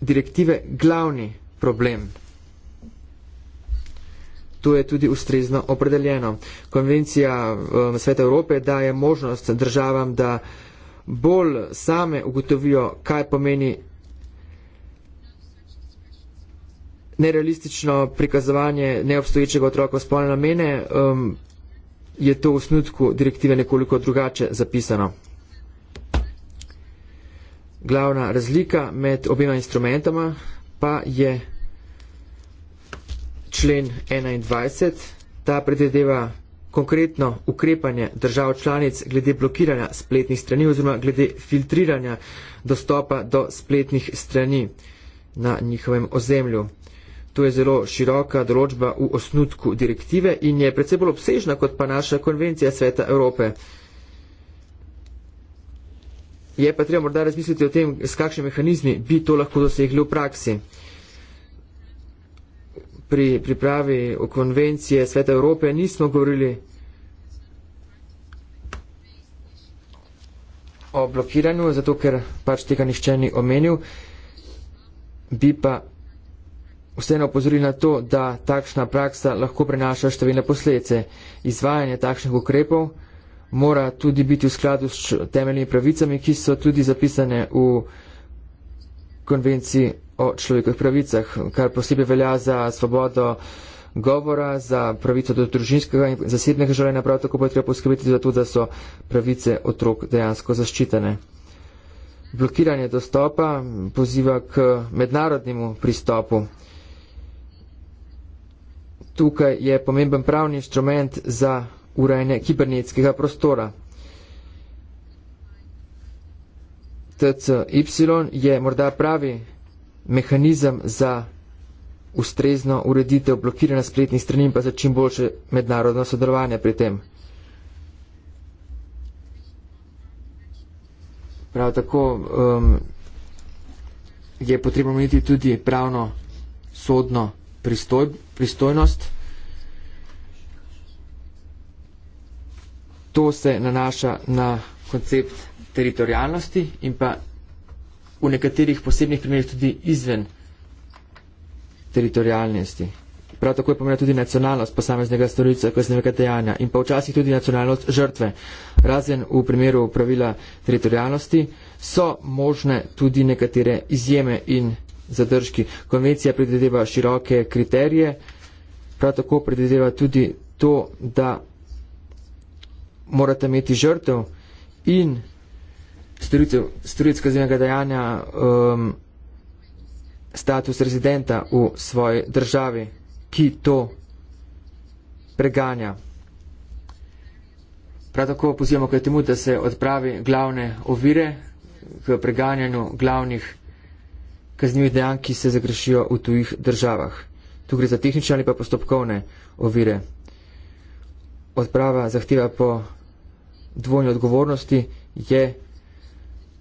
direktive glavni problem. To je tudi ustrezno opredeljeno. Konvencija um, Sveta Evrope daje možnost državam, da uh, bolj same ugotovijo, kaj pomeni nerealistično prikazovanje neobstoječega otroka v spolne namene, um, je to v snutku direktive nekoliko drugače zapisano. Glavna razlika med obima instrumentoma pa je člen 21. Ta predvideva konkretno ukrepanje držav članic glede blokiranja spletnih strani oziroma glede filtriranja dostopa do spletnih strani na njihovem ozemlju. To je zelo široka določba v osnutku direktive in je predvsej bolj obsežna kot pa naša konvencija Sveta Evrope. Je pa treba morda razmisliti o tem, s kakšnimi mehanizmi bi to lahko dosegli v praksi pri pripravi konvencije Sveta Evrope nismo govorili o blokiranju, zato ker pač tega nišče ni omenil, bi pa vseeno opozorili na to, da takšna praksa lahko prenaša številne posledice. Izvajanje takšnih ukrepov mora tudi biti v skladu s temeljnimi pravicami, ki so tudi zapisane v konvenciji o človekovih pravicah, kar posebej velja za svobodo govora, za pravico do družinskega in zasebnega življenja, prav tako pa je treba poskrbeti za to, da so pravice otrok dejansko zaščitene. Blokiranje dostopa poziva k mednarodnemu pristopu. Tukaj je pomemben pravni inštrument za urejanje kibernetskega prostora. TCY je morda pravi mehanizem za ustrezno ureditev blokiranja spletnih strani in pa za čim boljše mednarodno sodelovanje pri tem. Prav tako um, je potrebno imeti tudi pravno sodno pristoj, pristojnost. To se nanaša na koncept teritorijalnosti in pa v nekaterih posebnih primerih tudi izven teritorijalnosti. Prav tako je pomenila tudi nacionalnost posameznega storilca kaznivega dejanja in pa včasih tudi nacionalnost žrtve. Razen v primeru pravila teritorijalnosti so možne tudi nekatere izjeme in zadržki. Konvencija predvideva široke kriterije, prav tako predvideva tudi to, da morate imeti žrtev in storitev kaznjega dejanja um, status rezidenta v svoji državi, ki to preganja. Prav tako pozivamo k temu, da se odpravi glavne ovire k preganjanju glavnih kaznjivih dejanj, ki se zagrešijo v tujih državah. Tu gre za tehnične ali pa postopkovne ovire. Odprava zahteva po dvojni odgovornosti je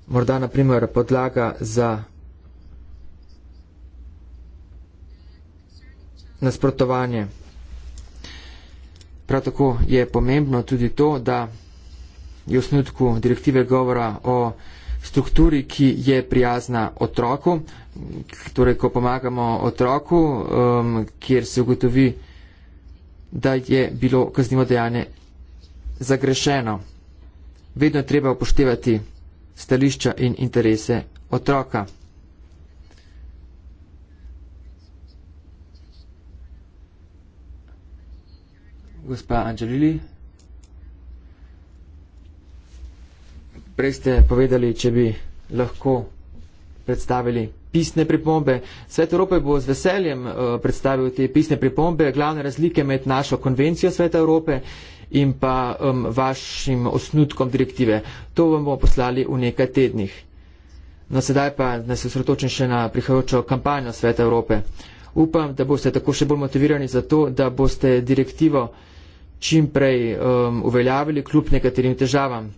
morda naprimer podlaga za nasprotovanje. Prav tako je pomembno tudi to, da je v snutku direktive govora o strukturi, ki je prijazna otroku, torej ko pomagamo otroku, um, kjer se ugotovi, da je bilo kaznivo dejanje zagrešeno. Vedno treba upoštevati stališča in interese otroka. Gospa Anželili, prej ste povedali, če bi lahko predstavili pisne pripombe. Svet Evrope bo z veseljem eh, predstavil te pisne pripombe, glavne razlike med našo konvencijo Sveta Evrope in pa um, vašim osnutkom direktive. To vam bomo poslali v nekaj tednih. No sedaj pa ne se osredotočim še na prihajajočo kampanjo Sveta Evrope. Upam, da boste tako še bolj motivirani za to, da boste direktivo čim prej um, uveljavili kljub nekaterim težavam.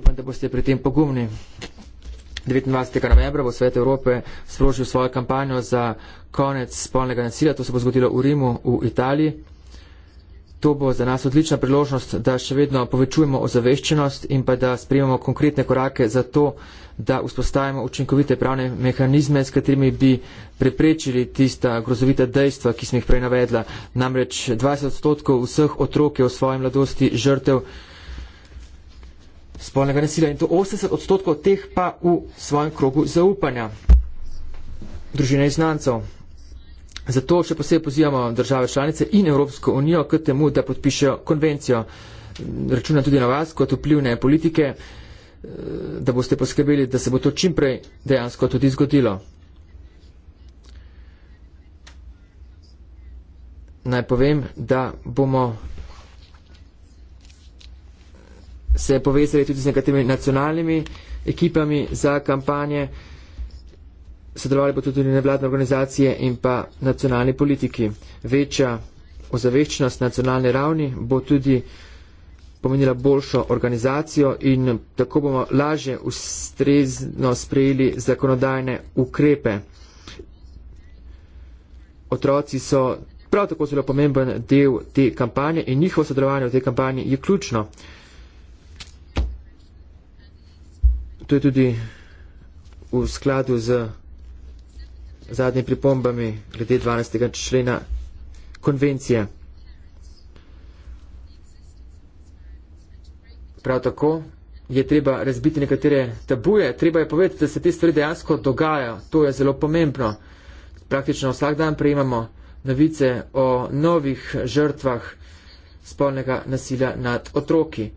Upam, da boste pri tem pogumni. 29. novembra bo Svet Evrope sprožil svojo kampanjo za konec spolnega nasilja. To se bo zgodilo v Rimu, v Italiji. To bo za nas odlična priložnost, da še vedno povečujemo ozaveščenost in pa da sprejemamo konkretne korake za to, da vzpostavimo učinkovite pravne mehanizme, s katerimi bi preprečili tista grozovita dejstva, ki sem jih prej navedla. Namreč 20 odstotkov vseh otrok je v svojem mladosti žrtev spolnega nasilja in to 80 odstotkov teh pa v svojem krogu zaupanja družine in znancev. Zato še posebej pozivamo države članice in Evropsko unijo k temu, da podpišejo konvencijo. Računam tudi na vas kot vplivne politike, eh, da boste poskrbeli, da se bo to čimprej dejansko tudi zgodilo. Naj povem, da bomo se povezali tudi z nekatimi nacionalnimi ekipami za kampanje, sodelovali pa tudi nevladne organizacije in pa nacionalni politiki. Večja ozaveščenost na nacionalni ravni bo tudi pomenila boljšo organizacijo in tako bomo lažje ustrezno sprejeli zakonodajne ukrepe. Otroci so prav tako zelo pomemben del te kampanje in njihovo sodelovanje v tej kampanji je ključno. to je tudi v skladu z zadnjimi pripombami glede 12. člena konvencije. Prav tako je treba razbiti nekatere tabuje, treba je povedati, da se te stvari dejansko dogajajo. To je zelo pomembno. Praktično vsak dan prejemamo novice o novih žrtvah spolnega nasilja nad otroki.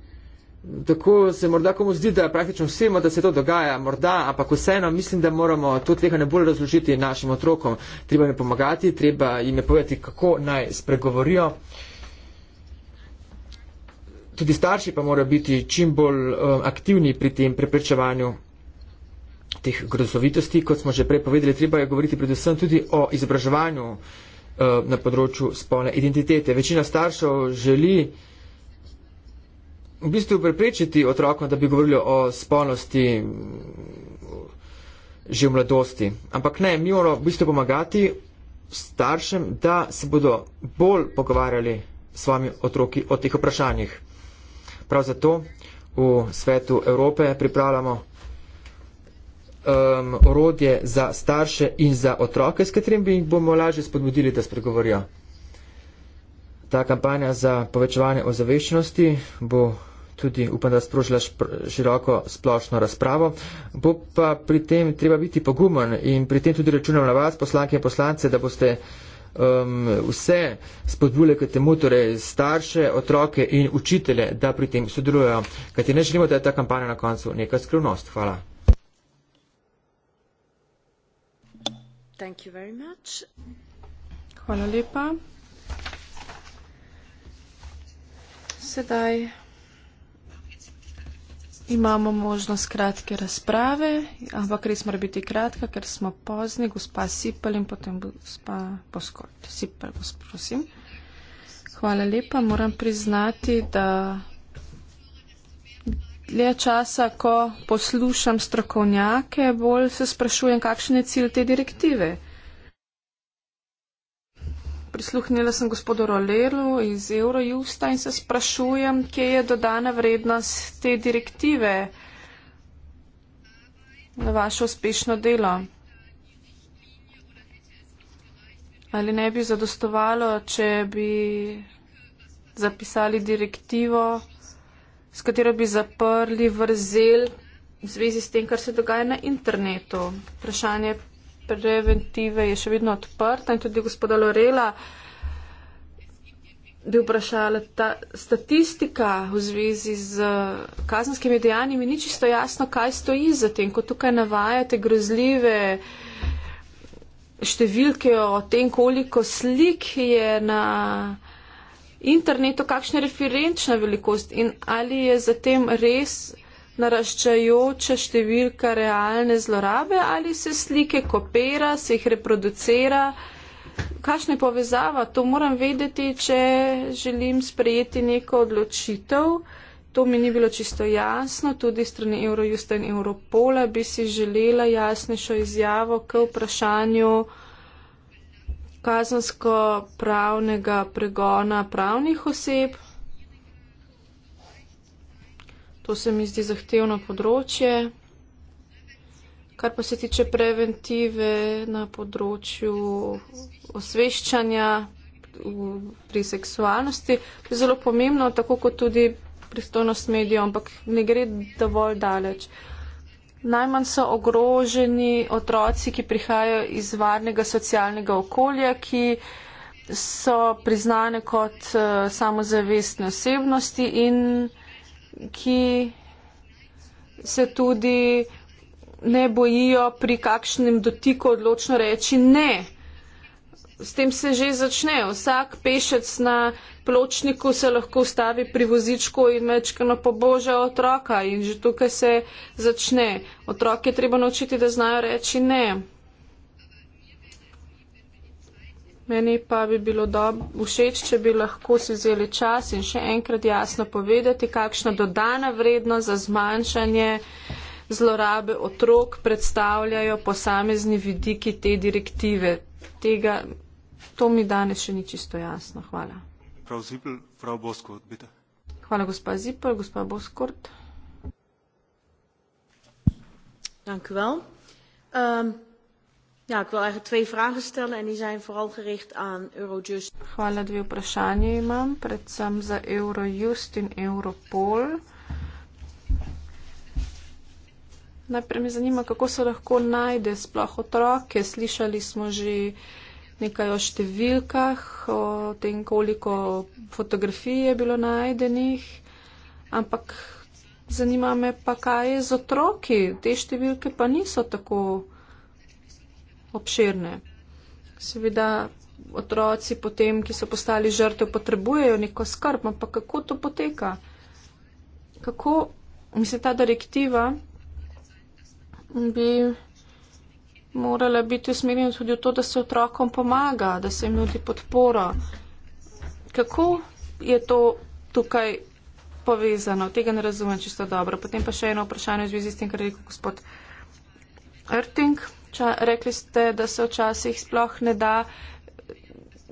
Tako se morda komu zdi, da praktično vsemo, da se to dogaja, morda, ampak vseeno mislim, da moramo to tveganje bolj razložiti našim otrokom. Treba jim pomagati, treba jim povedati, kako naj spregovorijo. Tudi starši pa morajo biti čim bolj um, aktivni pri tem preprečevanju teh grozovitosti. Kot smo že prej povedali, treba je govoriti predvsem tudi o izobraževanju uh, na področju spolne identitete. Večina staršev želi v bistvu preprečiti otrokom, da bi govorili o spolnosti že v mladosti. Ampak ne, mi moramo v bistvu pomagati staršem, da se bodo bolj pogovarjali s vami otroki o teh vprašanjih. Prav zato v svetu Evrope pripravljamo um, orodje za starše in za otroke, s katerim bi jih bomo lažje spodbudili, da spregovorijo. Ta kampanja za povečevanje ozaveščenosti bo tudi upam, da sprožila široko splošno razpravo. Bo pa pri tem treba biti pogumen in pri tem tudi računam na vas, poslanke in poslance, da boste um, vse spodbule k temu, torej starše, otroke in učitele, da pri tem sodelujejo, kajti ne želimo, da je ta kampanja na koncu neka skrivnost. Hvala. Hvala lepa. Sedaj imamo možnost kratke razprave, ampak res mora biti kratka, ker smo pozni, gospa Sipel in potem gospa Poskot. Sipel, prosim. Hvala lepa. Moram priznati, da dlje časa, ko poslušam strokovnjake, bolj se sprašujem, kakšen je cilj te direktive prisluhnila sem gospodu Rolleru iz Eurojusta in se sprašujem, kje je dodana vrednost te direktive na vaše uspešno delo. Ali ne bi zadostovalo, če bi zapisali direktivo, s katero bi zaprli vrzel v zvezi s tem, kar se dogaja na internetu? Vprašanje preventive je še vedno odprta in tudi gospoda Lorela bi vprašala, ta statistika v zvezi z eh, kazenskimi dejanjami ni čisto jasno, kaj stoji za tem, ko tukaj navajate grozljive številke o tem, koliko slik je na internetu, kakšna je referenčna velikost in ali je za tem res naraščajoča številka realne zlorabe ali se slike kopira, se jih reproducira. Kakšna je povezava? To moram vedeti, če želim sprejeti neko odločitev. To mi ni bilo čisto jasno, tudi strani Eurojusta in Europola bi si želela jasnejšo izjavo k vprašanju kazansko pravnega pregona pravnih oseb, To se mi zdi zahtevno področje. Kar pa se tiče preventive na področju osveščanja pri seksualnosti, je zelo pomembno, tako kot tudi pristojnost medijev, ampak ne gre dovolj daleč. Najmanj so ogroženi otroci, ki prihajajo iz varnega socialnega okolja, ki so priznane kot uh, samozavestne osebnosti in ki se tudi ne bojijo pri kakšnem dotiku odločno reči ne. S tem se že začne. Vsak pešec na pločniku se lahko ustavi pri vozičku in večkrat poboža otroka in že tukaj se začne. Otroke treba naučiti, da znajo reči ne. Meni pa bi bilo všeč, če bi lahko si vzeli čas in še enkrat jasno povedati, kakšna dodana vrednost za zmanjšanje zlorabe otrok predstavljajo posamezni vidiki te direktive. Tega, to mi danes še ni čisto jasno. Hvala. Frau Zipel, Frau Boskort, bitte. Hvala, gospa Zipel, gospa Boskort. Danke vam. Ehm, um, Ja, ik wil eigenlijk twee vragen stellen en die zijn vooral gericht aan Eurojust. Hvala, dve vprašanje imam, predvsem za Eurojust in Europol. Najprej me zanima, kako se lahko najde sploh otroke. Slišali smo že nekaj o številkah, o tem, koliko fotografij je bilo najdenih, ampak zanima me pa, kaj je z otroki. Te številke pa niso tako obširne. Seveda otroci potem, ki so postali žrtev, potrebujejo neko skrb, ampak kako to poteka? Kako, mislim, ta direktiva bi morala biti usmerjena tudi v to, da se otrokom pomaga, da se jim nudi podpora. Kako je to tukaj povezano? Tega ne razumem čisto dobro. Potem pa še eno vprašanje v zvezi s tem, kar je rekel gospod Erting. Ča, rekli ste, da se včasih sploh ne da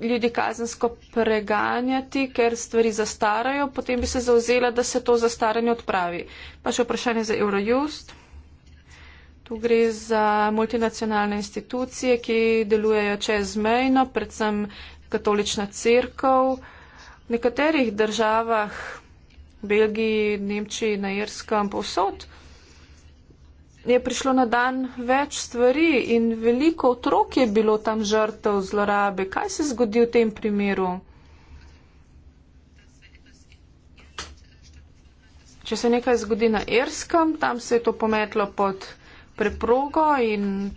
ljudi kazensko preganjati, ker stvari zastarajo, potem bi se zauzela, da se to zastaranje odpravi. Pa še vprašanje za Eurojust. Tu gre za multinacionalne institucije, ki delujejo čezmejno, predvsem katolična crkv. V nekaterih državah, Belgiji, Nemčiji, na Irskem, povsod, je prišlo na dan več stvari in veliko otrok je bilo tam žrtev zlorabe. Kaj se zgodi v tem primeru? Če se nekaj zgodi na Erskem, tam se je to pometlo pod preprogo in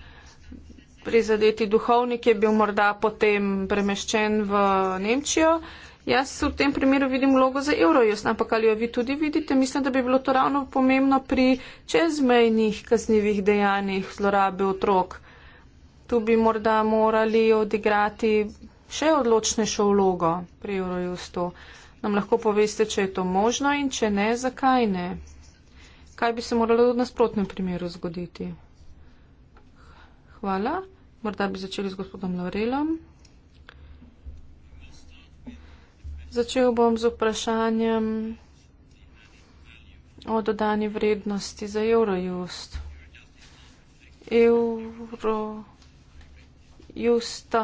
prizadeti duhovnik je bil morda potem premeščen v Nemčijo. Jaz v tem primeru vidim vlogo za evro, jaz ne, ampak ali jo vi tudi vidite, mislim, da bi bilo to ravno pomembno pri čezmejnih kaznjivih dejanjih zlorabe otrok. Tu bi morda morali odigrati še odločnejšo vlogo pri Eurojustu. Nam lahko poveste, če je to možno in če ne, zakaj ne. Kaj bi se moralo v nasprotnem primeru zgoditi? Hvala. Morda bi začeli z gospodom Lorelom. Začel bom z vprašanjem o dodani vrednosti za Eurojust. Eurojusta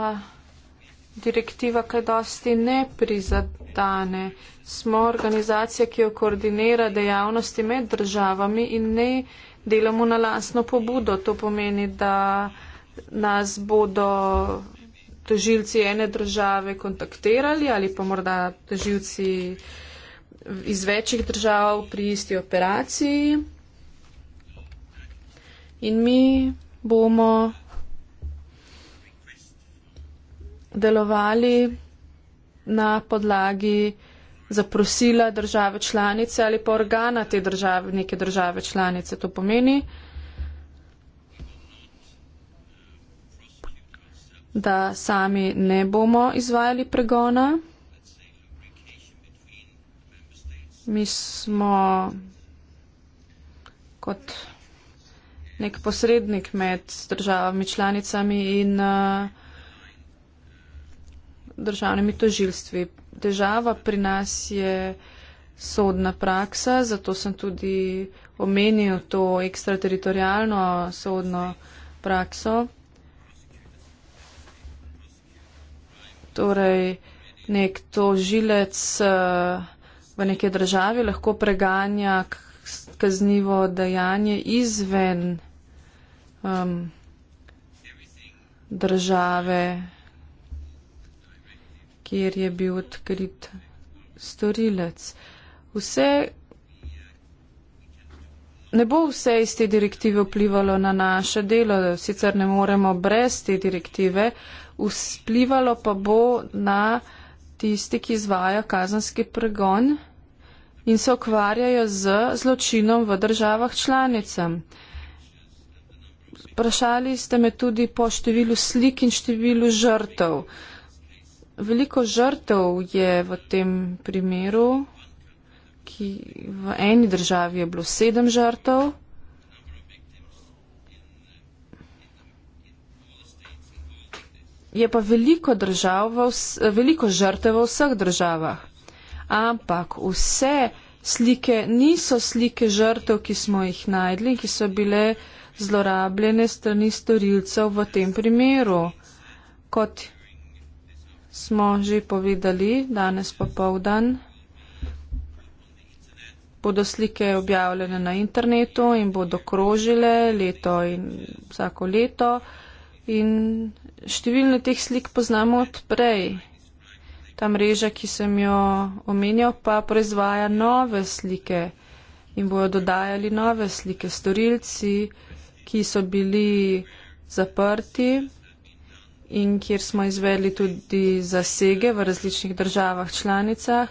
direktiva kaj dosti ne prizadane. Smo organizacija, ki jo koordinira dejavnosti med državami in ne delamo na lasno pobudo. To pomeni, da nas bodo težilci ene države kontaktirali ali pa morda težilci iz večjih držav pri isti operaciji. In mi bomo delovali na podlagi zaprosila države članice ali pa organa te države, neke države članice. To pomeni, da sami ne bomo izvajali pregona. Mi smo kot nek posrednik med državami članicami in uh, državnimi tožilstvi. Težava pri nas je sodna praksa, zato sem tudi omenil to ekstrateritorijalno sodno prakso. torej nek tožilec eh, v neke državi lahko preganja kaznivo dejanje izven um, države, kjer je bil odkrit storilec. Vse, ne bo vse iz te direktive vplivalo na naše delo, sicer ne moremo brez te direktive vplivalo pa bo na tisti, ki izvajo kazanski pregon in se ukvarjajo z zločinom v državah članicam. Vprašali ste me tudi po številu slik in številu žrtev. Veliko žrtev je v tem primeru, ki v eni državi je bilo sedem žrtev. je pa veliko, vse, veliko žrtev v vseh državah. Ampak vse slike niso slike žrtev, ki smo jih najdli, ki so bile zlorabljene strani storilcev v tem primeru. Kot smo že povedali, danes pa povdan bodo slike objavljene na internetu in bodo krožile leto in vsako leto. In številne teh slik poznamo od prej. Ta mreža, ki sem jo omenjal, pa proizvaja nove slike in bojo dodajali nove slike. Storilci, ki so bili zaprti in kjer smo izvedli tudi zasege v različnih državah članicah,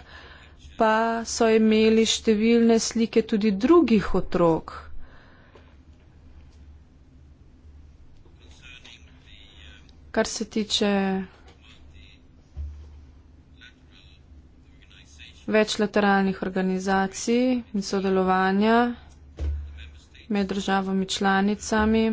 pa so imeli številne slike tudi drugih otrok. kar se tiče večlateralnih organizacij in sodelovanja med državami članicami.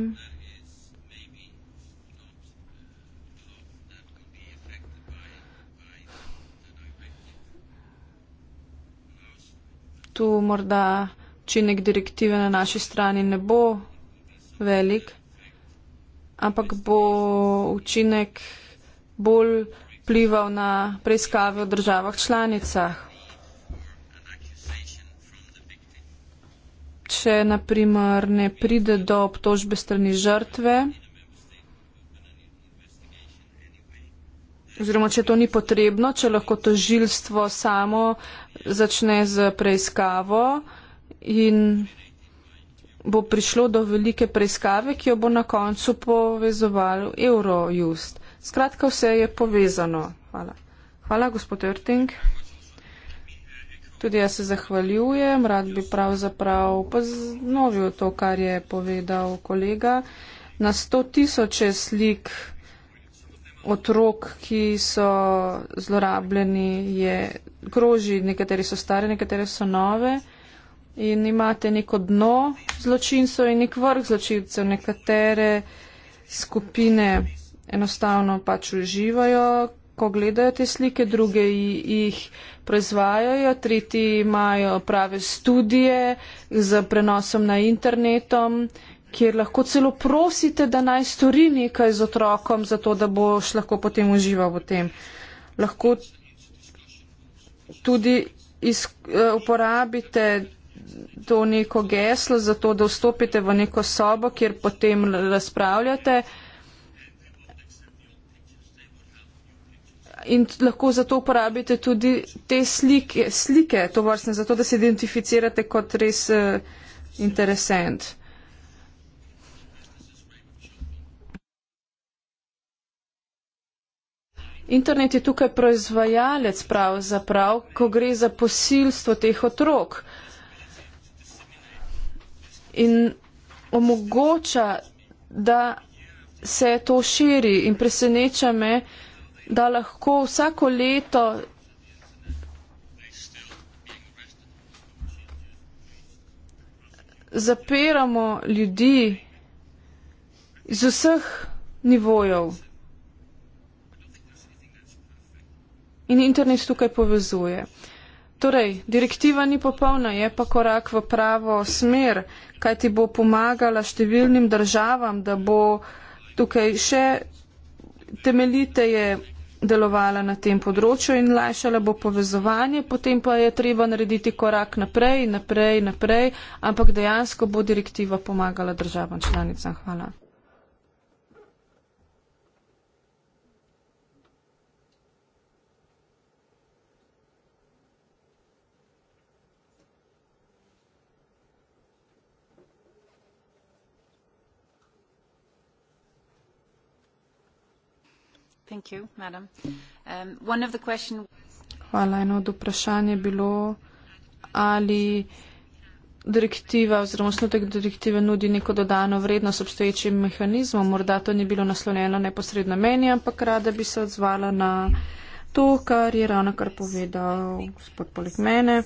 Tu morda učinek direktive na naši strani ne bo velik, ampak bo učinek bolj plival na preiskave v državah članicah. Če naprimer ne pride do obtožbe strani žrtve, oziroma če to ni potrebno, če lahko tožilstvo samo začne z preiskavo in bo prišlo do velike preiskave, ki jo bo na koncu povezoval Eurojust. Skratka, vse je povezano. Hvala. Hvala, gospod Erting. Tudi jaz se zahvaljujem, rad bi pravzaprav poznovil to, kar je povedal kolega. Na sto tisoče slik otrok, ki so zlorabljeni, je kroži, nekateri so stare, nekateri so nove in imate neko dno zločincev in nek vrh zločincev. Nekatere skupine enostavno pač uživajo, ko gledajo te slike, druge jih proizvajajo, tretji imajo prave studije z prenosom na internetom, kjer lahko celo prosite, da naj stori nekaj z otrokom, zato da boš lahko potem užival v tem. Lahko tudi iz, uh, uporabite to neko geslo, zato da vstopite v neko sobo, kjer potem razpravljate. In lahko zato uporabite tudi te slike, slike to vrstne, zato da se identificirate kot res uh, interesent. Internet je tukaj proizvajalec pravzaprav, ko gre za posilstvo teh otrok in omogoča, da se to širi in preseneča me, da lahko vsako leto zapiramo ljudi iz vseh nivojev. In internet tukaj povezuje. Torej, direktiva ni popolna, je pa korak v pravo smer, kaj ti bo pomagala številnim državam, da bo tukaj še temeliteje delovala na tem področju in lajšala bo povezovanje, potem pa je treba narediti korak naprej, naprej, naprej, ampak dejansko bo direktiva pomagala državam članicam. Hvala. Um, Hvala. Eno od vprašanj je bilo, ali direktiva oziroma osnutek direktive nudi neko dodano vrednost obstoječim mehanizmom. Morda to ni bilo naslonjeno neposredno meni, ampak rada bi se odzvala na to, kar je ravno kar povedal gospod poleg mene.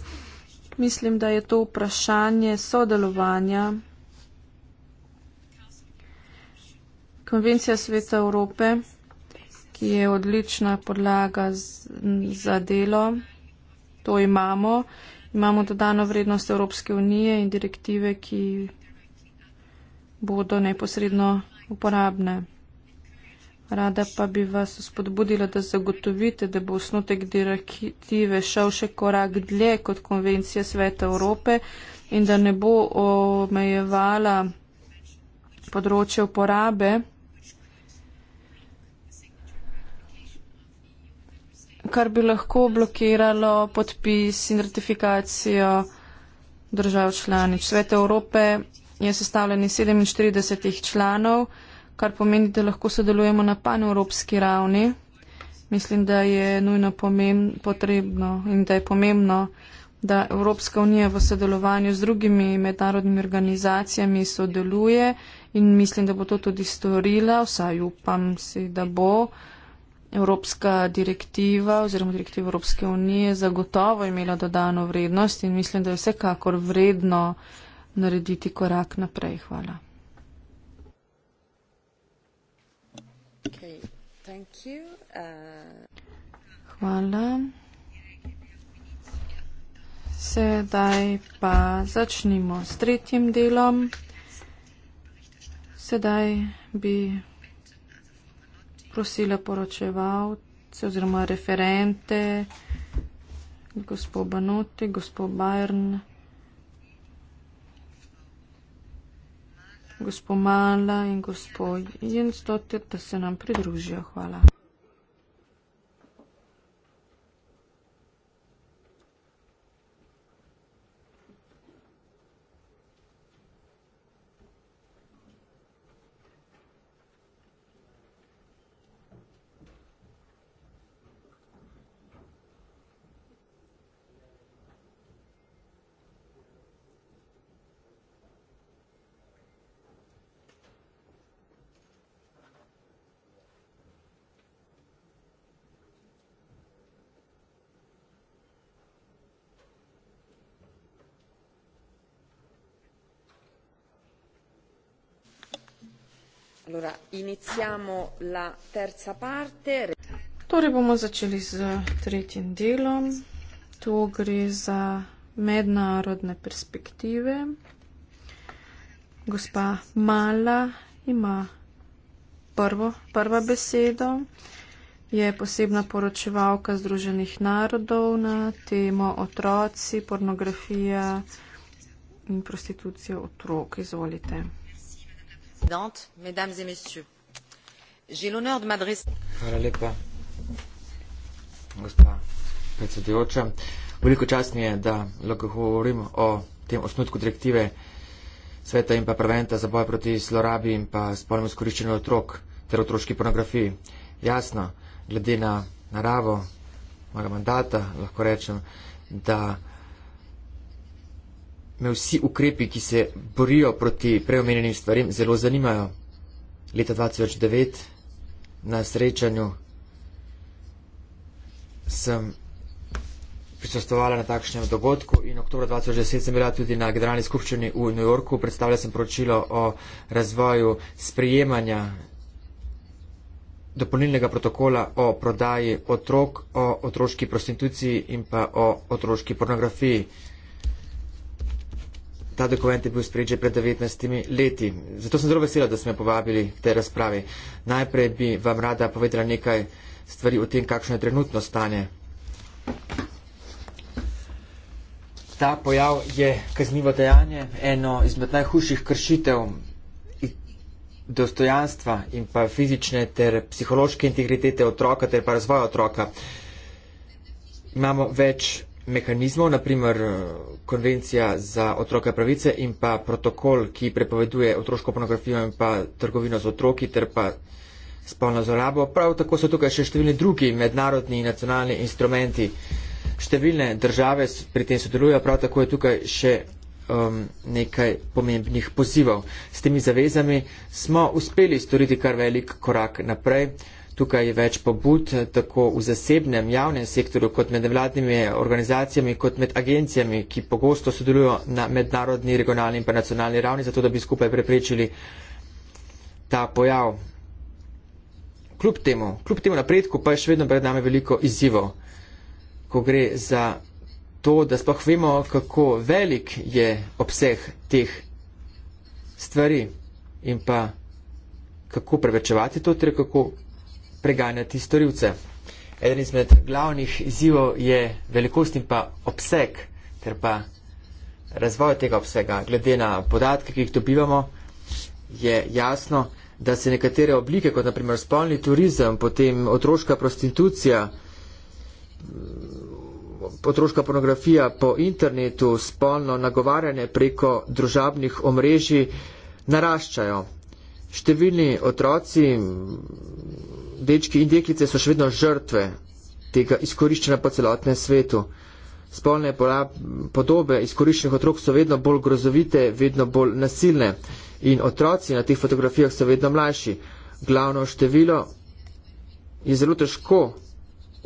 Mislim, da je to vprašanje sodelovanja. Konvencija sveta Evrope je odlična podlaga za delo. To imamo. Imamo dodano vrednost Evropske unije in direktive, ki bodo neposredno uporabne. Rada pa bi vas spodbudila, da zagotovite, da bo osnutek direktive šel še korak dlje kot konvencija Sveta Evrope in da ne bo omejevala področje uporabe. kar bi lahko blokiralo podpis in ratifikacijo držav članic. Svet Evrope je sestavljen iz 47 članov, kar pomeni, da lahko sodelujemo na panevropski ravni. Mislim, da je nujno potrebno in da je pomembno, da Evropska unija v sodelovanju z drugimi mednarodnimi organizacijami sodeluje in mislim, da bo to tudi storila, vsaj upam si, da bo. Uh, Evropska direktiva oziroma direktiva Evropske unije zagotovo imela dodano vrednost in mislim, da je vsekakor vredno narediti korak naprej. Hvala. Uh, Hvala. Sedaj pa začnimo s tretjim delom. Sedaj bi prosila poročevalce oziroma referente, gospod Banote, gospod Bajern, gospod Mala in gospod Jens Dotter, da se nam pridružijo. Hvala. Allora, iniziamo la terza parte. Torej bomo začeli z tretjim delom. To gre za mednarodne perspektive. Gospa Mala ima prvo, prva besedo. Je posebna poročevalka Združenih narodov na temo otroci, pornografija in prostitucija otrok. Izvolite présidente mesdames et messieurs j'ai l'honneur de m'adresser tem osnutku direktive sveta in pa preventa za boj proti zlorabi in pa spolnemu izkoriščenju otrok ter otroški pornografiji. Jasno, glede na naravo mojega mandata lahko rečem, da me vsi ukrepi, ki se borijo proti preomenjenim stvarem, zelo zanimajo. Leta 2009 na srečanju sem prisostovala na takšnem dogodku in oktober 2010 sem bila tudi na generalni skupščini v New Yorku, predstavlja sem poročilo o razvoju sprejemanja dopolnilnega protokola o prodaji otrok, o otroški prostituciji in pa o otroški pornografiji ta dokument je bil sprejet že pred 19 leti. Zato sem zelo vesela, da smo povabili te razprave. Najprej bi vam rada povedala nekaj stvari o tem, kakšno je trenutno stanje. Ta pojav je kaznivo dejanje, eno izmed najhujših kršitev dostojanstva in pa fizične ter psihološke integritete otroka ter pa razvoja otroka. Imamo več mehanizmov, naprimer eh, konvencija za otroke pravice in pa protokol, ki prepoveduje otroško pornografijo in pa trgovino z otroki ter pa spolno zlorabo. Prav tako so tukaj še številni drugi mednarodni in nacionalni instrumenti. Številne države pri tem sodelujejo, prav tako je tukaj še um, nekaj pomembnih pozivov. S temi zavezami smo uspeli storiti kar velik korak naprej tukaj več pobud, eh, tako v zasebnem, javnem sektorju, kot med vladnimi organizacijami, kot med agencijami, ki pogosto sodelujo na mednarodni, regionalni in pa nacionalni ravni, zato da bi skupaj preprečili ta pojav. Kljub temu, kljub temu napredku pa je še vedno pred nami veliko izzivov, ko gre za to, da sploh vemo, kako velik je obseh teh stvari in pa kako prevečevati to, torej kako preganjati storilce. Eden izmed glavnih izzivov je velikost in pa obseg, ter pa razvoj tega obsega. Glede na podatke, ki jih dobivamo, je jasno, da se nekatere oblike, kot naprimer spolni turizem, potem otroška prostitucija, otroška pornografija po internetu, spolno nagovarjanje preko družabnih omrežij, naraščajo. Številni otroci dečki in deklice so še vedno žrtve tega izkoriščena po celotnem svetu. Spolne podobe izkoriščenih otrok so vedno bolj grozovite, vedno bolj nasilne in otroci na teh fotografijah so vedno mlajši. Glavno število je zelo težko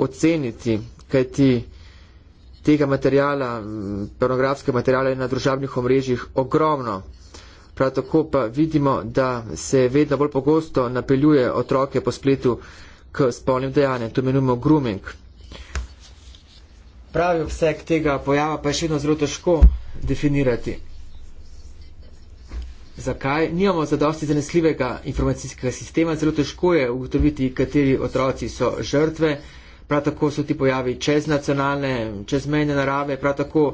oceniti, kaj ti tega materijala, pornografskega materijala je na družabnih omrežjih ogromno. Prav tako pa vidimo, da se vedno bolj pogosto napeljuje otroke po spletu k spolnim dejanjem, to imenujemo grooming. Pravi obseg tega pojava pa je še vedno zelo težko definirati. Zakaj? Nimamo zadosti zanesljivega informacijskega sistema, zelo težko je ugotoviti, kateri otroci so žrtve, prav tako so ti pojavi čez nacionalne, čez mejne narave, prav tako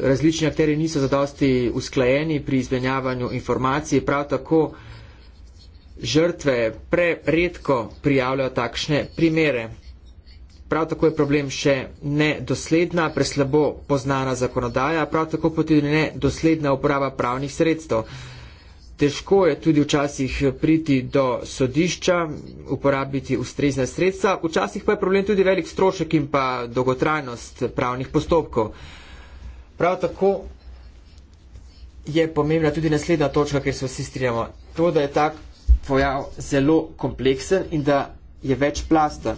različni akteri niso zadosti usklajeni pri izmenjavanju informacij, prav tako žrtve preredko prijavljajo takšne primere. Prav tako je problem še nedosledna, preslabo poznana zakonodaja, prav tako pa tudi nedosledna uporaba pravnih sredstev. Težko je tudi včasih priti do sodišča, uporabiti ustrezna sredstva, včasih pa je problem tudi velik strošek in pa dolgotrajnost pravnih postopkov. Prav tako je pomembna tudi naslednja točka, ker se vsi strinjamo. To, da je tak pojav zelo kompleksen in da je več plasten.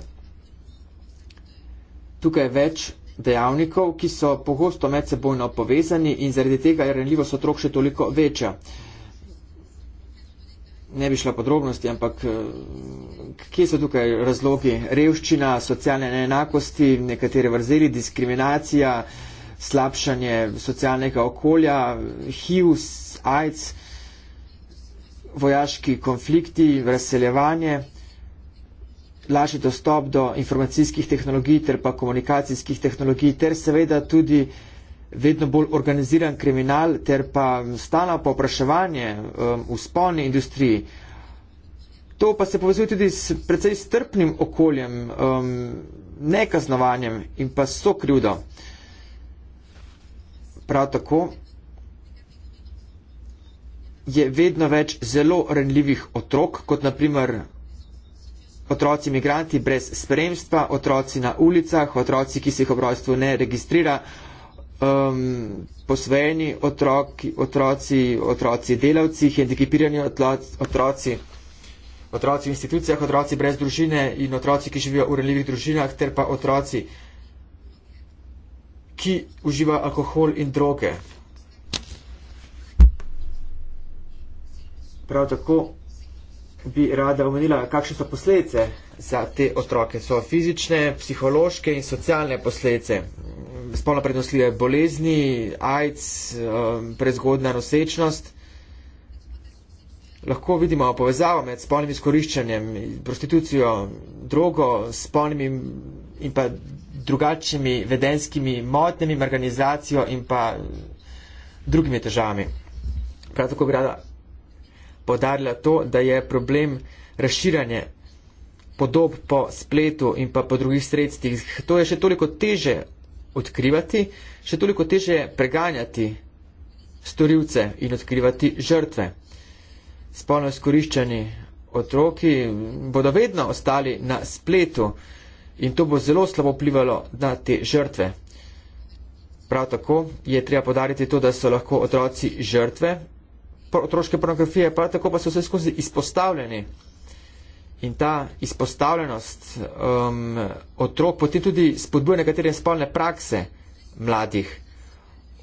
Tukaj je več dejavnikov, ki so pogosto medsebojno povezani in zaradi tega je renljivost otrok še toliko večja. Ne bi šla podrobnosti, ampak eh, kje so tukaj razlogi? Revščina, socialne neenakosti, nekatere vrzeli, diskriminacija, uh, slabšanje socialnega okolja, HIV, AIDS, vojaški konflikti, razseljevanje, lažji dostop do informacijskih tehnologij ter pa komunikacijskih tehnologij ter seveda tudi vedno bolj organiziran kriminal ter pa stana popraševanje um, v spolni industriji. To pa se povezuje tudi s precej strpnim okoljem, um, nekaznovanjem in pa sokrivdo prav tako je vedno več zelo renljivih otrok, kot naprimer otroci imigranti brez spremstva, otroci na ulicah, otroci, ki se jih obrojstvo ne registrira, um, posvojeni otroki, otroci, otroci delavci, hendikipirani otroci, otroci v institucijah, otroci brez družine in otroci, ki živijo v renljivih družinah, ter pa otroci, ki ki uživa alkohol in droge. Prav tako bi rada omenila, kakšne so posledice za te otroke. So fizične, psihološke in socialne posledice. Spolno prednosljive bolezni, AIDS, um, prezgodna nosečnost. Lahko vidimo povezavo med spolnim izkoriščanjem, prostitucijo, drogo, spolnim in pa drugačnimi vedenskimi motnjami, organizacijo in pa drugimi težavami. Prav tako grada podarila to, da je problem razširanje podob po spletu in pa po drugih sredstvih. To je še toliko teže odkrivati, še toliko teže preganjati storilce in odkrivati žrtve. Spolno izkoriščeni otroki bodo vedno ostali na spletu in to bo zelo slabo vplivalo na te žrtve. Prav tako je treba podariti to, da so lahko otroci žrtve otroške pornografije, prav tako pa so vse skozi izpostavljeni. In ta izpostavljenost um, otrok poti tudi spodbuja nekatere spolne prakse mladih.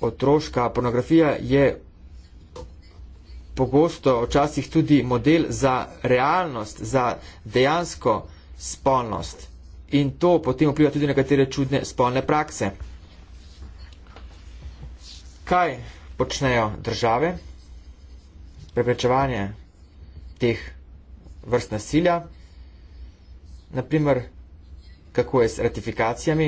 Otroška pornografija je pogosto včasih tudi model za realnost, za dejansko spolnost in to potem vpliva tudi nekatere čudne spolne prakse. Kaj počnejo države? Preprečevanje teh vrst nasilja, naprimer, kako je s ratifikacijami.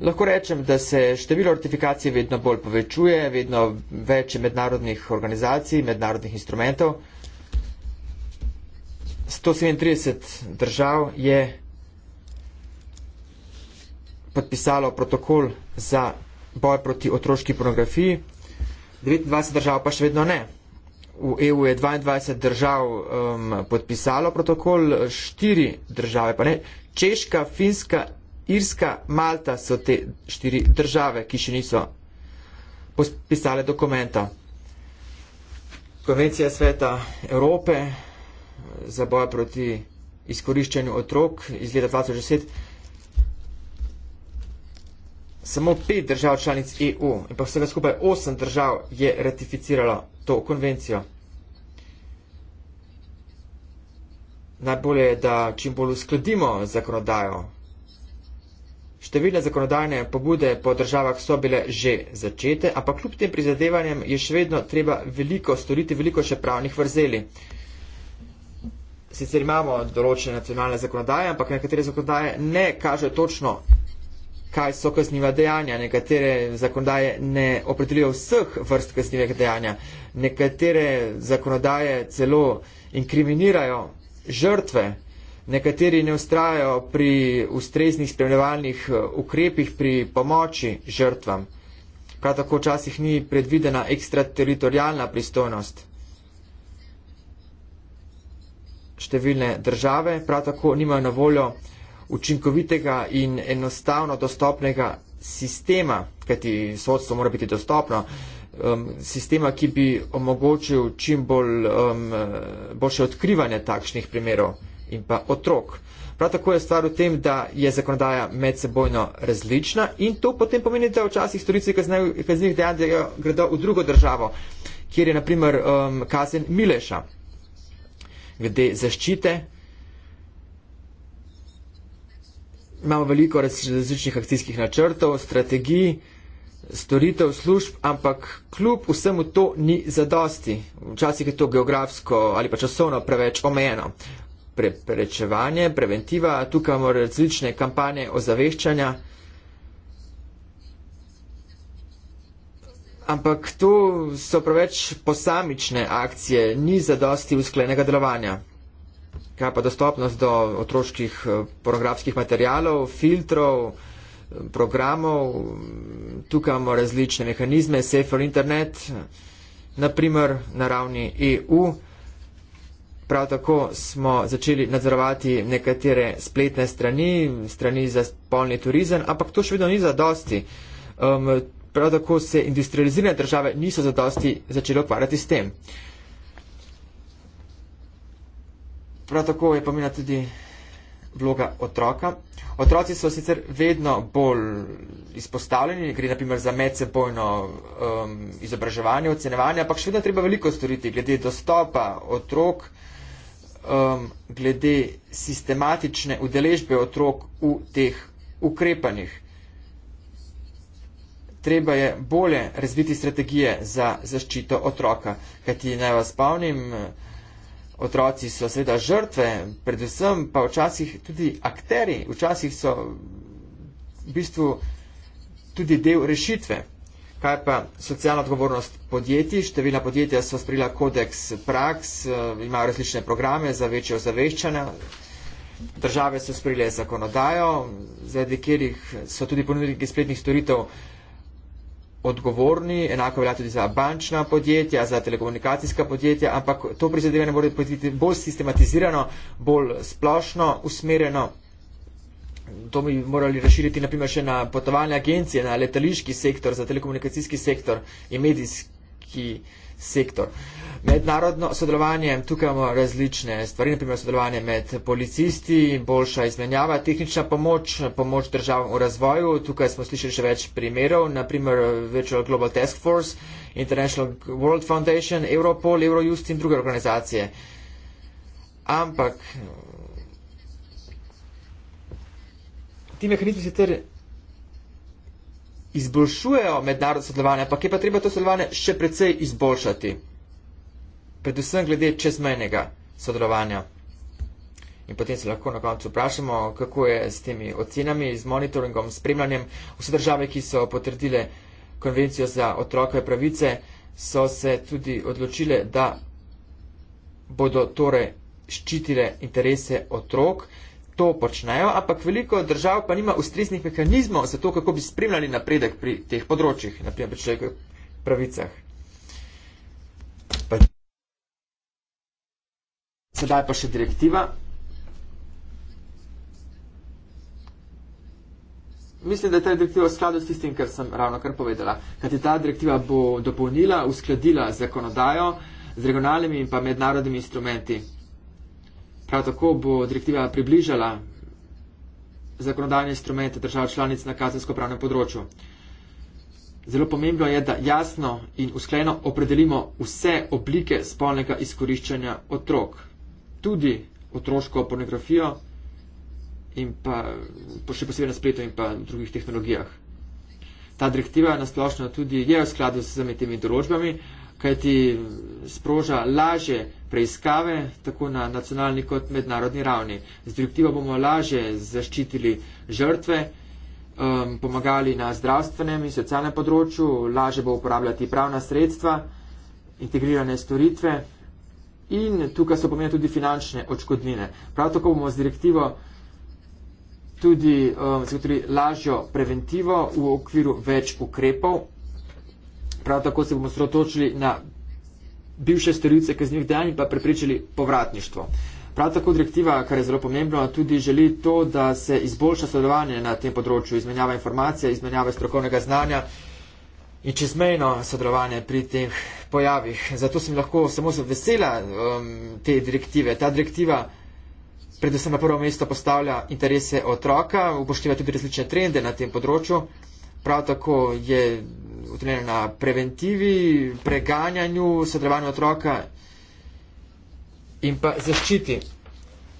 Lahko rečem, da se število ratifikacij vedno bolj povečuje, vedno več je mednarodnih organizacij, mednarodnih instrumentov. 137 držav je podpisalo protokol za boj proti otroški pornografiji, 29 držav pa še vedno ne. V EU je 22 držav um, podpisalo protokol, 4 države pa ne. Češka, Finska, Irska, Malta so te 4 države, ki še niso podpisale dokumenta. Konvencija sveta Evrope za boj proti izkoriščanju otrok iz leta 2010 samo pet držav članic EU in pa vsega skupaj osem držav je ratificiralo to konvencijo. Najbolje je, da čim bolj uskladimo zakonodajo. Številne zakonodajne pobude po državah so bile že začete, ampak kljub tem prizadevanjem je še vedno treba veliko storiti, veliko še pravnih vrzeli. Sicer imamo določene nacionalne zakonodaje, ampak nekatere zakonodaje ne kažejo točno kaj so kazniva dejanja. Nekatere zakonodaje ne opredeljujo vseh vrst kaznivega dejanja, nekatere zakonodaje celo inkriminirajo žrtve, nekateri ne ustrajajo pri ustreznih spremljevalnih eh, ukrepih pri pomoči žrtvam. Prav tako včasih ni predvidena ekstrateritorijalna pristojnost. Številne države prav tako nimajo na voljo učinkovitega in enostavno dostopnega sistema, kajti sodstvo mora biti dostopno, um, sistema, ki bi omogočil čim bolj, um, boljše odkrivanje takšnih primerov in pa otrok. Prav tako je stvar v tem, da je zakonodaja medsebojno različna in to potem pomeni, da včasih storice kaznivih dejanj gredo v drugo državo, kjer je naprimer um, kazen Mileša glede zaščite imamo veliko različnih akcijskih načrtov, strategij, storitev, služb, ampak kljub vsemu to ni zadosti. Včasih je to geografsko ali pa časovno preveč omejeno. Preprečevanje, preventiva, tukaj imamo različne kampanje ozaveščanja. Ampak to so preveč posamične akcije, ni zadosti usklenega delovanja kaj pa dostopnost do otroških eh, pornografskih materijalov, filtrov, eh, programov. Tukaj imamo različne mehanizme, Safer Internet, naprimer na ravni EU. Prav tako smo začeli nadzorovati nekatere spletne strani, strani za spolni turizem, ampak to še vedno ni zadosti. Um, prav tako se industrializirane države niso zadosti začele ukvarjati s tem. Uh, Prav tako je pomembna tudi vloga otroka. Otroci so sicer vedno bolj izpostavljeni, gre naprimer za medsebojno um, izobraževanje, ocenevanje, ampak še vedno treba veliko storiti glede dostopa otrok, um, glede sistematične udeležbe otrok v teh ukrepanjih. Treba je bolje razviti strategije za zaščito otroka, kajti naj vas spomnim, Otroci so seveda žrtve, predvsem pa včasih tudi akteri, včasih so v bistvu tudi del rešitve. Kaj pa socialna odgovornost podjetij? Številna podjetja so sprila kodeks praks, eh, imajo različne programe za večjo zaveščanje. Države so sprile zakonodajo, zaradi katerih so tudi ponudniki spletnih storitev odgovorni, enako velja tudi za bančna podjetja, za telekomunikacijska podjetja, ampak to prizadevanje mora biti bolj sistematizirano, bolj splošno usmerjeno. To bi morali razširiti naprimer še na potovalne agencije, na letališki sektor, za telekomunikacijski sektor in medijski sektor. Uh, Mednarodno sodelovanje, tukaj imamo različne stvari, naprimer sodelovanje med policisti, boljša izmenjava, tehnična pomoč, pomoč državam v razvoju, tukaj smo slišali še več primerov, naprimer Virtual Global Task Force, International World Foundation, Europol, Eurojust in druge organizacije. Ampak ti mehanizmi se ter izboljšujejo mednarodno sodelovanje, pa kje pa treba to sodelovanje še precej izboljšati predvsem glede čezmejnega sodelovanja. In potem se lahko na koncu vprašamo, kako je s temi ocenami, z monitoringom, s spremljanjem. Vse države, ki so potrdile konvencijo za otrokove pravice, so se tudi odločile, da bodo torej ščitile interese otrok. To počnejo, ampak veliko držav pa nima ustreznih mehanizmov za to, kako bi spremljali napredek pri teh področjih, naprimer pri človekovih pravicah. Sedaj pa še direktiva. Mislim, da je ta direktiva v skladu s tistim, kar sem ravno kar povedala. Kajti ta direktiva bo dopolnila, uskladila zakonodajo z regionalnimi in pa mednarodnimi instrumenti. Prav tako bo direktiva približala zakonodajne instrumente držav članic na kazensko pravnem področju. Zelo pomembno je, da jasno in uskleno opredelimo vse oblike spolnega izkoriščanja otrok tudi otroško pornografijo in pa še posebej na spletu in pa na drugih tehnologijah. Ta direktiva nasplošno tudi je v skladu s vsemi temi določbami, kajti sproža laže preiskave tako na nacionalni kot mednarodni ravni. Z direktivo bomo laže zaščitili žrtve, um, pomagali na zdravstvenem in socialnem področju, laže bo uporabljati pravna sredstva, integrirane storitve in tukaj so pomenili tudi finančne očkodnine. Prav tako bomo z direktivo tudi um, zagotovili lažjo preventivo v okviru več ukrepov. Prav tako se bomo sredotočili na bivše storilce kaznjivih dejanj in pa prepričali povratništvo. Prav tako direktiva, kar je zelo pomembno, tudi želi to, da se izboljša sodelovanje na tem področju, izmenjava informacije, izmenjava strokovnega znanja in čezmejno sodelovanje pri teh pojavih. Zato sem lahko samo vesela um, te direktive. Ta direktiva predvsem na prvo mesto postavlja interese otroka, upošteva tudi različne trende na tem področju. Prav tako je utrjena na preventivi, preganjanju, sodelovanju otroka in pa zaščiti.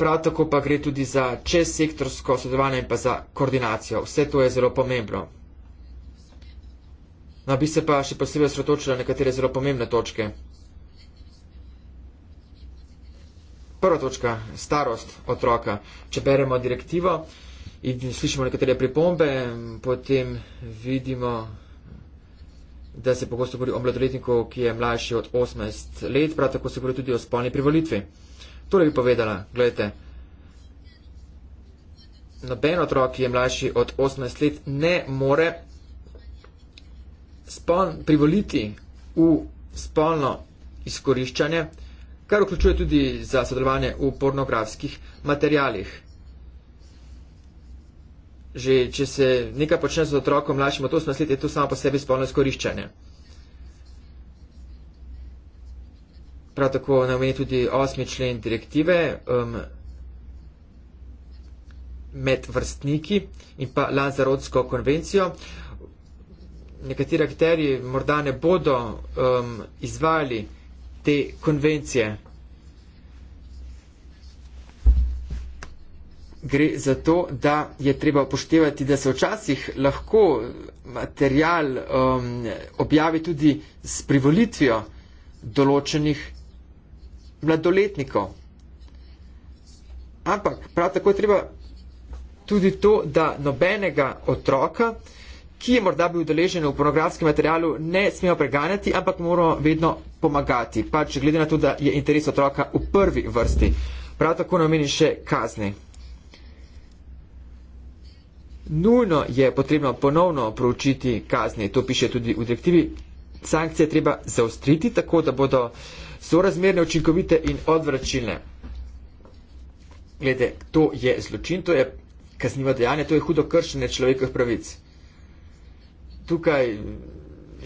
Prav tako pa gre tudi za čezsektorsko sodelovanje in pa za koordinacijo. Vse to je zelo pomembno. No, bi se pa še posebej osredotočila nekatere zelo pomembne točke. Prva točka, starost otroka. Če beremo direktivo in slišimo nekatere pripombe, potem vidimo, da se pogosto govori o mladoletniku, ki je mlajši od 18 let, prav tako se govori tudi o spolni privolitvi. Tole bi povedala, gledajte, noben otrok, ki je mlajši od 18 let, ne more spol, privoliti v spolno izkoriščanje, kar vključuje tudi za sodelovanje v pornografskih materijalih. Že če se nekaj počne z otrokom mlajšim od 18 let, je to samo po sebi spolno izkoriščanje. Prav tako ne omeni tudi osmi člen direktive um, med vrstniki in pa Lanzarotsko konvencijo nekateri akteri morda ne bodo um, izvali te konvencije. Gre za to, da je treba upoštevati, da se včasih lahko material um, objavi tudi s privolitvijo določenih mladoletnikov. Ampak prav tako je treba tudi to, da nobenega otroka ki je morda bil deležen v pornografskem materialu, ne smemo preganjati, ampak moramo vedno pomagati, pač glede na to, da je interes otroka v prvi vrsti. Prav tako nam meni še kazni. Nujno je potrebno ponovno proučiti kazni, to piše tudi v direktivi. Sankcije treba zaostriti tako, da bodo sorazmerne, učinkovite in odvračilne. Glede, to je zločin, to je kaznivo dejanje, to je hudo kršenje človekovih pravic tukaj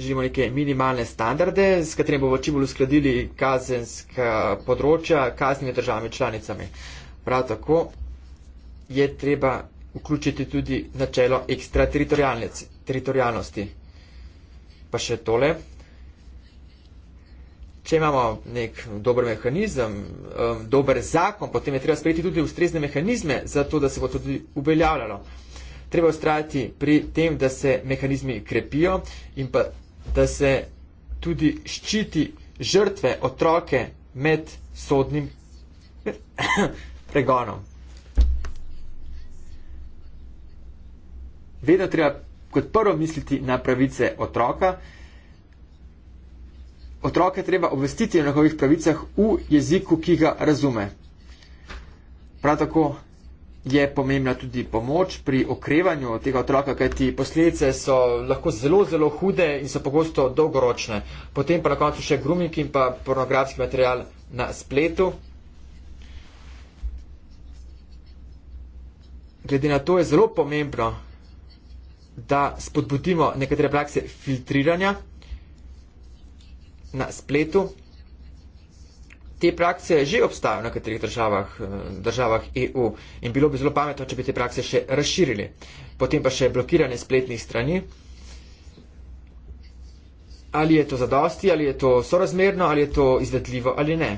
želimo neke minimalne standarde, s katerimi bomo čim bolj uskladili kazenska področja kaznimi državami članicami. Prav tako je treba vključiti tudi načelo ekstrateritorijalnosti. Pa še tole. Če imamo nek dober mehanizem, um, dober zakon, potem je treba sprejeti tudi ustrezne mehanizme za to, da se bo to tudi uveljavljalo treba ustrajati pri tem, da se mehanizmi krepijo in pa da se tudi ščiti žrtve, otroke med sodnim <coughs> pregonom. Vedno treba kot prvo misliti na pravice otroka. Otroke treba obvestiti o njihovih pravicah v jeziku, ki ga razume. Prav tako je pomembna tudi pomoč pri okrevanju tega otroka, kajti posledice so lahko zelo, zelo hude in so pogosto dolgoročne. Potem pa na koncu še grooming in pa pornografski material na spletu. Glede na to je zelo pomembno, da spodbudimo nekatere prakse filtriranja na spletu, te prakse že obstajajo v nekaterih državah, eh, državah EU in bilo bi zelo pametno, če bi te prakse še razširili. Potem pa še blokiranje spletnih strani. Ali je to zadosti, ali je to sorazmerno, ali je to izvedljivo ali ne.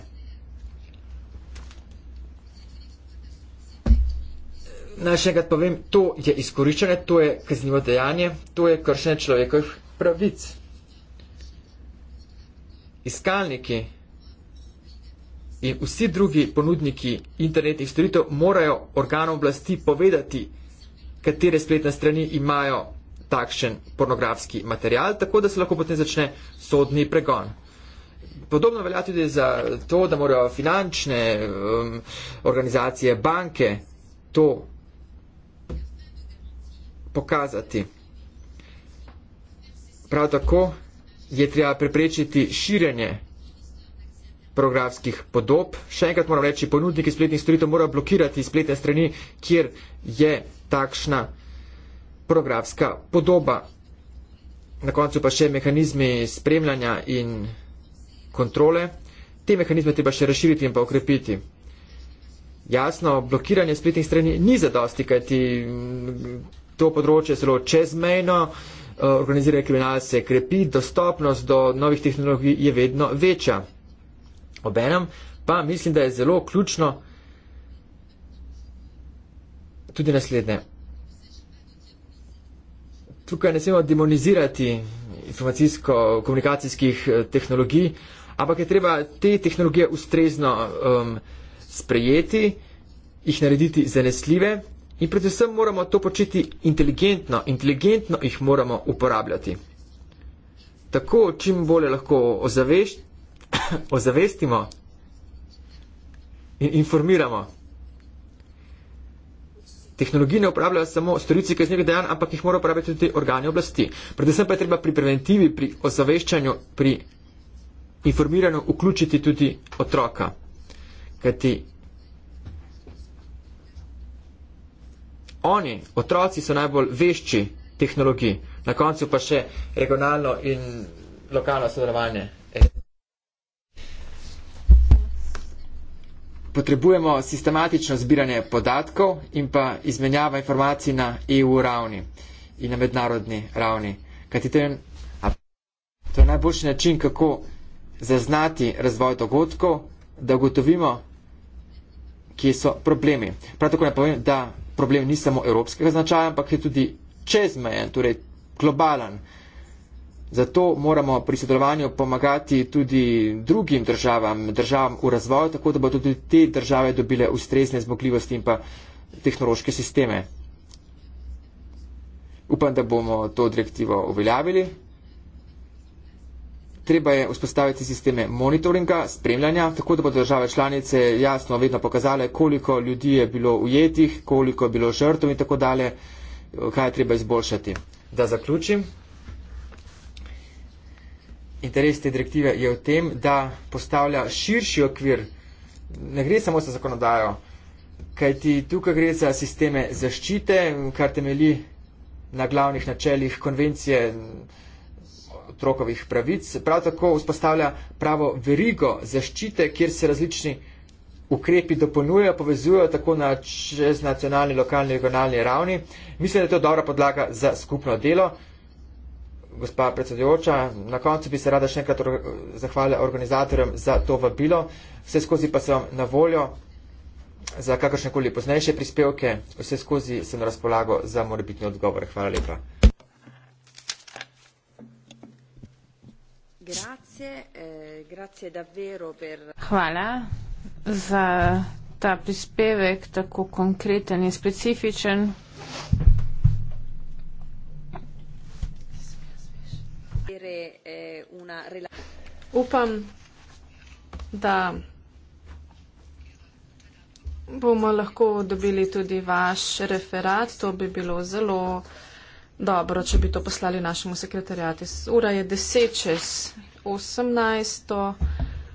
Naj še enkrat povem, to je izkoriščanje, to je kaznivo dejanje, to je kršenje človekovih pravic. Iskalniki in vsi drugi ponudniki internetnih storitev morajo organom oblasti povedati, katere spletne strani imajo takšen pornografski material, tako da se lahko potem začne sodni pregon. Podobno velja tudi za to, da morajo finančne um, organizacije, banke to pokazati. Prav tako je treba preprečiti širjenje programskih podob. Še enkrat moram reči, ponudniki spletnih storitev morajo blokirati spletne strani, kjer je takšna programska podoba. Na koncu pa še mehanizmi spremljanja in kontrole. Te mehanizme treba še razširiti in pa okrepiti. Jasno, blokiranje spletnih strani ni zadosti, kajti mm, to področje je zelo čezmejno, eh, organiziranje kriminala se krepi, dostopnost do novih tehnologij je vedno večja obenem pa mislim, da je zelo ključno tudi naslednje. Tukaj ne smemo demonizirati informacijsko-komunikacijskih eh, tehnologij, ampak je treba te tehnologije ustrezno um, sprejeti, jih narediti zanesljive in predvsem moramo to početi inteligentno, inteligentno jih moramo uporabljati. Tako čim bolje lahko ozavešti, <coughs> ozavestimo in informiramo. Tehnologije ne uporabljajo samo storici kaznjega dejanja, ampak jih morajo uporabljati tudi organi oblasti. Predvsem pa je treba pri preventivi, pri ozaveščanju, pri informiranju vključiti tudi otroka. Kajti oni, otroci, so najbolj vešči tehnologij. Na koncu pa še regionalno in lokalno sodelovanje. potrebujemo sistematično zbiranje podatkov in pa izmenjava informacij na EU ravni in na mednarodni ravni. To je najboljši način, kako zaznati razvoj dogodkov, da ugotovimo, kje so problemi. Prav tako ne povem, da problem ni samo evropskega značaja, ampak je tudi čezmejen, torej globalen. Zato moramo pri sodelovanju pomagati tudi drugim državam, državam v razvoju, tako da bodo tudi te države dobile ustrezne zmogljivosti in pa tehnološke sisteme. Upam, da bomo to direktivo uveljavili. Treba je vzpostaviti sisteme monitoringa, spremljanja, tako da bodo države članice jasno vedno pokazale, koliko ljudi je bilo ujetih, koliko je bilo žrtov in tako dalje, kaj je treba izboljšati. Da zaključim interes te direktive je v tem, da postavlja širši okvir, ne gre samo za zakonodajo, kajti tukaj gre za sisteme zaščite, kar temeli na glavnih načeljih konvencije otrokovih pravic. Prav tako vzpostavlja pravo verigo zaščite, kjer se različni ukrepi dopolnjujejo, povezujejo tako na čez nacionalni, lokalni, regionalni ravni. Mislim, da je to dobra podlaga za skupno delo gospa predsedujoča. Na koncu bi se rada še enkrat zahvalila organizatorjem za to vabilo. Vse skozi pa sem na voljo za kakršnekoli poznejše prispevke. Vse skozi sem na razpolago za morebitne odgovore. Hvala lepa. Eh, Hvala za ta prispevek, tako konkreten in specifičen. sarebbe eh, una relazione. Upam, da bomo lahko dobili tudi vaš referat. To bi bilo zelo dobro, če bi to poslali našemu sekretarjati. Ura je 10 čez 18.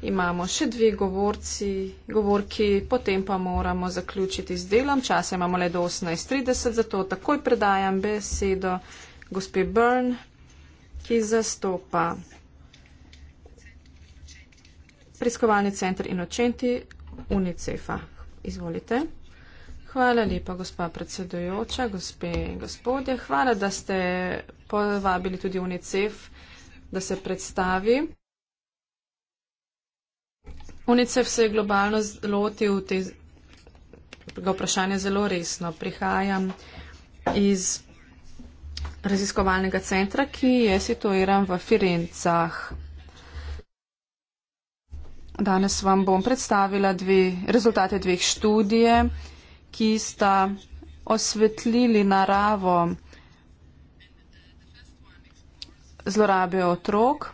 Imamo še dve govorci, govorki, potem pa moramo zaključiti z delom. Čas imamo le do 18.30, zato takoj predajam besedo gospe Byrne ki zastopa preiskovalni center Inočenti UNICEF-a. Izvolite. Hvala lepa, gospa predsedujoča, gospe in gospodje. Hvala, da ste povabili tudi UNICEF, da se predstavi. UNICEF se je globalno lotil tega vprašanja zelo resno. Prihajam iz raziskovalnega centra, ki je situiran v Firencah. Danes vam bom predstavila dve, rezultate dveh študije, ki sta osvetlili naravo zlorabe otrok.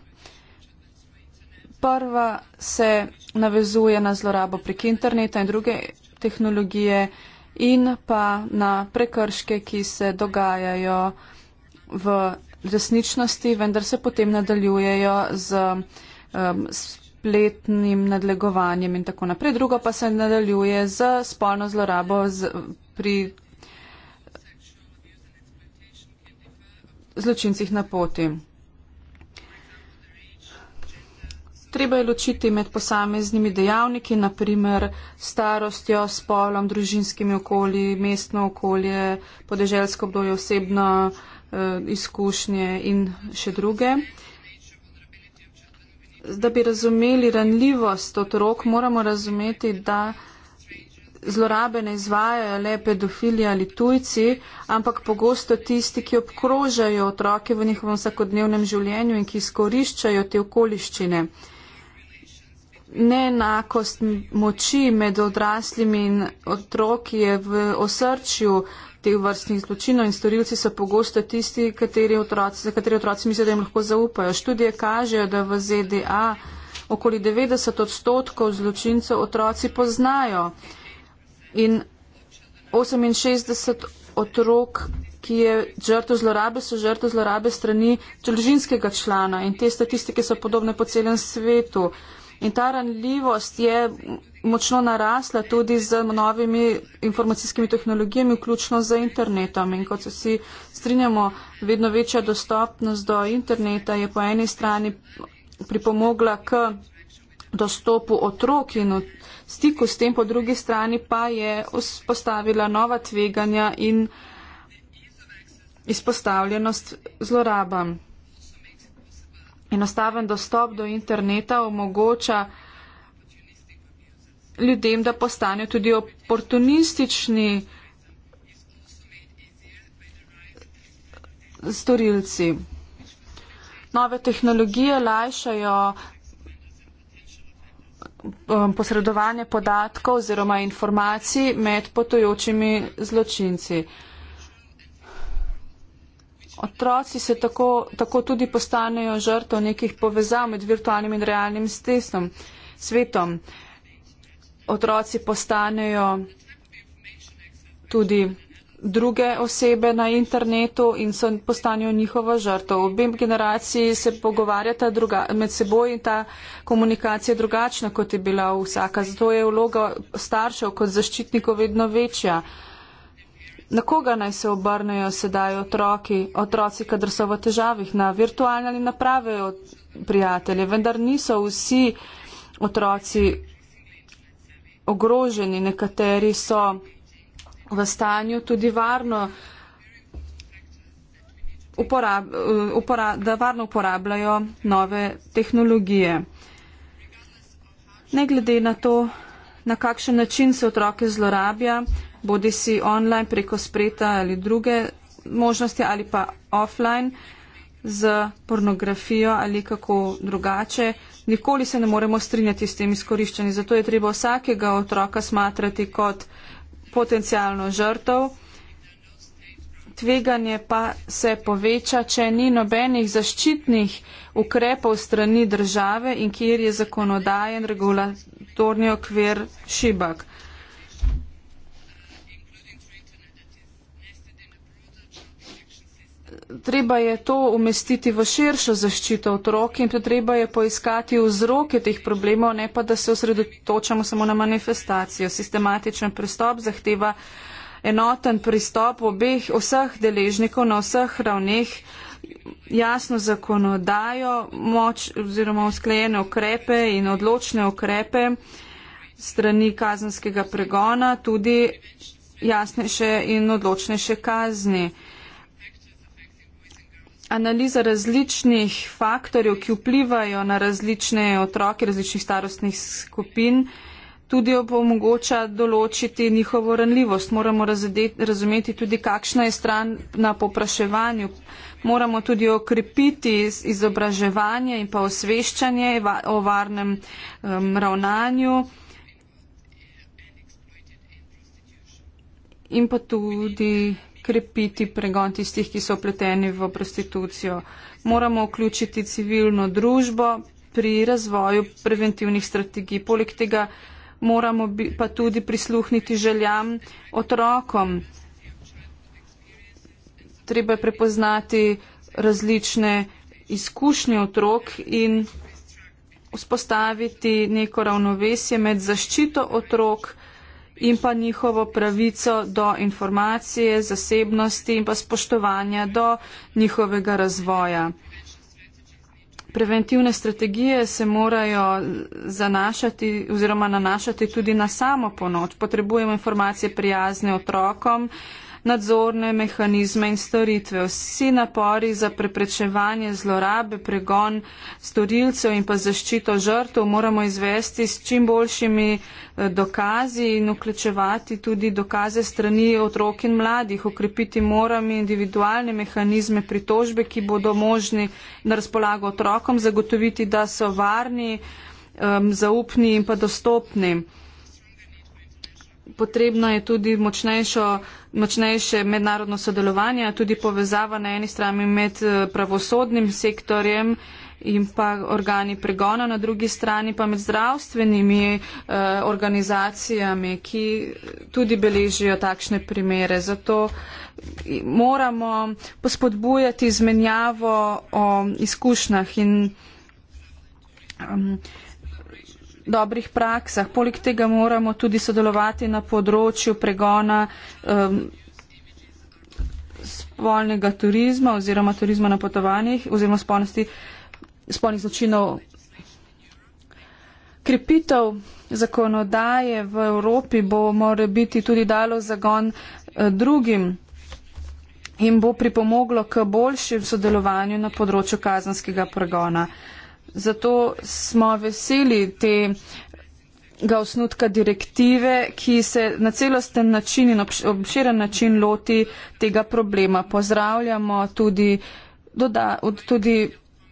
Prva se navezuje na zlorabo prek interneta in druge tehnologije in pa na prekrške, ki se dogajajo v resničnosti, vendar se potem nadaljujejo z um, spletnim nadlegovanjem in tako naprej. Drugo pa se nadaljuje z spolno zlorabo z, pri zločincih na poti. Treba je ločiti med posameznimi dejavniki, naprimer starostjo, spolom, družinskimi okolji, mestno okolje, podeželsko obdobje, osebno. Uh, Eh, izkušnje in še druge. Da bi razumeli ranljivost otrok, moramo razumeti, da zlorabe ne izvajajo le pedofili ali tujci, ampak pogosto tisti, ki obkrožajo otroke v njihovem vsakodnevnem življenju in ki izkoriščajo te okoliščine. Neenakost moči med odraslimi in otroki je v osrčju teh vrstnih zločinov in storilci so pogosto tisti, kateri otroci, za kateri otroci mislijo, da jim lahko zaupajo. Študije kažejo, da v ZDA okoli 90 odstotkov zločincev otroci poznajo in 68 otrok, ki je žrtev zlorabe, so žrtev zlorabe strani družinskega člana in te statistike so podobne po celem svetu. In ta ranljivost je močno narasla tudi z novimi informacijskimi tehnologijami, vključno z internetom. In kot se vsi strinjamo, vedno večja dostopnost do interneta je po eni strani pripomogla k dostopu otrok in stiku s tem, po drugi strani pa je vzpostavila nova tveganja in izpostavljenost zlorabam. Enostaven dostop do interneta omogoča, ljudem, da postanejo tudi oportunistični storilci. Nove tehnologije lajšajo um, posredovanje podatkov oziroma informacij med potujočimi zločinci. Otroci se tako, tako tudi postanejo žrtev nekih povezav med virtualnim in realnim stesnom, svetom otroci postanejo tudi druge osebe na internetu in so postanjo njihova žrtev. Obe generaciji se pogovarjata druga, med seboj in ta komunikacija je drugačna, kot je bila vsaka. Zato je vloga staršev kot zaščitnikov vedno večja. Na koga naj se obrnejo sedaj otroki, otroci, kadar so v težavih, na virtualne ali na prave prijatelje, vendar niso vsi otroci ogroženi, nekateri so v stanju tudi varno, uporab, uporab, da varno uporabljajo nove tehnologije. Ne glede na to, na kakšen način se otroke zlorablja, bodi si online preko spreta ali druge možnosti ali pa offline z pornografijo ali kako drugače, nikoli se ne moremo strinjati s tem izkoriščanjem. Zato je treba vsakega otroka smatrati kot potencijalno žrtov. Tveganje pa se poveča, če ni nobenih zaščitnih ukrepov strani države in kjer je zakonodajen regulatorni okvir šibak. treba je to umestiti v širšo zaščito otrok in to treba je poiskati vzroke teh problemov, ne pa da se osredotočamo samo na manifestacijo. Sistematičen pristop zahteva enoten pristop obeh, vseh deležnikov na vseh ravneh, jasno zakonodajo, moč oziroma usklejene ukrepe in odločne ukrepe strani kazenskega pregona, tudi jasnejše in odločnejše kazni analiza različnih faktorjev, ki vplivajo na različne otroke različnih starostnih skupin, tudi omogoča določiti njihovo ranljivost. Moramo razumeti tudi, kakšna je stran na popraševanju. Moramo tudi okrepiti izobraževanje in pa osveščanje o varnem um, ravnanju. In pa tudi krepiti pregon tistih, ki so vpleteni v prostitucijo. Moramo vključiti civilno družbo pri razvoju preventivnih strategij. Poleg tega moramo pa tudi prisluhniti željam otrokom. Treba je prepoznati različne izkušnje otrok in vzpostaviti neko ravnovesje med zaščito otrok in pa njihovo pravico do informacije, zasebnosti in pa spoštovanja do njihovega razvoja. Preventivne strategije se morajo zanašati oziroma nanašati tudi na samo ponoč. Potrebujemo informacije prijazne otrokom, uh, nadzorne mehanizme in storitve. Vsi napori za preprečevanje zlorabe, pregon storilcev in pa zaščito žrtev moramo izvesti s čim boljšimi eh, dokazi in vključevati tudi dokaze strani otrok in mladih. Okrepiti moramo individualne mehanizme pritožbe, ki bodo možni na razpolago otrokom, zagotoviti, da so varni, zaupni in pa dostopni potrebno je tudi močnejšo, močnejše mednarodno sodelovanje, tudi povezava na eni strani med eh, pravosodnim sektorjem in pa organi pregona, na drugi strani pa med zdravstvenimi eh, organizacijami, ki tudi beležijo takšne primere. Zato moramo pospodbujati izmenjavo o izkušnjah in um, dobrih praksah. Poleg tega moramo tudi sodelovati na področju pregona um, spolnega turizma oziroma turizma na potovanjih oziroma spolnosti, spolnih zločinov. Krepitev zakonodaje v Evropi bo mora biti tudi dalo zagon e, drugim in bo pripomoglo k boljšem sodelovanju na področju kazanskega pregona zato smo veseli te ga osnutka direktive, ki se na celosten način in obširen način loti tega problema. Pozdravljamo tudi, doda, tudi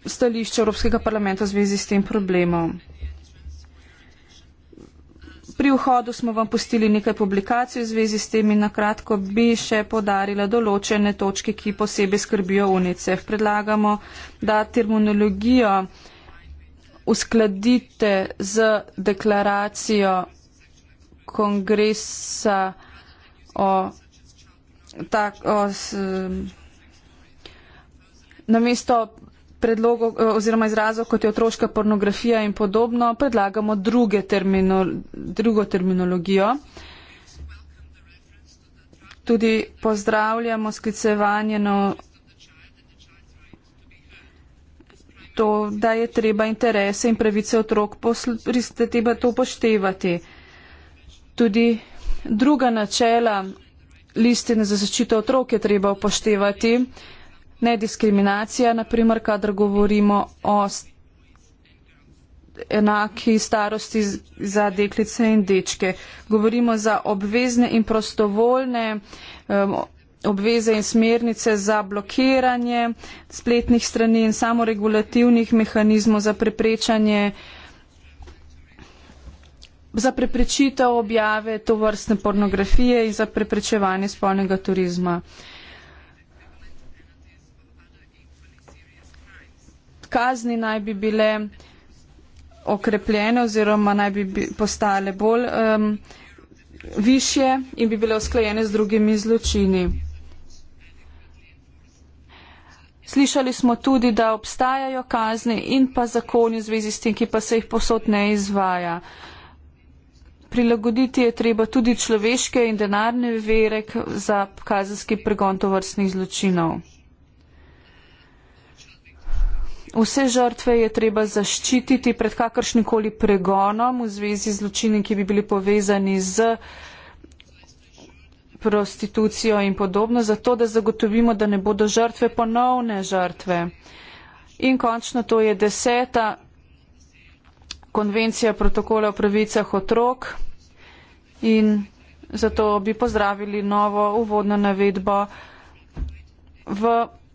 stališče Evropskega parlamenta v zvezi s tem problemom. Pri vhodu smo vam pustili nekaj publikacij v zvezi s tem in na kratko bi še podarila določene točke, ki posebej skrbijo UNICEF. Predlagamo, da terminologijo uskladite z deklaracijo kongresa o, tak, o s, namesto predlogov e, oziroma izrazov, kot je otroška pornografija in podobno, predlagamo termino, drugo terminologijo. Tudi pozdravljamo sklicevanje na no, to, da je treba interese in pravice otrok treba to upoštevati. Tudi druga načela listine za zaščito otrok je treba upoštevati. Nediskriminacija, naprimer, kadar govorimo o enaki starosti za deklice in dečke. Govorimo za obvezne in prostovoljne um, obveze in smernice za blokiranje spletnih strani in samoregulativnih mehanizmov za preprečanje za preprečitev objave tovrstne pornografije in za preprečevanje spolnega turizma. Kazni naj bi bile okrepljene oziroma naj bi postale bolj um, višje in bi bile usklajene z drugimi zločini. Slišali smo tudi, da obstajajo kazni in pa zakoni v zvezi s tem, ki pa se jih posod ne izvaja. Prilagoditi je treba tudi človeške in denarne vere za kazenski pregon tovrstnih zločinov. Vse žrtve je treba zaščititi pred kakršnikoli pregonom v zvezi z zločini, ki bi bili povezani z uh, prostitucijo in podobno, zato da zagotovimo, da ne bodo žrtve ponovne žrtve. In končno to je deseta konvencija protokola o pravicah otrok in zato bi pozdravili novo uvodno navedbo v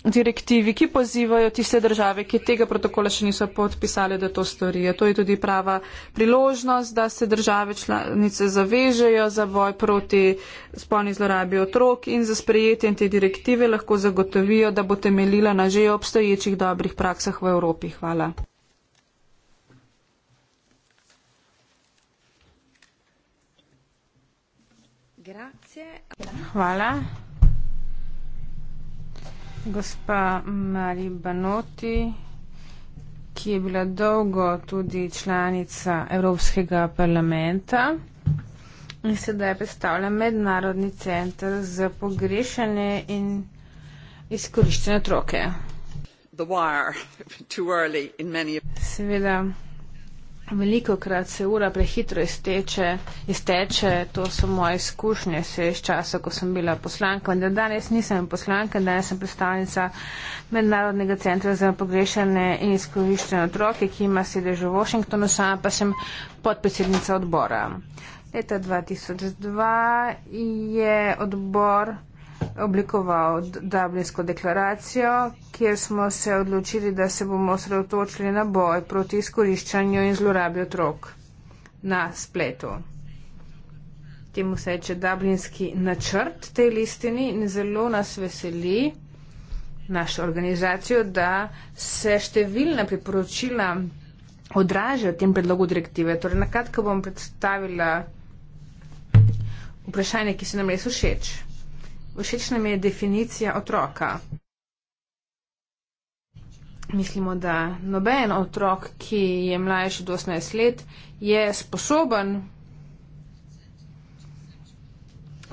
direktivi, ki pozivajo tiste države, ki tega protokola še niso podpisali, da to storijo. To je tudi prava priložnost, da se države članice zavežejo za boj proti spolni zlorabi otrok in za sprejetje te direktive lahko zagotovijo, da bo temeljila na že obstoječih dobrih praksah v Evropi. Hvala. Hvala. Gospa Mari Banoti, ki je bila dolgo tudi članica Evropskega parlamenta in sedaj predstavlja Mednarodni center za pogrešene in izkoriščene otroke. Seveda, Veliko krat se ura prehitro izteče, izteče, to so moje izkušnje se iz časa, ko sem bila poslanka. Vendar danes nisem poslanka, danes sem predstavnica Mednarodnega centra za pogrešene in izkoriščene otroke, ki ima sedež v Washingtonu, sama pa sem podpredsednica odbora. Leta 2002 je odbor oblikoval Dublinsko deklaracijo, kjer smo se odločili, da se bomo sredotočili na boj proti izkoriščanju in zlorabi otrok na spletu. Temu se reče Dublinski načrt tej listini in zelo nas veseli našo organizacijo, da se številna priporočila odražajo v tem predlogu direktive. Torej, na kratko bom predstavila vprašanje, ki se nam res všeč. Všeč nam je definicija otroka. Mislimo, da noben otrok, ki je mlajši od osemnajst let, je sposoben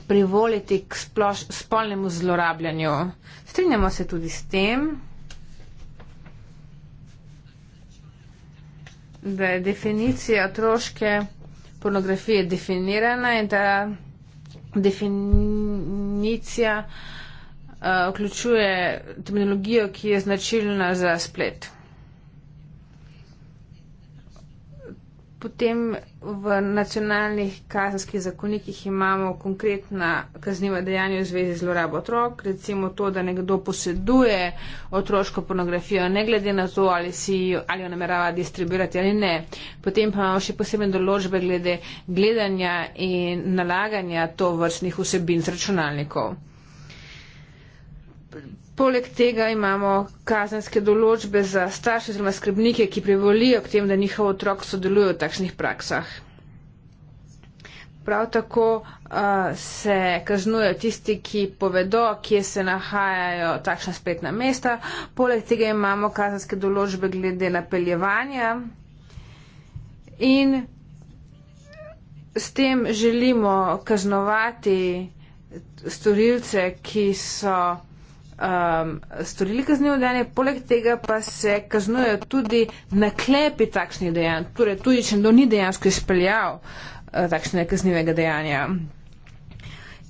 privoliti k spolnemu zlorabljanju. Strinjamo se tudi s tem, da je definicija otroške pornografije definirana in da definicija uh, vključuje terminologijo, ki je značilna za splet. Potem v nacionalnih kazenskih zakonikih imamo konkretna kaznjiva dejanja v zvezi z zlorabo otrok, recimo to, da nekdo poseduje otroško pornografijo, ne glede na to, ali, si, ali jo namerava distribuirati ali ne. Potem pa imamo še posebne določbe glede gledanja in nalaganja to vrstnih vsebin z računalnikov. Poleg tega imamo kazenske določbe za starše oziroma skrbnike, ki privolijo k tem, da njihov otrok sodeluje v takšnih praksah. Prav tako uh, se kaznujejo tisti, ki povedo, kje se nahajajo takšna spletna mesta. Poleg tega imamo kazenske določbe glede napeljevanja in s tem želimo kaznovati storilce, ki so um, storili kaznivo dejanje, poleg tega pa se kaznujejo tudi naklepi takšnih dejanj, torej tudi, če kdo ni dejansko izpeljal uh, takšne kaznivega dejanja.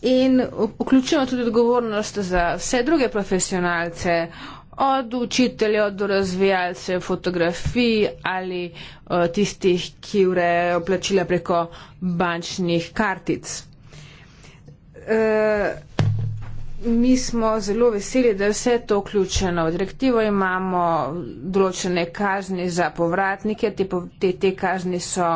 In vključujemo tudi odgovornost za vse druge profesionalce, od učiteljev do razvijalcev fotografij ali o, uh, tistih, ki urejo plačila preko bančnih kartic. E, mi smo zelo veseli, da je vse to vključeno v direktivo. Imamo določene kazni za povratnike, te, te, te kazni so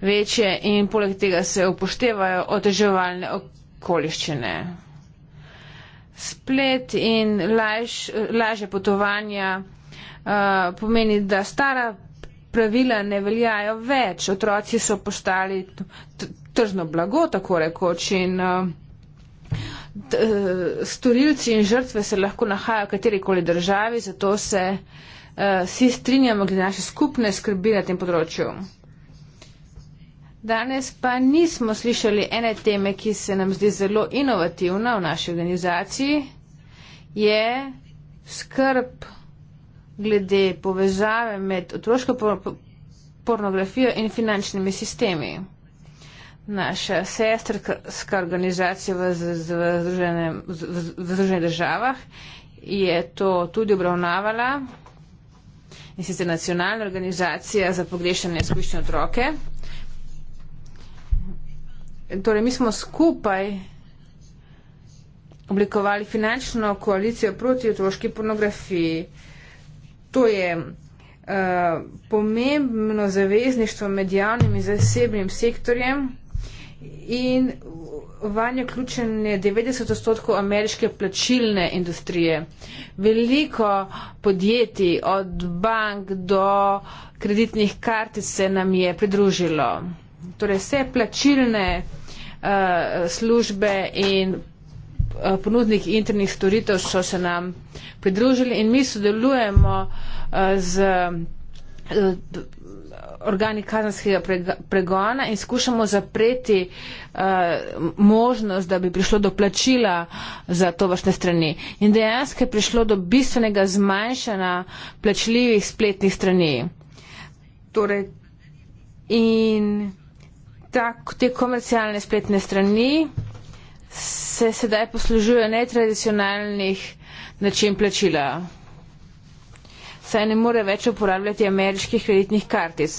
večje in poleg tega se upoštevajo oteževalne okoliščine. Splet in laž, laže potovanja uh, pomeni, da stara pravila ne veljajo več. Otroci so postali tržno blago, tako rekoč. In, uh, t, eh, storilci in žrtve se lahko nahajajo v katerikoli državi, zato se eh, vsi uh, strinjamo, da naše skupne skrbi na tem področju. Danes pa nismo slišali ene teme, ki se nam zdi zelo inovativna v naši organizaciji, je skrb glede povezave med otroško pornografijo in finančnimi sistemi naša sestrska organizacija v, v, v Združenih državah je to tudi obravnavala in sicer nacionalna organizacija za pogrešanje izkušnje otroke. Torej, mi smo skupaj oblikovali finančno koalicijo proti otroški pornografiji. To je uh, pomembno zavezništvo med javnim in zasebnim sektorjem in vanj je vključene 90 odstotkov ameriške plačilne industrije. Veliko podjetij od bank do kreditnih kartic se nam je pridružilo. Torej vse plačilne uh, službe in eh, ponudnik internih storitev so se nam pridružili in mi sodelujemo eh, z organi kazanskega pregona in skušamo zapreti uh, možnost, da bi prišlo do plačila za to vrstne strani. In dejansko je prišlo do bistvenega zmanjšanja plačljivih spletnih strani. Torej, in tak, te komercialne spletne strani se sedaj poslužujejo netradicionalnih način plačila saj ne more več uporabljati ameriških kreditnih kartic.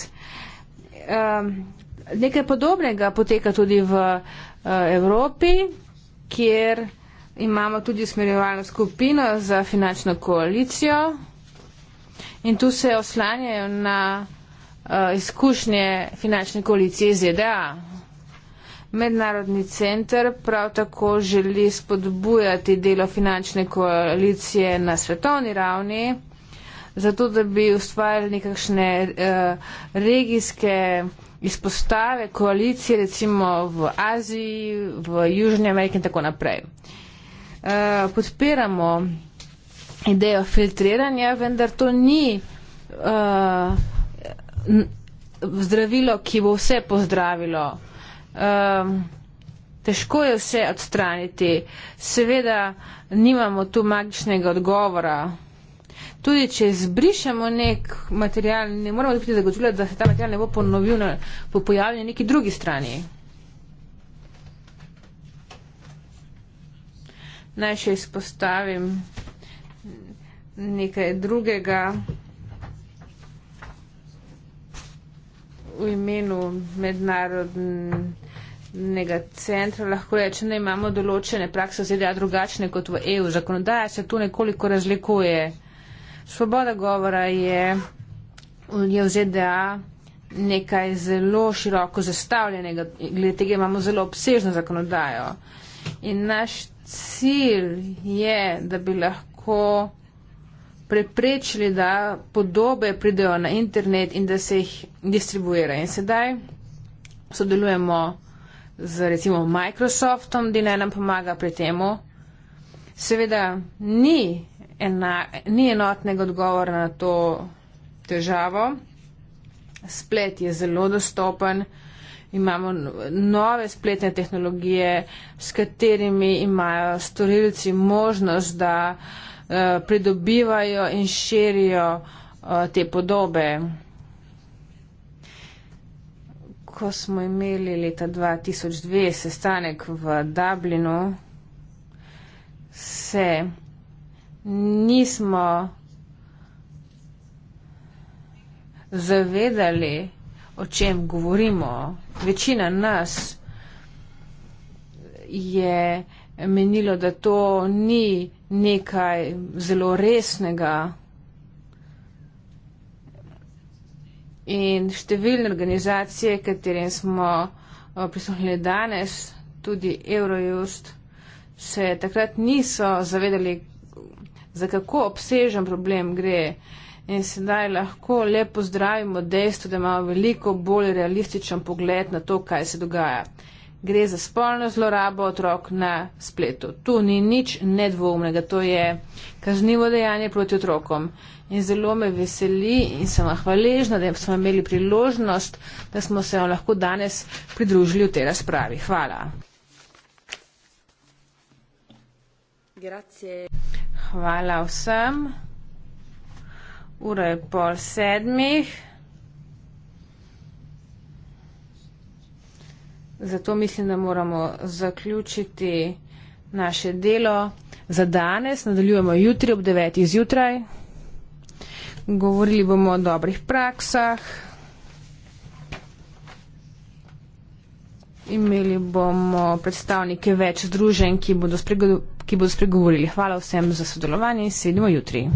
Um, nekaj podobnega poteka tudi v uh, Evropi, kjer imamo tudi smerjevalno skupino za finančno koalicijo in tu se oslanjajo na uh, izkušnje finančne koalicije ZDA. Mednarodni center prav tako želi spodbujati delo finančne koalicije na svetovni ravni zato da bi ustvarjali nekakšne uh, regijske izpostave, koalicije, recimo v Aziji, v Južni Ameriki in tako naprej. Uh, podpiramo idejo filtriranja, vendar to ni uh, zdravilo, ki bo vse pozdravilo. Um, težko je vse odstraniti. Seveda nimamo tu magičnega odgovora tudi če izbrišemo nek material, ne moramo tudi zagotovljati, da se ta material ne bo ponovil na po pojavljanju neki drugi strani. Naj še izpostavim nekaj drugega v imenu mednarodnega centra. Lahko rečem, da imamo določene prakse, zelo drugačne kot v EU. Zakonodaja se tu nekoliko razlikuje. Svoboda govora je, je v ZDA nekaj zelo široko zastavljenega, glede tega imamo zelo obsežno zakonodajo. In naš cilj je, da bi lahko preprečili, da podobe pridejo na internet in da se jih distribuira. In sedaj sodelujemo z recimo Microsoftom, da naj nam pomaga pri temu. Seveda ni ena, ni enotnega odgovora na to težavo. Splet je zelo dostopen, imamo nove spletne tehnologije, s katerimi imajo storilci možnost, da uh, pridobivajo in širijo uh, te podobe. Ko smo imeli leta 2002 sestanek v Dublinu, se nismo zavedali, o čem govorimo. Večina nas je menilo, da to ni nekaj zelo resnega. In številne organizacije, katerim smo eh, prisluhnili danes, tudi Eurojust, se takrat niso zavedali, za kako obsežen problem gre. In sedaj lahko lepo zdravimo dejstvo, da imamo veliko bolj realističen pogled na to, kaj se dogaja. Gre za spolno zlorabo otrok na spletu. Tu ni nič nedvomnega, to je kaznivo dejanje proti otrokom. In zelo me veseli in sem hvaležna, da smo imeli priložnost, da smo se vam lahko danes pridružili v tej razpravi. Hvala. Grazie. Hvala vsem. Ura je pol sedmih. Zato mislim, da moramo zaključiti naše delo za danes. Nadaljujemo jutri ob devetih zjutraj. Govorili bomo o dobrih praksah. Imeli bomo predstavnike več združenj, ki bodo spregovorili ki bodo spregovorili. Hvala vsem za sodelovanje in sedimo jutri.